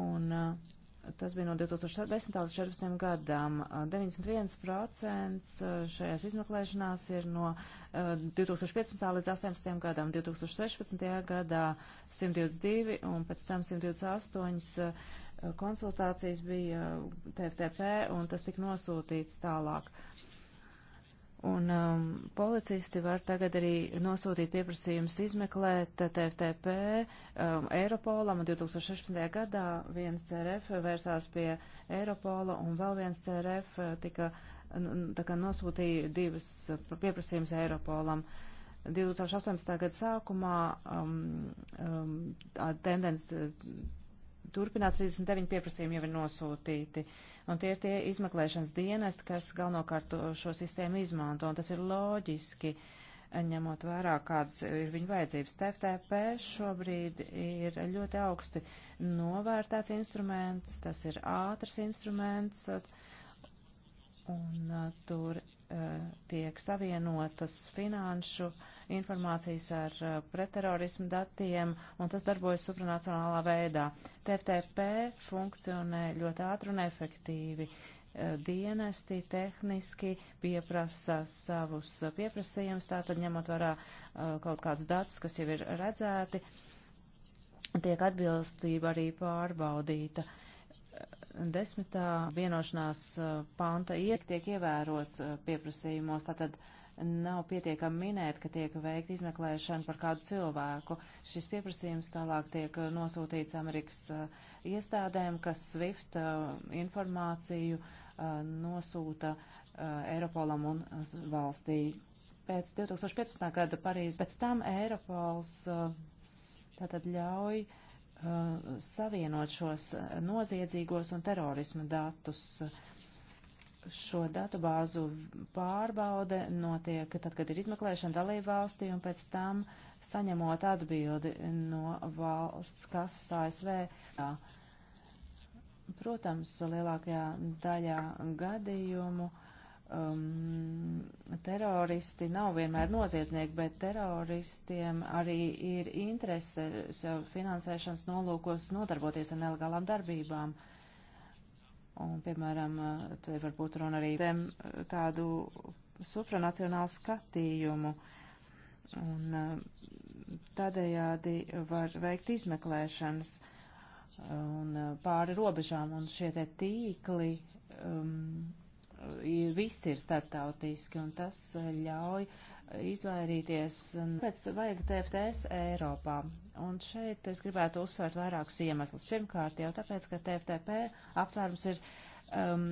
Un, uh, Tas bija no 2010. līdz 2014. gadam. 91% šajās izmeklēšanās ir no 2015. līdz 2018. gadam, 2016. gadā 122 un pēc tam 128 konsultācijas bija TFTP un tas tika nosūtīts tālāk. Uh, Un um, policisti var tagad arī nosūtīt pieprasījums izmeklēt TFTP um, Eiropolam. 2016. gadā viens CRF vērsās pie Eiropola un vēl viens CRF tika, tā kā nosūtīja divas uh, pieprasījums Eiropolam. 2018. gada sākumā um, um, tendence turpināt 39 pieprasījumi jau ir nosūtīti. Un tie ir tie izmeklēšanas dienesti, kas galvenokārt šo sistēmu izmanto, un tas ir loģiski, ņemot vērā, kādas ir viņu vajadzības. TFTP šobrīd ir ļoti augsti novērtēts instruments, tas ir ātrs instruments, un uh, tur Eh, tiek savienotas finanšu informācijas ar eh, pretterorismu datiem, un tas darbojas supranacionālā veidā. TFTP funkcionē ļoti ātri un efektīvi. Eh, dienesti tehniski pieprasa savus pieprasījumus, tātad ņemot vērā kaut kādus datus, kas jau ir redzēti, tiek atbilstība arī pārbaudīta. Uh, desmitā vienošanās uh, panta iek tiek ievērots uh, pieprasījumos, tātad nav pietiekami minēt, ka tiek veikt izmeklēšana par kādu cilvēku. Šis pieprasījums tālāk tiek uh, nosūtīts Amerikas iestādēm, kas SWIFT informāciju nosūta Eiropolam un valstī. Pēc 2015. gada Parīzes, pēc tam Eiropols tātad ļauj uh, Uh, savienot šos uh, noziedzīgos un terorisma datus. Šo datu bāzu pārbaude notiek tad, kad ir izmeklēšana dalība valstī un pēc tam saņemot atbildi no valsts kasas ASV. Protams, lielākajā daļā gadījumu uh, um, teroristi nav vienmēr noziedznieki, bet teroristiem arī ir interese sev finansēšanas nolūkos nodarboties ar nelegālām darbībām. Un, piemēram, te varbūt runa arī tiem tādu supranacionālu skatījumu. Un uh, tādējādi var veikt izmeklēšanas uh, un uh, pāri robežām, un šie tie tīkli um, visi ir starptautiski, un tas eh, ļauj izvairīties. Pēc vajag TFTS Eiropā. Un šeit es gribētu uzsvērt vairākus iemeslus. Pirmkārt jau tāpēc, ka TFTP aptvērums ir um,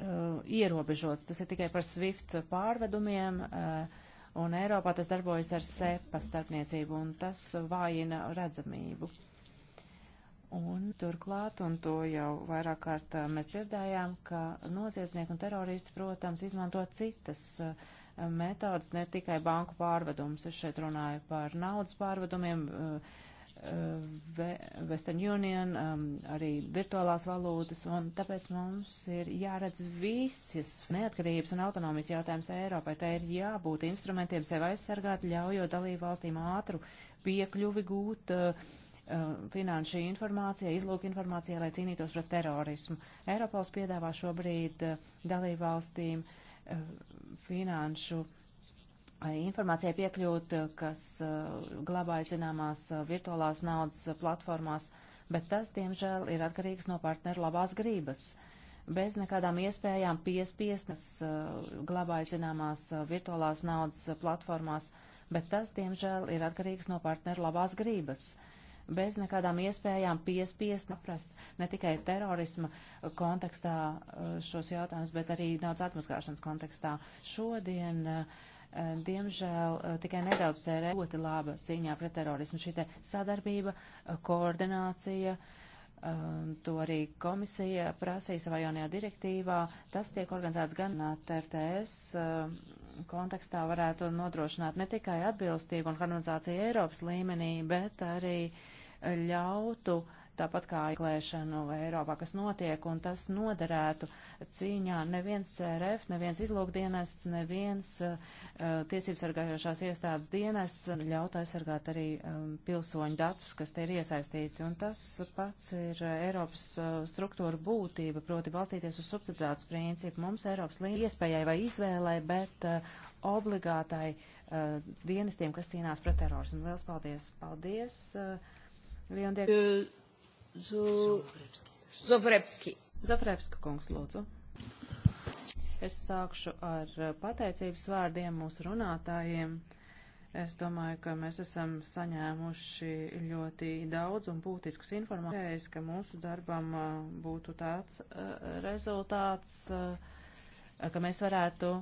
uh, ierobežots. Tas ir tikai par SWIFT pārvedumiem. Uh, Un Eiropā tas darbojas ar sepa starpniecību, un tas vājina redzamību. Uh, Un turklāt, un to jau vairāk kārt mēs dzirdējām, ka noziedznieki un teroristi, protams, izmanto citas metodas, ne tikai banku pārvedumus. Es šeit runāju par naudas pārvedumiem, Western Union, arī virtuālās valūtas, un tāpēc mums ir jāredz visas neatkarības un autonomijas jautājums Eiropai. Tā ir jābūt instrumentiem sev aizsargāt, ļaujot dalību valstīm ātru piekļuvi gūt. Uh, Um, finanšu informācijai, izlūk informācijai, lai cīnītos pret terorismu. Eiropols piedāvā šobrīd uh, dalībvalstīm uh, finanšu uh, informācijai piekļūt, kas glabāja zināmās virtuālās naudas platformās, bet tas, diemžēl, ir atkarīgs no partneru labās grības. Bez nekādām iespējām piespiestas glabāja zināmās virtuālās naudas platformās, bet tas, diemžēl, ir atkarīgs no partneru labās grības. Uh, bez nekādām iespējām piespiest, noprast ne tikai terorisma kontekstā uh, šos jautājumus, bet arī naudas atmaskāšanas kontekstā. Šodien, uh, uh, diemžēl, tikai nedaudz cērē ļoti laba cīņā pret terorismu šī te sadarbība, koordinācija. Um, to arī komisija prasīja savā jaunajā direktīvā. Tas tiek organizēts gan TRTS um, kontekstā varētu nodrošināt ne tikai atbilstību un harmonizāciju Eiropas līmenī, bet arī uh, ļautu tāpat kā meklēšanu Eiropā, kas notiek, un tas noderētu cīņā neviens CRF, neviens izlūkdienests, neviens uh, uh, tiesības sargājošās iestādes dienests ļautu aizsargāt arī um, pilsoņu datus, kas te ir iesaistīti. Un tas pats ir uh, Eiropas uh, struktūra būtība, proti balstīties uz subsidētas principu. Mums Eiropas līnija iespējai vai izvēlē, bet uh, obligātai uh, dienestiem, kas cīnās pret terorismu. Liels paldies! Paldies! Uh, Lieldiek. Zovrevski. Zovrevska kungs, lūdzu. Es sākšu ar pateicības vārdiem mūsu runātājiem. Es domāju, ka mēs esam saņēmuši ļoti daudz un būtiskas informācijas, ka mūsu darbam būtu tāds rezultāts, ka mēs varētu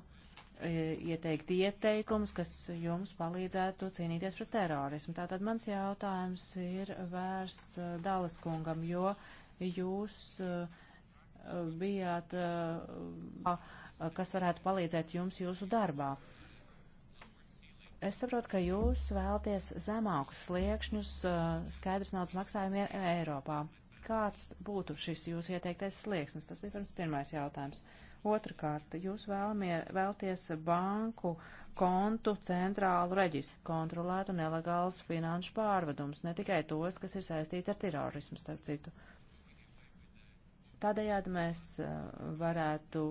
E, ieteikt ieteikumus, kas jums palīdzētu cīnīties pret terorismu. Tātad mans jautājums ir vērsts e, Dāles kungam, jo jūs e, bijāt, kas varētu palīdzēt jums jūsu darbā. Es saprotu, ka jūs vēlties zemākus sliekšņus skaidrs naudas maksājumiem Eiropā. Kāds būtu šis jūsu ieteiktais slieksnis? Tas bija pirms pirmais jautājums. Uh, Otrakārt, jūs vēlamie, vēlties banku kontu centrālu reģistru kontrolētu nelegālus finanšu pārvedumus, ne tikai tos, kas ir saistīti ar terorismu, starp citu. Tādējādi mēs eh, varētu,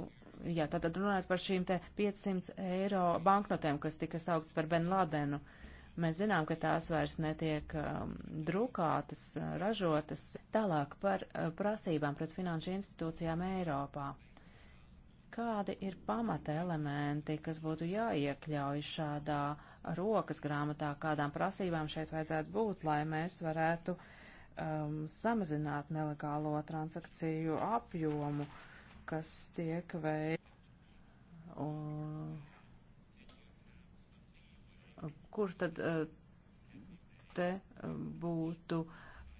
jā, tātad runāt par šīm te 500 eiro banknotēm, kas tika saukts par Ben Ladenu. Mēs zinām, ka tās vairs netiek um, drukātas, ražotas. Tālāk par uh, prasībām pret finanšu institūcijām Eiropā kādi ir pamata elementi, kas būtu jāiekļauj šādā rokas grāmatā, kādām prasībām šeit vajadzētu būt, lai mēs varētu um, samazināt nelegālo transakciju apjomu, kas tiek veikta. Kur tad uh, te uh, būtu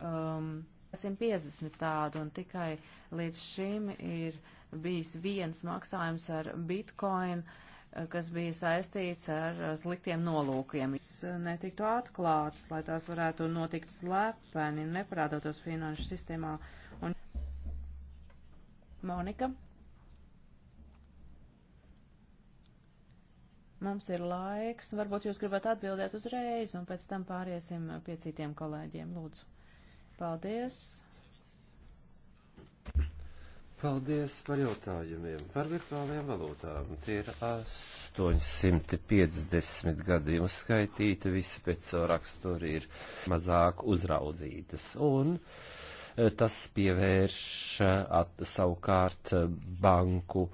um, 150 tādu un tikai līdz šim ir uh, bijis viens maksājums ar bitcoin, eh, kas bija saistīts ar eh, sliktiem nolūkiem. Eh, netiktu atklātas, lai tās varētu notikt slepeni, neparādotos finanšu sistēmā. Un Monika? Mums ir laiks, varbūt jūs gribat atbildēt uzreiz, un pēc tam pāriesim pie citiem kolēģiem. Lūdzu. Paldies. Paldies par jautājumiem par virtuālajām valūtām. Tie ir 850 gadījumu skaitīti, visi pēc savu raksturu ir mazāk uzraudzītas. Un e, tas pievērš e, at, savukārt e, banku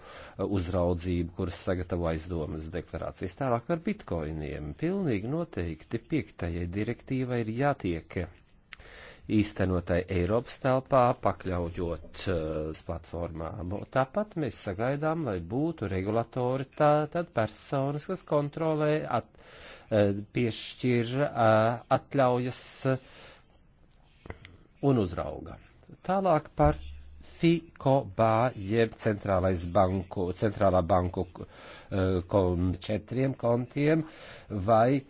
uzraudzību, kuras sagatavo aizdomas deklarācijas. Tālāk par bitkoiniem. Pilnīgi noteikti piektajai direktīvai ir jātiek īstenotai Eiropas telpā, pakļaujot uh, platformām. Tāpat mēs sagaidām, lai būtu regulatori tā, tad personas, kas kontrolē, at, uh, piešķir uh, atļaujas uh, un uzrauga. Tālāk par FICOBA, jeb centrālais banku, centrālā banku uh, kon, četriem kontiem vai uh,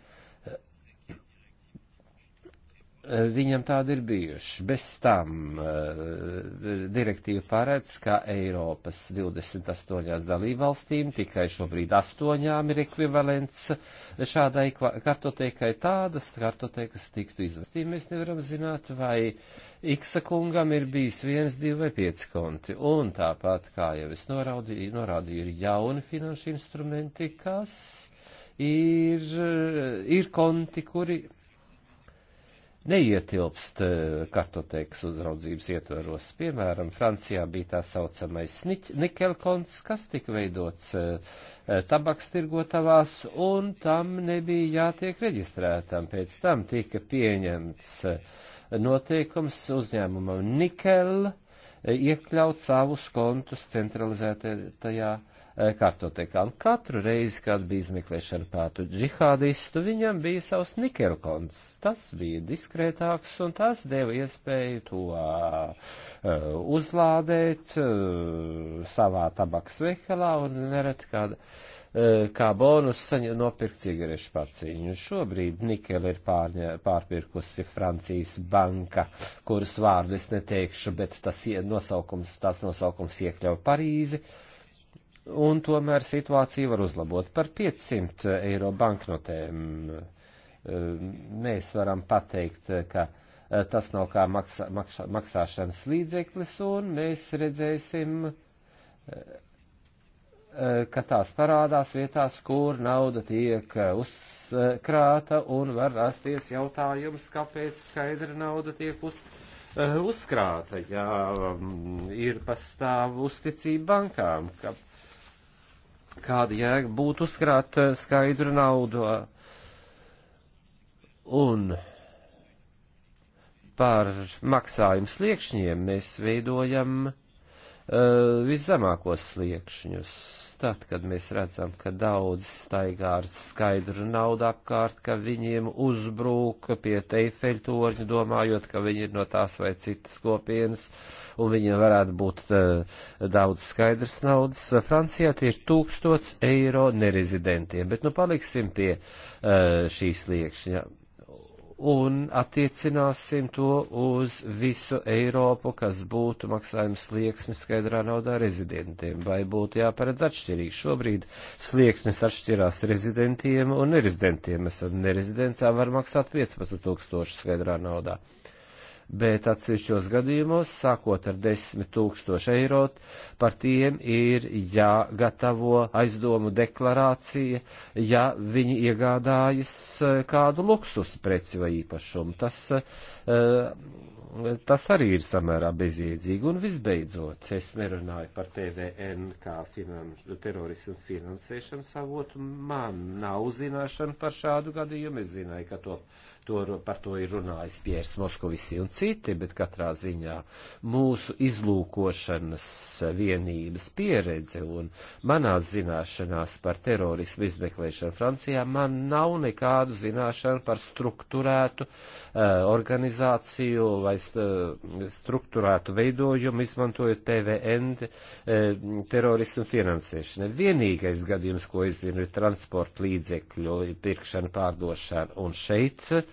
Eh, viņam tādi ir bijuši. Bez tam eh, direktīva paredz, ka Eiropas 28 dalībvalstīm tikai šobrīd astoņām ir ekvivalents šādai kartoteikai tādas kartoteikas tiktu izvestīm. Mēs nevaram zināt, vai Iksa kungam ir bijis viens, divi vai pieci konti. Un tāpat, kā jau es norādīju, norādīju ir jauni finanšu instrumenti, kas ir, ir konti, kuri neietilpst eh, kartoteikas uzraudzības ietvaros. Piemēram, Francijā bija tā saucamais nikelkonts, kas tika veidots eh, tabaks tirgotavās, un tam nebija jātiek reģistrētam. Pēc tam tika pieņemts eh, noteikums uzņēmumam Nikel iekļaut savus kontus centralizētajā Eh, kartotekām. Katru reizi, kad bija izmeklēšana pētu džihādistu, viņam bija savs nikeru konts. Tas bija diskrētāks un tas deva iespēju to uh, uzlādēt uh, savā tabaks veikalā un neret kāda uh, kā bonus saņem nopirkt cigarešu paciņu. Šobrīd Nikela ir pārņa, pārpirkusi Francijas banka, kuras vārdu es neteikšu, bet tas nosaukums, tās nosaukums iekļauj Parīzi. Uh, un tomēr situācija var uzlabot. Par 500 eiro banknotēm ehm, mēs varam pateikt, ka eh, tas nav kā maksā, maksā, maksāšanas līdzeklis, un mēs redzēsim, eh, eh, ka tās parādās vietās, kur nauda tiek uzkrāta, un var rasties jautājums, kāpēc skaidra nauda tiek uzkrāta uzkrāta, ja um, ir pastāv uzticība bankām, ka kāda jēga būtu uzkrāt eh, skaidru naudu. Un par maksājumu sliekšņiem mēs veidojam uh, viszemākos sliekšņus tad, kad mēs redzam, ka daudz staigā ar skaidru naudu apkārt, ka viņiem uzbruka pie teifeļtorņa, domājot, ka viņi ir no tās vai citas kopienas, un viņiem varētu būt uh, daudz skaidrs naudas. Francijā tie ir tūkstots eiro nerezidentiem, bet nu paliksim pie uh, šīs liekšņa un attiecināsim to uz visu Eiropu, kas būtu maksājums slieksnis skaidrā naudā rezidentiem, vai būtu jāparedz atšķirīgi. Šobrīd slieksnis atšķirās rezidentiem un nerezidentiem. Esam nerezidents, var maksāt 15 tūkstoši skaidrā naudā. Uh, bet atsevišķos gadījumos, sākot ar 10 tūkstoši eiro, par tiem ir jāgatavo aizdomu deklarācija, ja viņi iegādājas eh, kādu luksus preci vai īpašumu. Tas, eh, tas arī ir samērā bezjēdzīgi. Un visbeidzot, es nerunāju par TVN kā finanš, terorismu finansēšanu savotu. Man nav zināšana par šādu gadījumu. Es zināju, ka to to, par to ir runājis Piers Moskovisi un citi, bet katrā ziņā mūsu izlūkošanas vienības pieredze un manās zināšanās par terorismu izmeklēšanu Francijā man nav nekādu zināšanu par strukturētu uh, organizāciju vai st eh, strukturētu veidojumu, izmantojot PVN uh, eh, terorismu finansēšanu. Vienīgais gadījums, ko es zinu, ir transporta līdzekļu pirkšana, pārdošana un šeit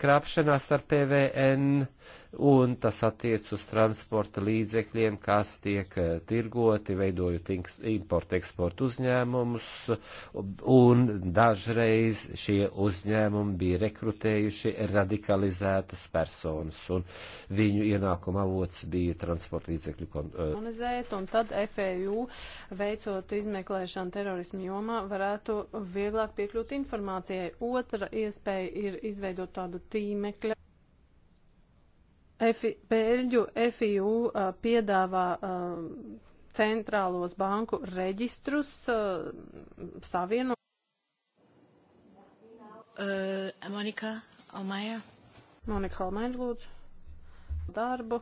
krāpšanās ar PVN, un tas attiec uz transporta līdzekļiem, kas tiek eh, tirgoti, veidojot importu-eksportu uzņēmumus, un dažreiz šie uzņēmumi bija rekrutējuši radikalizētas personas, un viņu ienākuma avots bija transporta līdzekļu kontrolēt, eh, un tad FEU veicot izmeklēšanu terorismu jomā varētu vieglāk piekļūt informācijai. Otra iespēja ir izveidot tādu tīmekļa. FI, Bēļģu FIU uh, piedāvā uh, centrālos banku reģistrus uh, savienot. Uh, Monika Almaja. Monika Almaja, lūdzu. Darbu.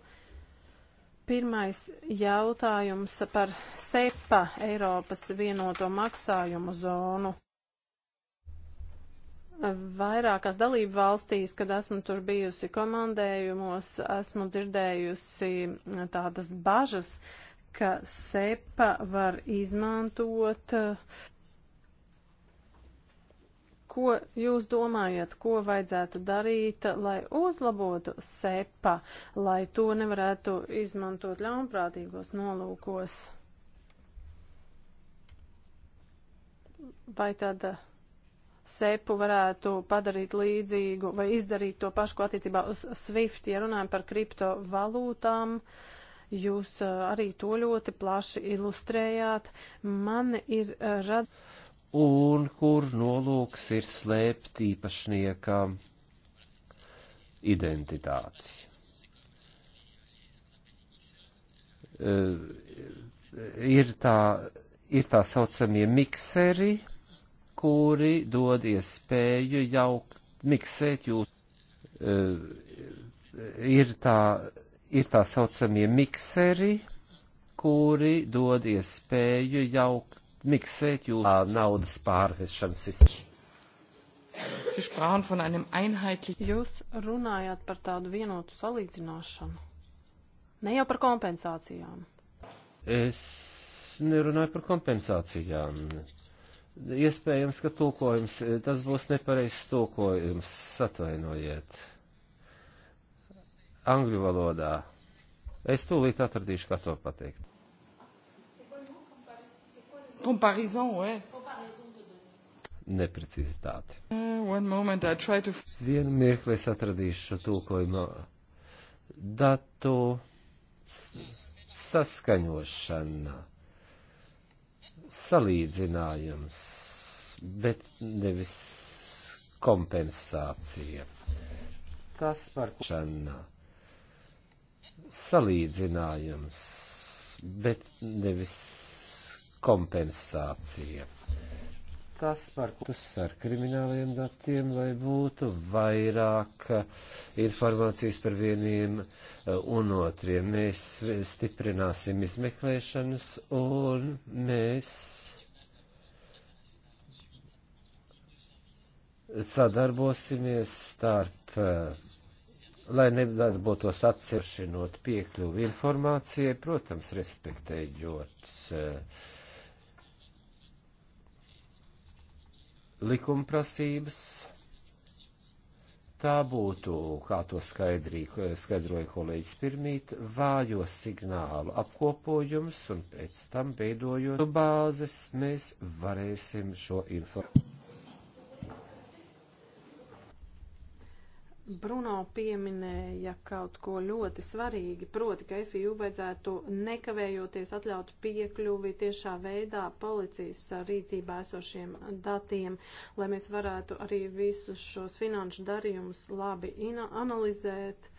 Pirmais jautājums par SEPA Eiropas vienoto maksājumu zonu vairākās dalību valstīs, kad esmu tur bijusi komandējumos, esmu dzirdējusi mm, tādas bažas, ka sepa var izmantot. Eh, ko jūs domājat, ko vajadzētu darīt, lai uzlabotu sepa, lai to nevarētu izmantot ļaunprātīgos nolūkos? Vai tāda eh, sepu varētu padarīt līdzīgu vai izdarīt to pašu, ko attiecībā uz SWIFT, ja runājam par kriptovalūtām. Jūs eh, arī to ļoti plaši ilustrējāt. Man ir eh, rad. Un kur nolūks ir slēpt īpašnieka identitāti? Uh, ir tā, ir tā saucamie mikseri, kuri dod iespēju jau miksēt jūs. Eh, ir tā, ir tā saucamie mikseri, kuri dod iespēju jau miksēt jūs naudas pārvešanas sistēmu. Sie sprachen von einem einheitlichen. Jūs runājāt par tādu vienotu salīdzināšanu. Ne jau par kompensācijām. Es nerunāju par kompensācijām. Iespējams, ka tulkojums, tas būs nepareizs tulkojums, atvainojiet. Angļu valodā. Es tūlīt atradīšu, kā to pateikt. Comparaison, ouais. Neprecizitāti. Uh, moment, to... Vienu mirkli es atradīšu šo tulkojumu datu saskaņošana salīdzinājums, bet nevis kompensācija. Tas par kušanā. Salīdzinājums, bet nevis kompensācija tas, par kurus ar krimināliem datiem, lai būtu vairāk eh, informācijas par vieniem eh, un otriem. Mēs stiprināsim izmeklēšanas un mēs sadarbosimies starp eh, lai nedarbotos atceršanot piekļuvi informācijai, protams, respektējot uh, likumprasības. Tā būtu, kā to skaidrīja, skaidroja kolēģis pirmīt, vājo signālu apkopojums un pēc tam beidojot bāzes mēs varēsim šo informāciju. Bruno pieminēja kaut ko ļoti svarīgi, proti, ka FIU vajadzētu nekavējoties atļaut piekļuvi tiešā veidā policijas rīcībā esošiem datiem, lai mēs varētu arī visus šos finanšu darījumus labi analizēt,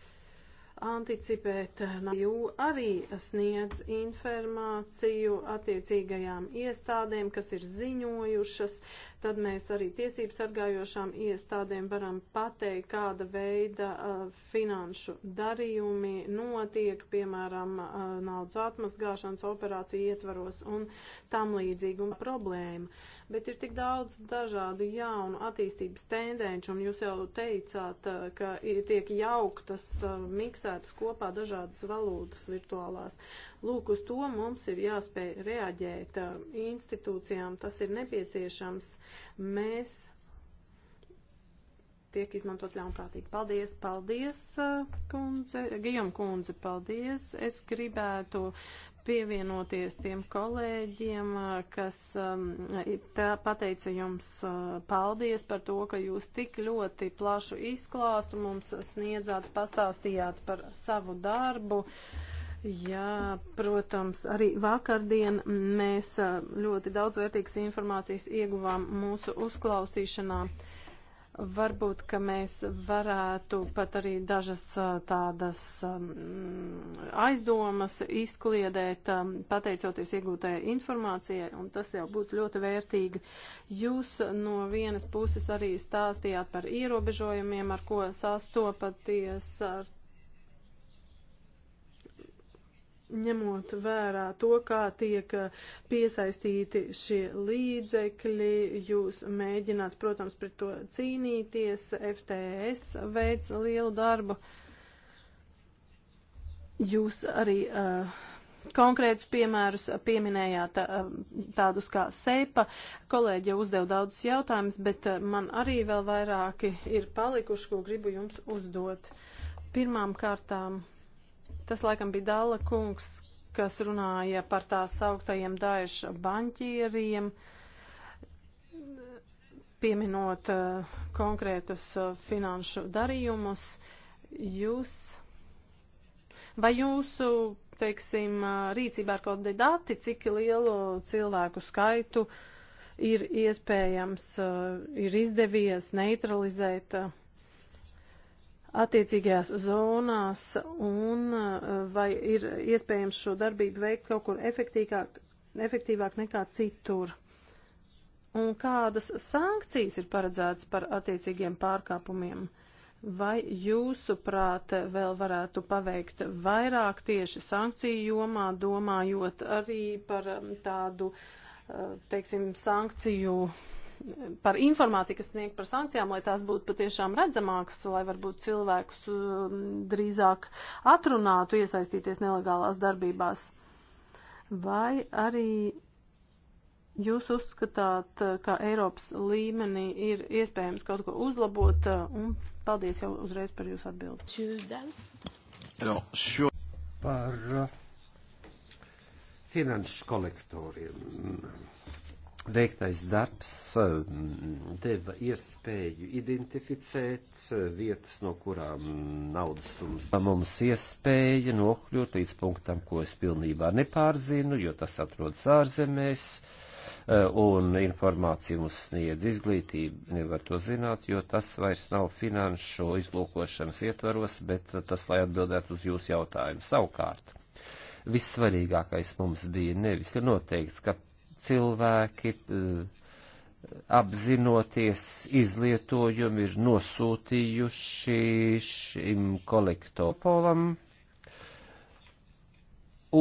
anticipēt. FIU arī sniedz informāciju attiecīgajām iestādēm, kas ir ziņojušas tad mēs arī tiesību sargājošām iestādēm varam pateikt, kāda veida uh, finanšu darījumi notiek, piemēram, uh, naudas atmazgāšanas operācija ietvaros un tam līdzīguma problēma. Bet ir tik daudz dažādu jaunu attīstības tendenču, un jūs jau teicāt, uh, ka tiek jauktas, uh, miksētas kopā dažādas valūtas virtuālās. Lūk, uz to mums ir jāspēj reaģēt uh, institūcijām, tas ir nepieciešams. Mēs tiek izmantot ļaunprātīgi. Paldies, paldies, uh, kundze, Gijom kundze, paldies. Es gribētu pievienoties tiem kolēģiem, uh, kas um, pateica jums paldies par to, ka jūs tik ļoti plašu izklāstu mums sniedzāt, pastāstījāt par savu darbu. Uh, Jā, protams, arī vakardien mēs ļoti daudz vērtīgas informācijas ieguvām mūsu uzklausīšanā. Varbūt, ka mēs varētu pat arī dažas tādas aizdomas izkliedēt, pateicoties iegūtajai informācijai, un tas jau būtu ļoti vērtīgi. Jūs no vienas puses arī stāstījāt par ierobežojumiem, ar ko sastopaties, ar ņemot vērā to, kā tiek eh, piesaistīti šie līdzekļi, jūs mēģināt, protams, pret to cīnīties, FTS veids lielu darbu. Jūs arī uh, konkrētus piemērus pieminējāt eh, tādus kā sepa. Kolēģi jau uzdev daudzus jautājumus, bet man arī vēl vairāki ir palikuši, ko gribu jums uzdot. Pirmām kārtām Tas laikam bija Dala kungs, kas runāja par tā sauktajiem daišu baņķieriem, pieminot uh, konkrētus uh, finanšu darījumus. Jūs, vai jūsu, teiksim, eh, rīcībā ir kaut kādi dati, cik lielu cilvēku skaitu ir iespējams, uh, ir izdevies neutralizēt? Uh, attiecīgajās zonās un eh, vai ir iespējams šo darbību veikt kaut kur efektīvāk, efektīvāk nekā citur. Un kādas sankcijas ir paredzētas par attiecīgiem pārkāpumiem? Vai jūsuprāt eh, vēl varētu paveikt vairāk tieši sankciju jomā, domājot arī par eh, tādu, teiksim, sankciju par informāciju, kas sniegt par sankcijām, lai tās būtu patiešām redzamākas, lai varbūt cilvēkus um, drīzāk atrunātu iesaistīties nelegālās darbībās. Vai arī jūs uzskatāt, uh, ka Eiropas līmenī ir iespējams kaut ko uzlabot? Uh, un paldies jau uzreiz par jūsu atbildi. Par uh, finanšu kolektoriem veiktais darbs mm, deva iespēju identificēt eh, vietas, no kurām naudas summas mums iespēja nokļūt līdz punktam, ko es pilnībā nepārzinu, jo tas atrodas ārzemēs, eh, un informāciju mums sniedz izglītība, nevar to zināt, jo tas vairs nav finanšu izlūkošanas ietvaros, bet tas, lai atbildētu uz jūsu jautājumu savukārt. Vissvarīgākais mums bija nevis ir noteikts, ka cilvēki eh, apzinoties izlietojumu ir nosūtījuši šim kolektopolam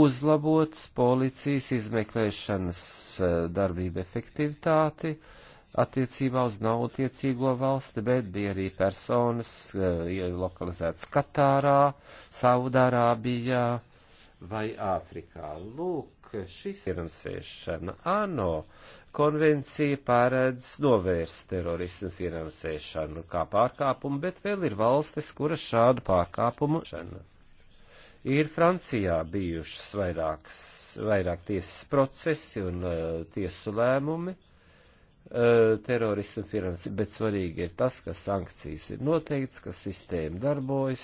uzlabot policijas izmeklēšanas eh, darbību efektivitāti attiecībā uz nautiecīgo valsti, bet bija arī personas eh, lokalizētas Katārā, Saudārābijā, vai Āfrikā. Lūk, šis finansēšana. ANO konvencija paredz novērst terorismu finansēšanu kā pārkāpumu, bet vēl ir valstis, kuras šādu pārkāpumu šana. Ir Francijā bijušas vairākas, vairāk tiesas procesi un uh, tiesu lēmumi Eh, terorismu finansējumu, bet svarīgi ir tas, ka sankcijas ir noteikts, ka sistēma darbojas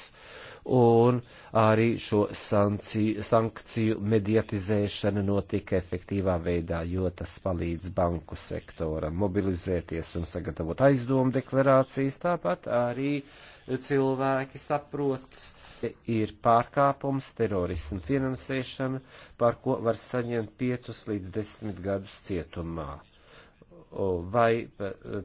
un arī šo sankciju, sankciju mediatizēšana notika efektīvā veidā, jo tas palīdz banku sektoram mobilizēties un sagatavot aizdomu deklarācijas, tāpat arī cilvēki saprot, ir pārkāpums terorismu finansēšana, par ko var saņemt 5 līdz 10 gadus cietumā vai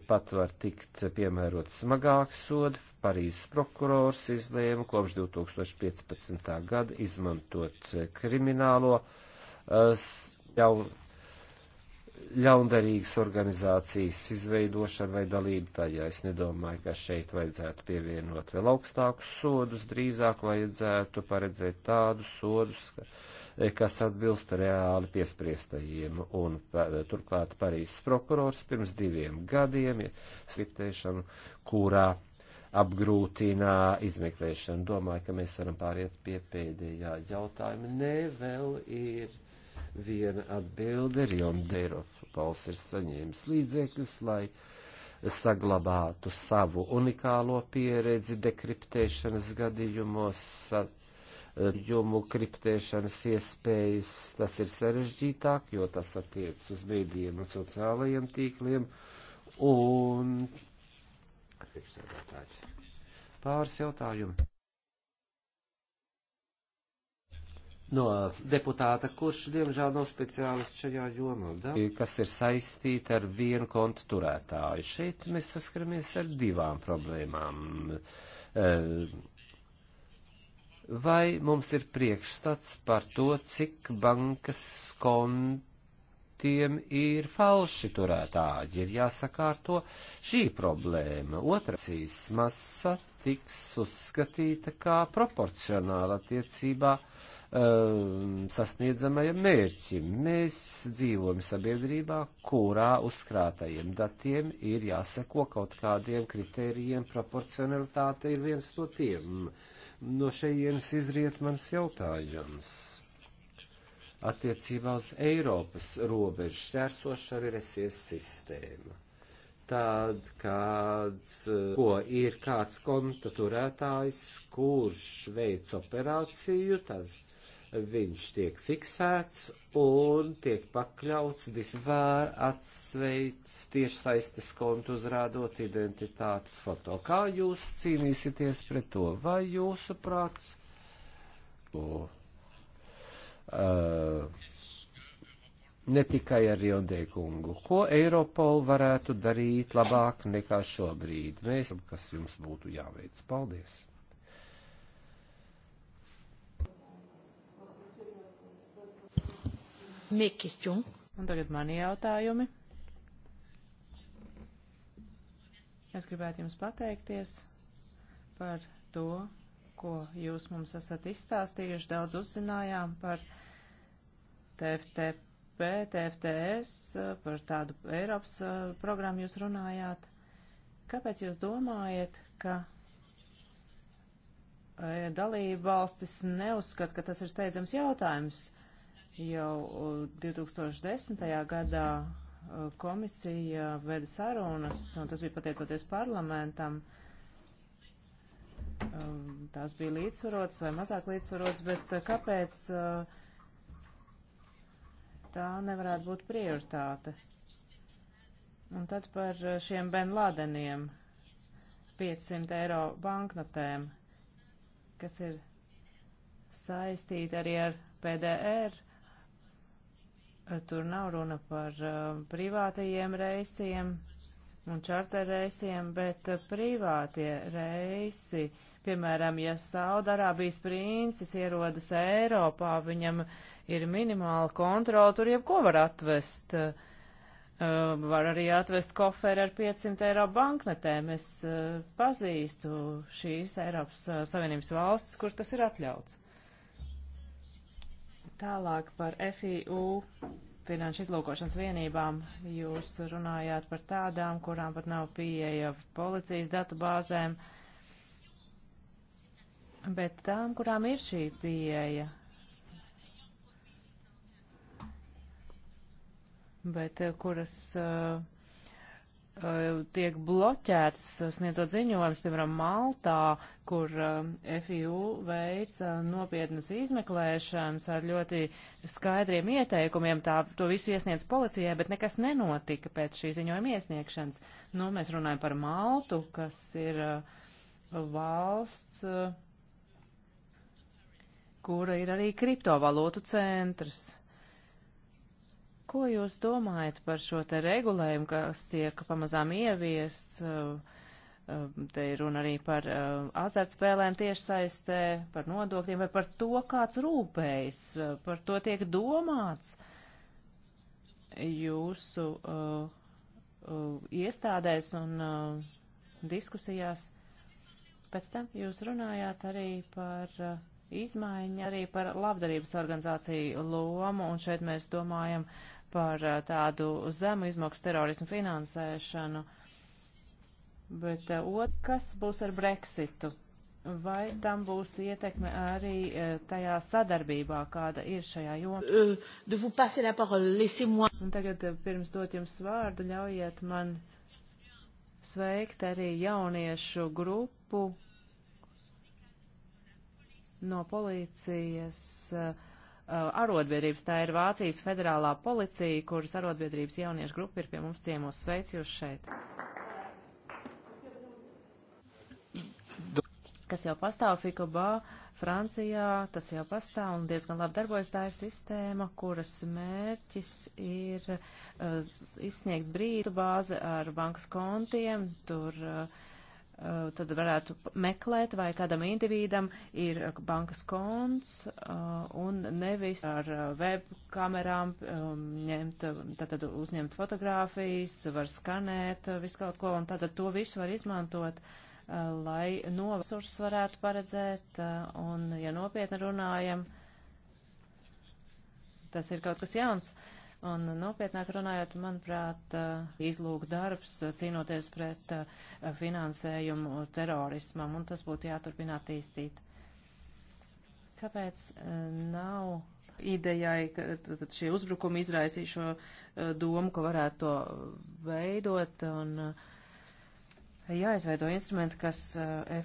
pat var tikt piemērot smagāk sodu. Parīzes prokurors izlēma kopš 2015. gada izmantot kriminālo uh, jaunu ļaundarīgas organizācijas izveidošana vai dalība tajā. Es nedomāju, ka šeit vajadzētu pievienot vēl augstākus sodus, drīzāk vajadzētu paredzēt tādus sodus, kas atbilst reāli piespriestajiem. Un turklāt Parīzes prokurors pirms diviem gadiem sliktēšanu, kurā apgrūtina izmeklēšanu. Domāju, ka mēs varam pāriet pie pēdējā jautājuma. Nē, vēl ir viena atbilde. Rion Deiropals ir saņēmis līdzekļus, lai saglabātu savu unikālo pieredzi dekriptēšanas gadījumos, jumu kriptēšanas iespējas. Tas ir sarežģītāk, jo tas attiec uz mēdījiem un sociālajiem tīkliem. Un... Pāris jautājumu. no deputāta, kurš diemžēl nav speciālists šajā jomā. Da? Kas ir saistīta ar vienu kontu turētāju. Šeit mēs saskaramies ar divām problēmām. E, vai mums ir priekšstats par to, cik bankas kontu tiem ir falši turētāji, ir jāsakārto šī problēma. Otrasīs masa tiks uzskatīta kā proporcionāla attiecībā um, sasniedzamajam mērķim. Mēs dzīvojam sabiedrībā, kurā uzkrātajiem datiem ir jāseko kaut kādiem kritērijiem, proporcionalitāte ir viens no tiem. No šejienes izriet mans jautājums. Attiecībā uz Eiropas robežu šķērsošanu ir esies sistēma tad, kad ko ir kāds konta turētājs, kurš veic operāciju, tas viņš tiek fiksēts un tiek pakļauts disvēr atsveic tieši saistes kontu uzrādot identitātes foto. Kā jūs cīnīsieties pret to? Vai jūsu prāts? O, uh, ne tikai ar Jondēkungu. Ko Eiropol varētu darīt labāk nekā šobrīd? Mēs, kas jums būtu jāveic. Paldies! Mes questions. Un tagad mani jautājumi. Es gribētu jums pateikties par to, ko jūs mums esat izstāstījuši. Daudz uzzinājām par TFTP, TFTS, par tādu Eiropas eh, programmu jūs runājāt. Kāpēc jūs domājat, ka eh, dalība valstis neuzskata, ka tas ir steidzams jautājums? Jau 2010. gadā komisija veda sarunas, un tas bija pateicoties parlamentam. Tās bija līdzsvarotas vai mazāk līdzsvarotas, bet e, kāpēc e, tā nevarētu būt prioritāte? Un tad par e, šiem Ben Ladeniem 500 eiro banknotēm, kas ir saistīti arī ar PDR. Tur nav runa par uh, privātajiem reisiem un čarter reisiem, bet uh, privātie reisi, piemēram, ja Saudarābijas princis ierodas Eiropā, viņam ir minimāla kontrola, tur jebko var atvest. Uh, var arī atvest koferi ar 500 eiro banknetēm. Es uh, pazīstu šīs Eiropas uh, Savienības valstis, kur tas ir atļauts. Tālāk par FIU finanšu izlūkošanas vienībām. Jūs runājāt par tādām, kurām pat nav pieeja policijas datubāzēm, bet tām, kurām ir šī pieeja. Bet eh, kuras uh, Uh, tiek bloķēts uh, sniedzot ziņojums, piemēram, Maltā, kur uh, FIU veica nopietnas izmeklēšanas ar ļoti skaidriem ieteikumiem. Tā, to visu iesniedz policijai, bet nekas nenotika pēc šī ziņojuma iesniegšanas. Nu, mēs runājam par Maltu, kas ir valsts, kura ir arī kriptovalūtu centrs. Ko jūs domājat par šo te regulējumu, kas tiek pamazām ieviests? Eh, eh, te ir runa arī par eh, azartspēlēm tiešsaistē, par nodokļiem vai par to, kāds rūpējas, par to tiek domāts jūsu uh, uh, iestādēs un uh, diskusijās. Pēc tam jūs runājāt arī par izmaiņu, arī par labdarības organizāciju lomu, un šeit mēs domājam par eh, tādu zemu izmaksu terorismu finansēšanu, bet eh, kas būs ar Brexitu? Vai tam būs ietekme arī eh, tajā sadarbībā, kāda ir šajā jomā? Euh, Un tagad pirms dot jums vārdu, ļaujiet man sveikt arī jauniešu grupu no policijas uh, Eh, arotbiedrības. Tā ir Vācijas federālā policija, kuras arotbiedrības jauniešu grupa ir pie mums ciemos. Sveic jūs šeit! kas jau pastāv Fikobā, Francijā, tas jau pastāv un diezgan labi darbojas. Tā ir sistēma, kuras mērķis ir uh, izsniegt brīdu bāzi ar bankas kontiem. Tur uh, Eh, tad varētu meklēt, vai kādam individam ir eh, bankas konts eh, un nevis ar web kamerām ehm, ņemt, ehm, tātad uzņemt fotogrāfijas, var skanēt viskaut ko, un tātad to visu var izmantot lai novasurs varētu paredzēt, un, ja nopietni runājam, tas ir kaut kas jauns. Uh, Un nopietnāk runājot, manuprāt, eh, izlūk darbs eh, cīnoties pret eh, finansējumu terorismam, un tas būtu jāturpina attīstīt. Kāpēc nav idejai, ka šie uzbrukumi izraisīja šo domu, ka varētu to veidot? Un, Jāizveido instrumenti, kas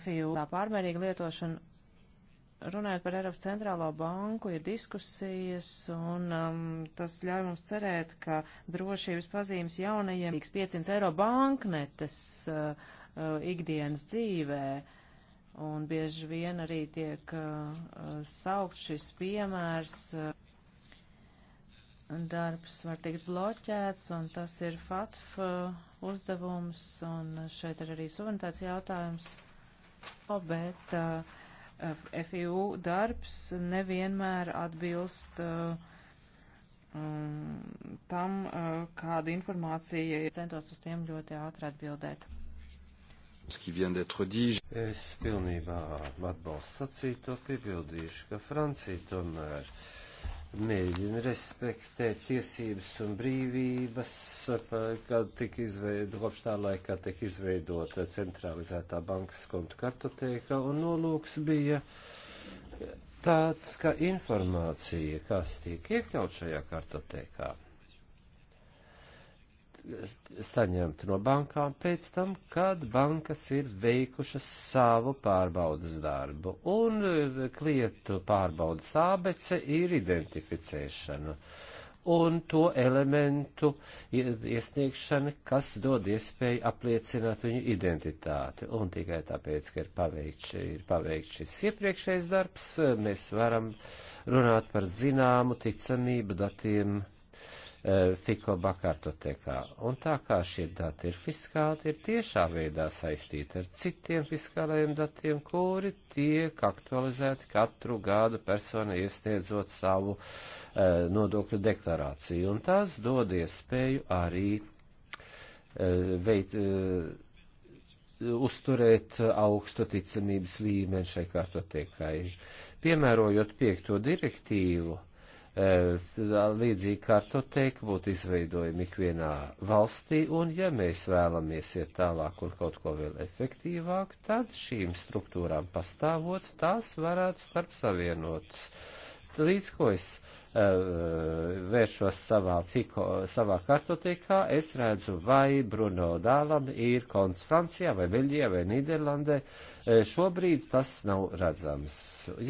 FIU pārmērīgu lietošanu runājot par Eiropas centrālo banku, ir diskusijas, un um, tas ļauj mums cerēt, ka drošības pazīmes jaunajiem 500 eiro banknetes uh, uh, ikdienas dzīvē. Un bieži vien arī tiek uh, uh saukt šis piemērs. Uh, Darbs var tikt bloķēts, un tas ir FATF uh, uzdevums, un šeit ir arī suverenitāts jautājums. O, bet uh, FIU darbs nevienmēr atbilst uh, um, tam, uh, kāda informācija ir. Centos uz tiem ļoti ātri atbildēt. Es pilnībā atbalstu sacīto, piebildīšu, ka Francija tomēr. Uh, mēģina respektēt tiesības un brīvības, eh, kad tika izveidota, kopš tā laikā tika izveidota centralizētā bankas kontu kartotēka, un nolūks bija tāds, ka informācija, kas tiek iekļaut šajā kartotēkā, saņemt no bankām pēc tam, kad bankas ir veikušas savu pārbaudas darbu. Un e, klietu pārbaudas ābece ir identificēšana un to elementu iesniegšana, kas dod iespēju apliecināt viņu identitāti. Un tikai tāpēc, ka ir paveikts, ir paveikts šis iepriekšējais darbs, e, mēs varam runāt par zināmu ticamību datiem Eh, Fiko Bakartotekā. Un tā kā šie dati ir fiskāli, ir tiešā veidā saistīti ar citiem fiskālajiem datiem, kuri tiek aktualizēti katru gadu persona iesniedzot savu eh, nodokļu deklarāciju. Un tas dod iespēju arī eh, veikt. Eh, uzturēt augstu ticamības līmeni šai kartotekai. Piemērojot piekto direktīvu, uh, Eh, līdzīgi kartoteka būtu izveidojama ikvienā valstī, un ja mēs vēlamies iet tālāk un kaut ko vēl efektīvāk, tad šīm struktūrām pastāvot, tās varētu starp savienot. Līdz ko es Eh, vēršos savā, fiko, savā kartotekā, es redzu, vai Bruno Dālam ir konts Francijā, vai Beļģijā, vai Nīderlandē. Eh, šobrīd tas nav redzams.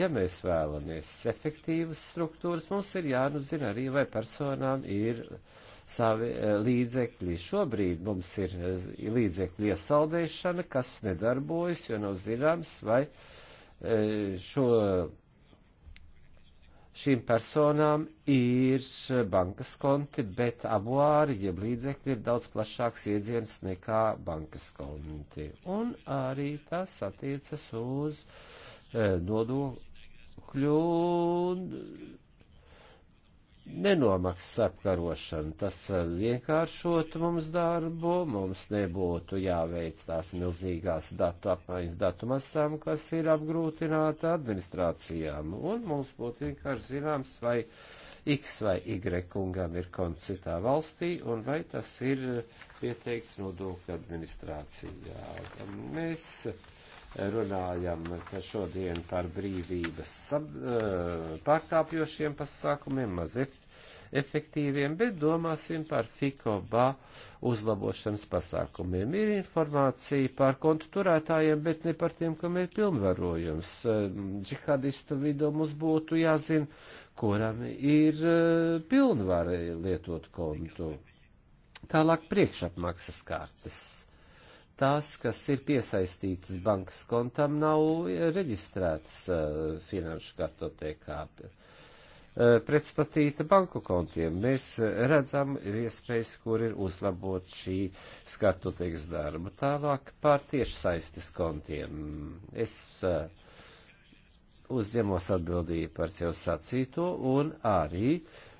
Ja mēs vēlamies efektīvas struktūras, mums ir jānuzina arī, vai personām ir savi eh, līdzekļi. Šobrīd mums ir līdzekļu iesaldēšana, kas nedarbojas, jo nav zināms, vai šo šīm personām ir bankas konti, bet abuāri, jeb līdzekļi, ir daudz plašāks iedziens nekā bankas konti. Un arī tas attiecas uz e, nodokļu nenomaksas apkarošana. Tas eh, vienkāršotu mums darbu, mums nebūtu jāveic tās milzīgās datu apmaiņas datu masām, kas ir apgrūtināta administrācijām, un mums būtu vienkārši zināms, vai X vai Y kungam ir konts citā valstī, un vai tas ir pieteikts nodokļu administrācijā. Mēs runājam, ka šodien par brīvības eh, pārkāpjošiem pasākumiem maz efektīviem, bet domāsim par FICOBA uzlabošanas pasākumiem. Ir informācija par konturētājiem, bet ne par tiem, kam ir pilnvarojums. Eh, džihadistu vidū mums būtu jāzina, kuram ir eh, pilnvara lietot kontu. Tālāk priekšapmaksas kārtas tās, kas ir piesaistītas bankas kontam, nav reģistrētas uh, eh, finanšu kartotekā. Uh, pretstatīta banku kontiem. Mēs redzam iespējas, kur ir uzlabot šī skartoteiks darba. Tālāk pār tieši saistis kontiem. Es uh, uzņemos atbildību par sev sacīto un arī uh,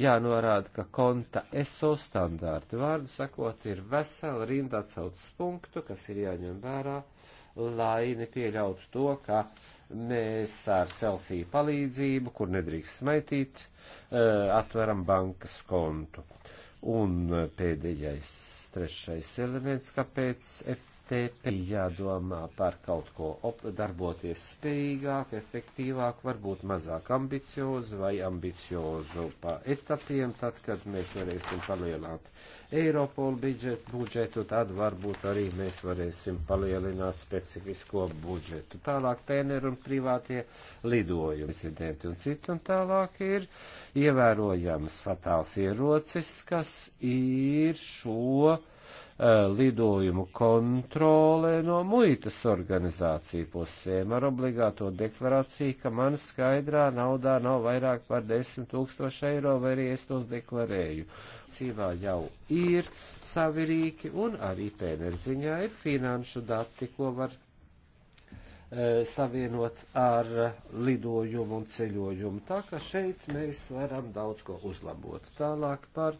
jānorāda, ka konta ESO standārti vārdu sakot ir vesela rinda atsaucas punktu, kas ir jāņem vērā, lai nepieļautu to, ka mēs ar selfiju palīdzību, kur nedrīkst smaitīt, eh, atveram bankas kontu. Un eh, pēdējais, trešais elements, kāpēc F te jādomā par kaut ko darboties spējīgāk, efektīvāk, varbūt mazāk ambiciozu vai ambiciozu pa etapiem, tad, kad mēs varēsim palielināt Eiropolu budžetu, budžetu, tad varbūt arī mēs varēsim palielināt specifisko budžetu. Tālāk PNR un privātie lidojumi, incidenti un citu, un tālāk ir ievērojams fatāls ierocis, kas ir šo Eh, lidojumu kontrolē no muitas organizāciju pusēm ar obligāto deklarāciju, ka man skaidrā naudā nav vairāk par 10 tūkstoši eiro, vai arī es tos deklarēju. Cīvā jau ir savi rīki, un arī tēnerziņā ir finanšu dati, ko var eh, savienot ar lidojumu un ceļojumu. Tā ka šeit mēs varam daudz ko uzlabot. Tālāk par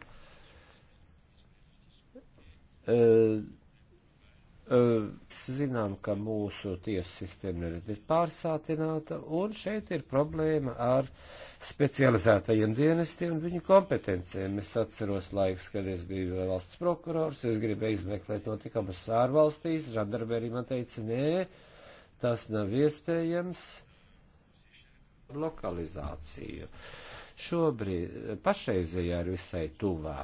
Zinām, ka mūsu tiesu sistēma ir pārsātināta, un šeit ir problēma ar specializētajiem dienestiem un viņu kompetencijiem. Es atceros laikus, kad es biju valsts prokurors, es gribēju izmeklēt notikumus ārvalstīs, žandarbi arī man teica, nē, tas nav iespējams lokalizāciju. Uh, Šobrīd pašreizējā ir visai tuvā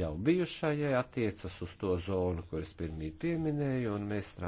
jau bijušajai attiecas uz to zonu, kuras pirmī pieminēju, un mēs strādājam.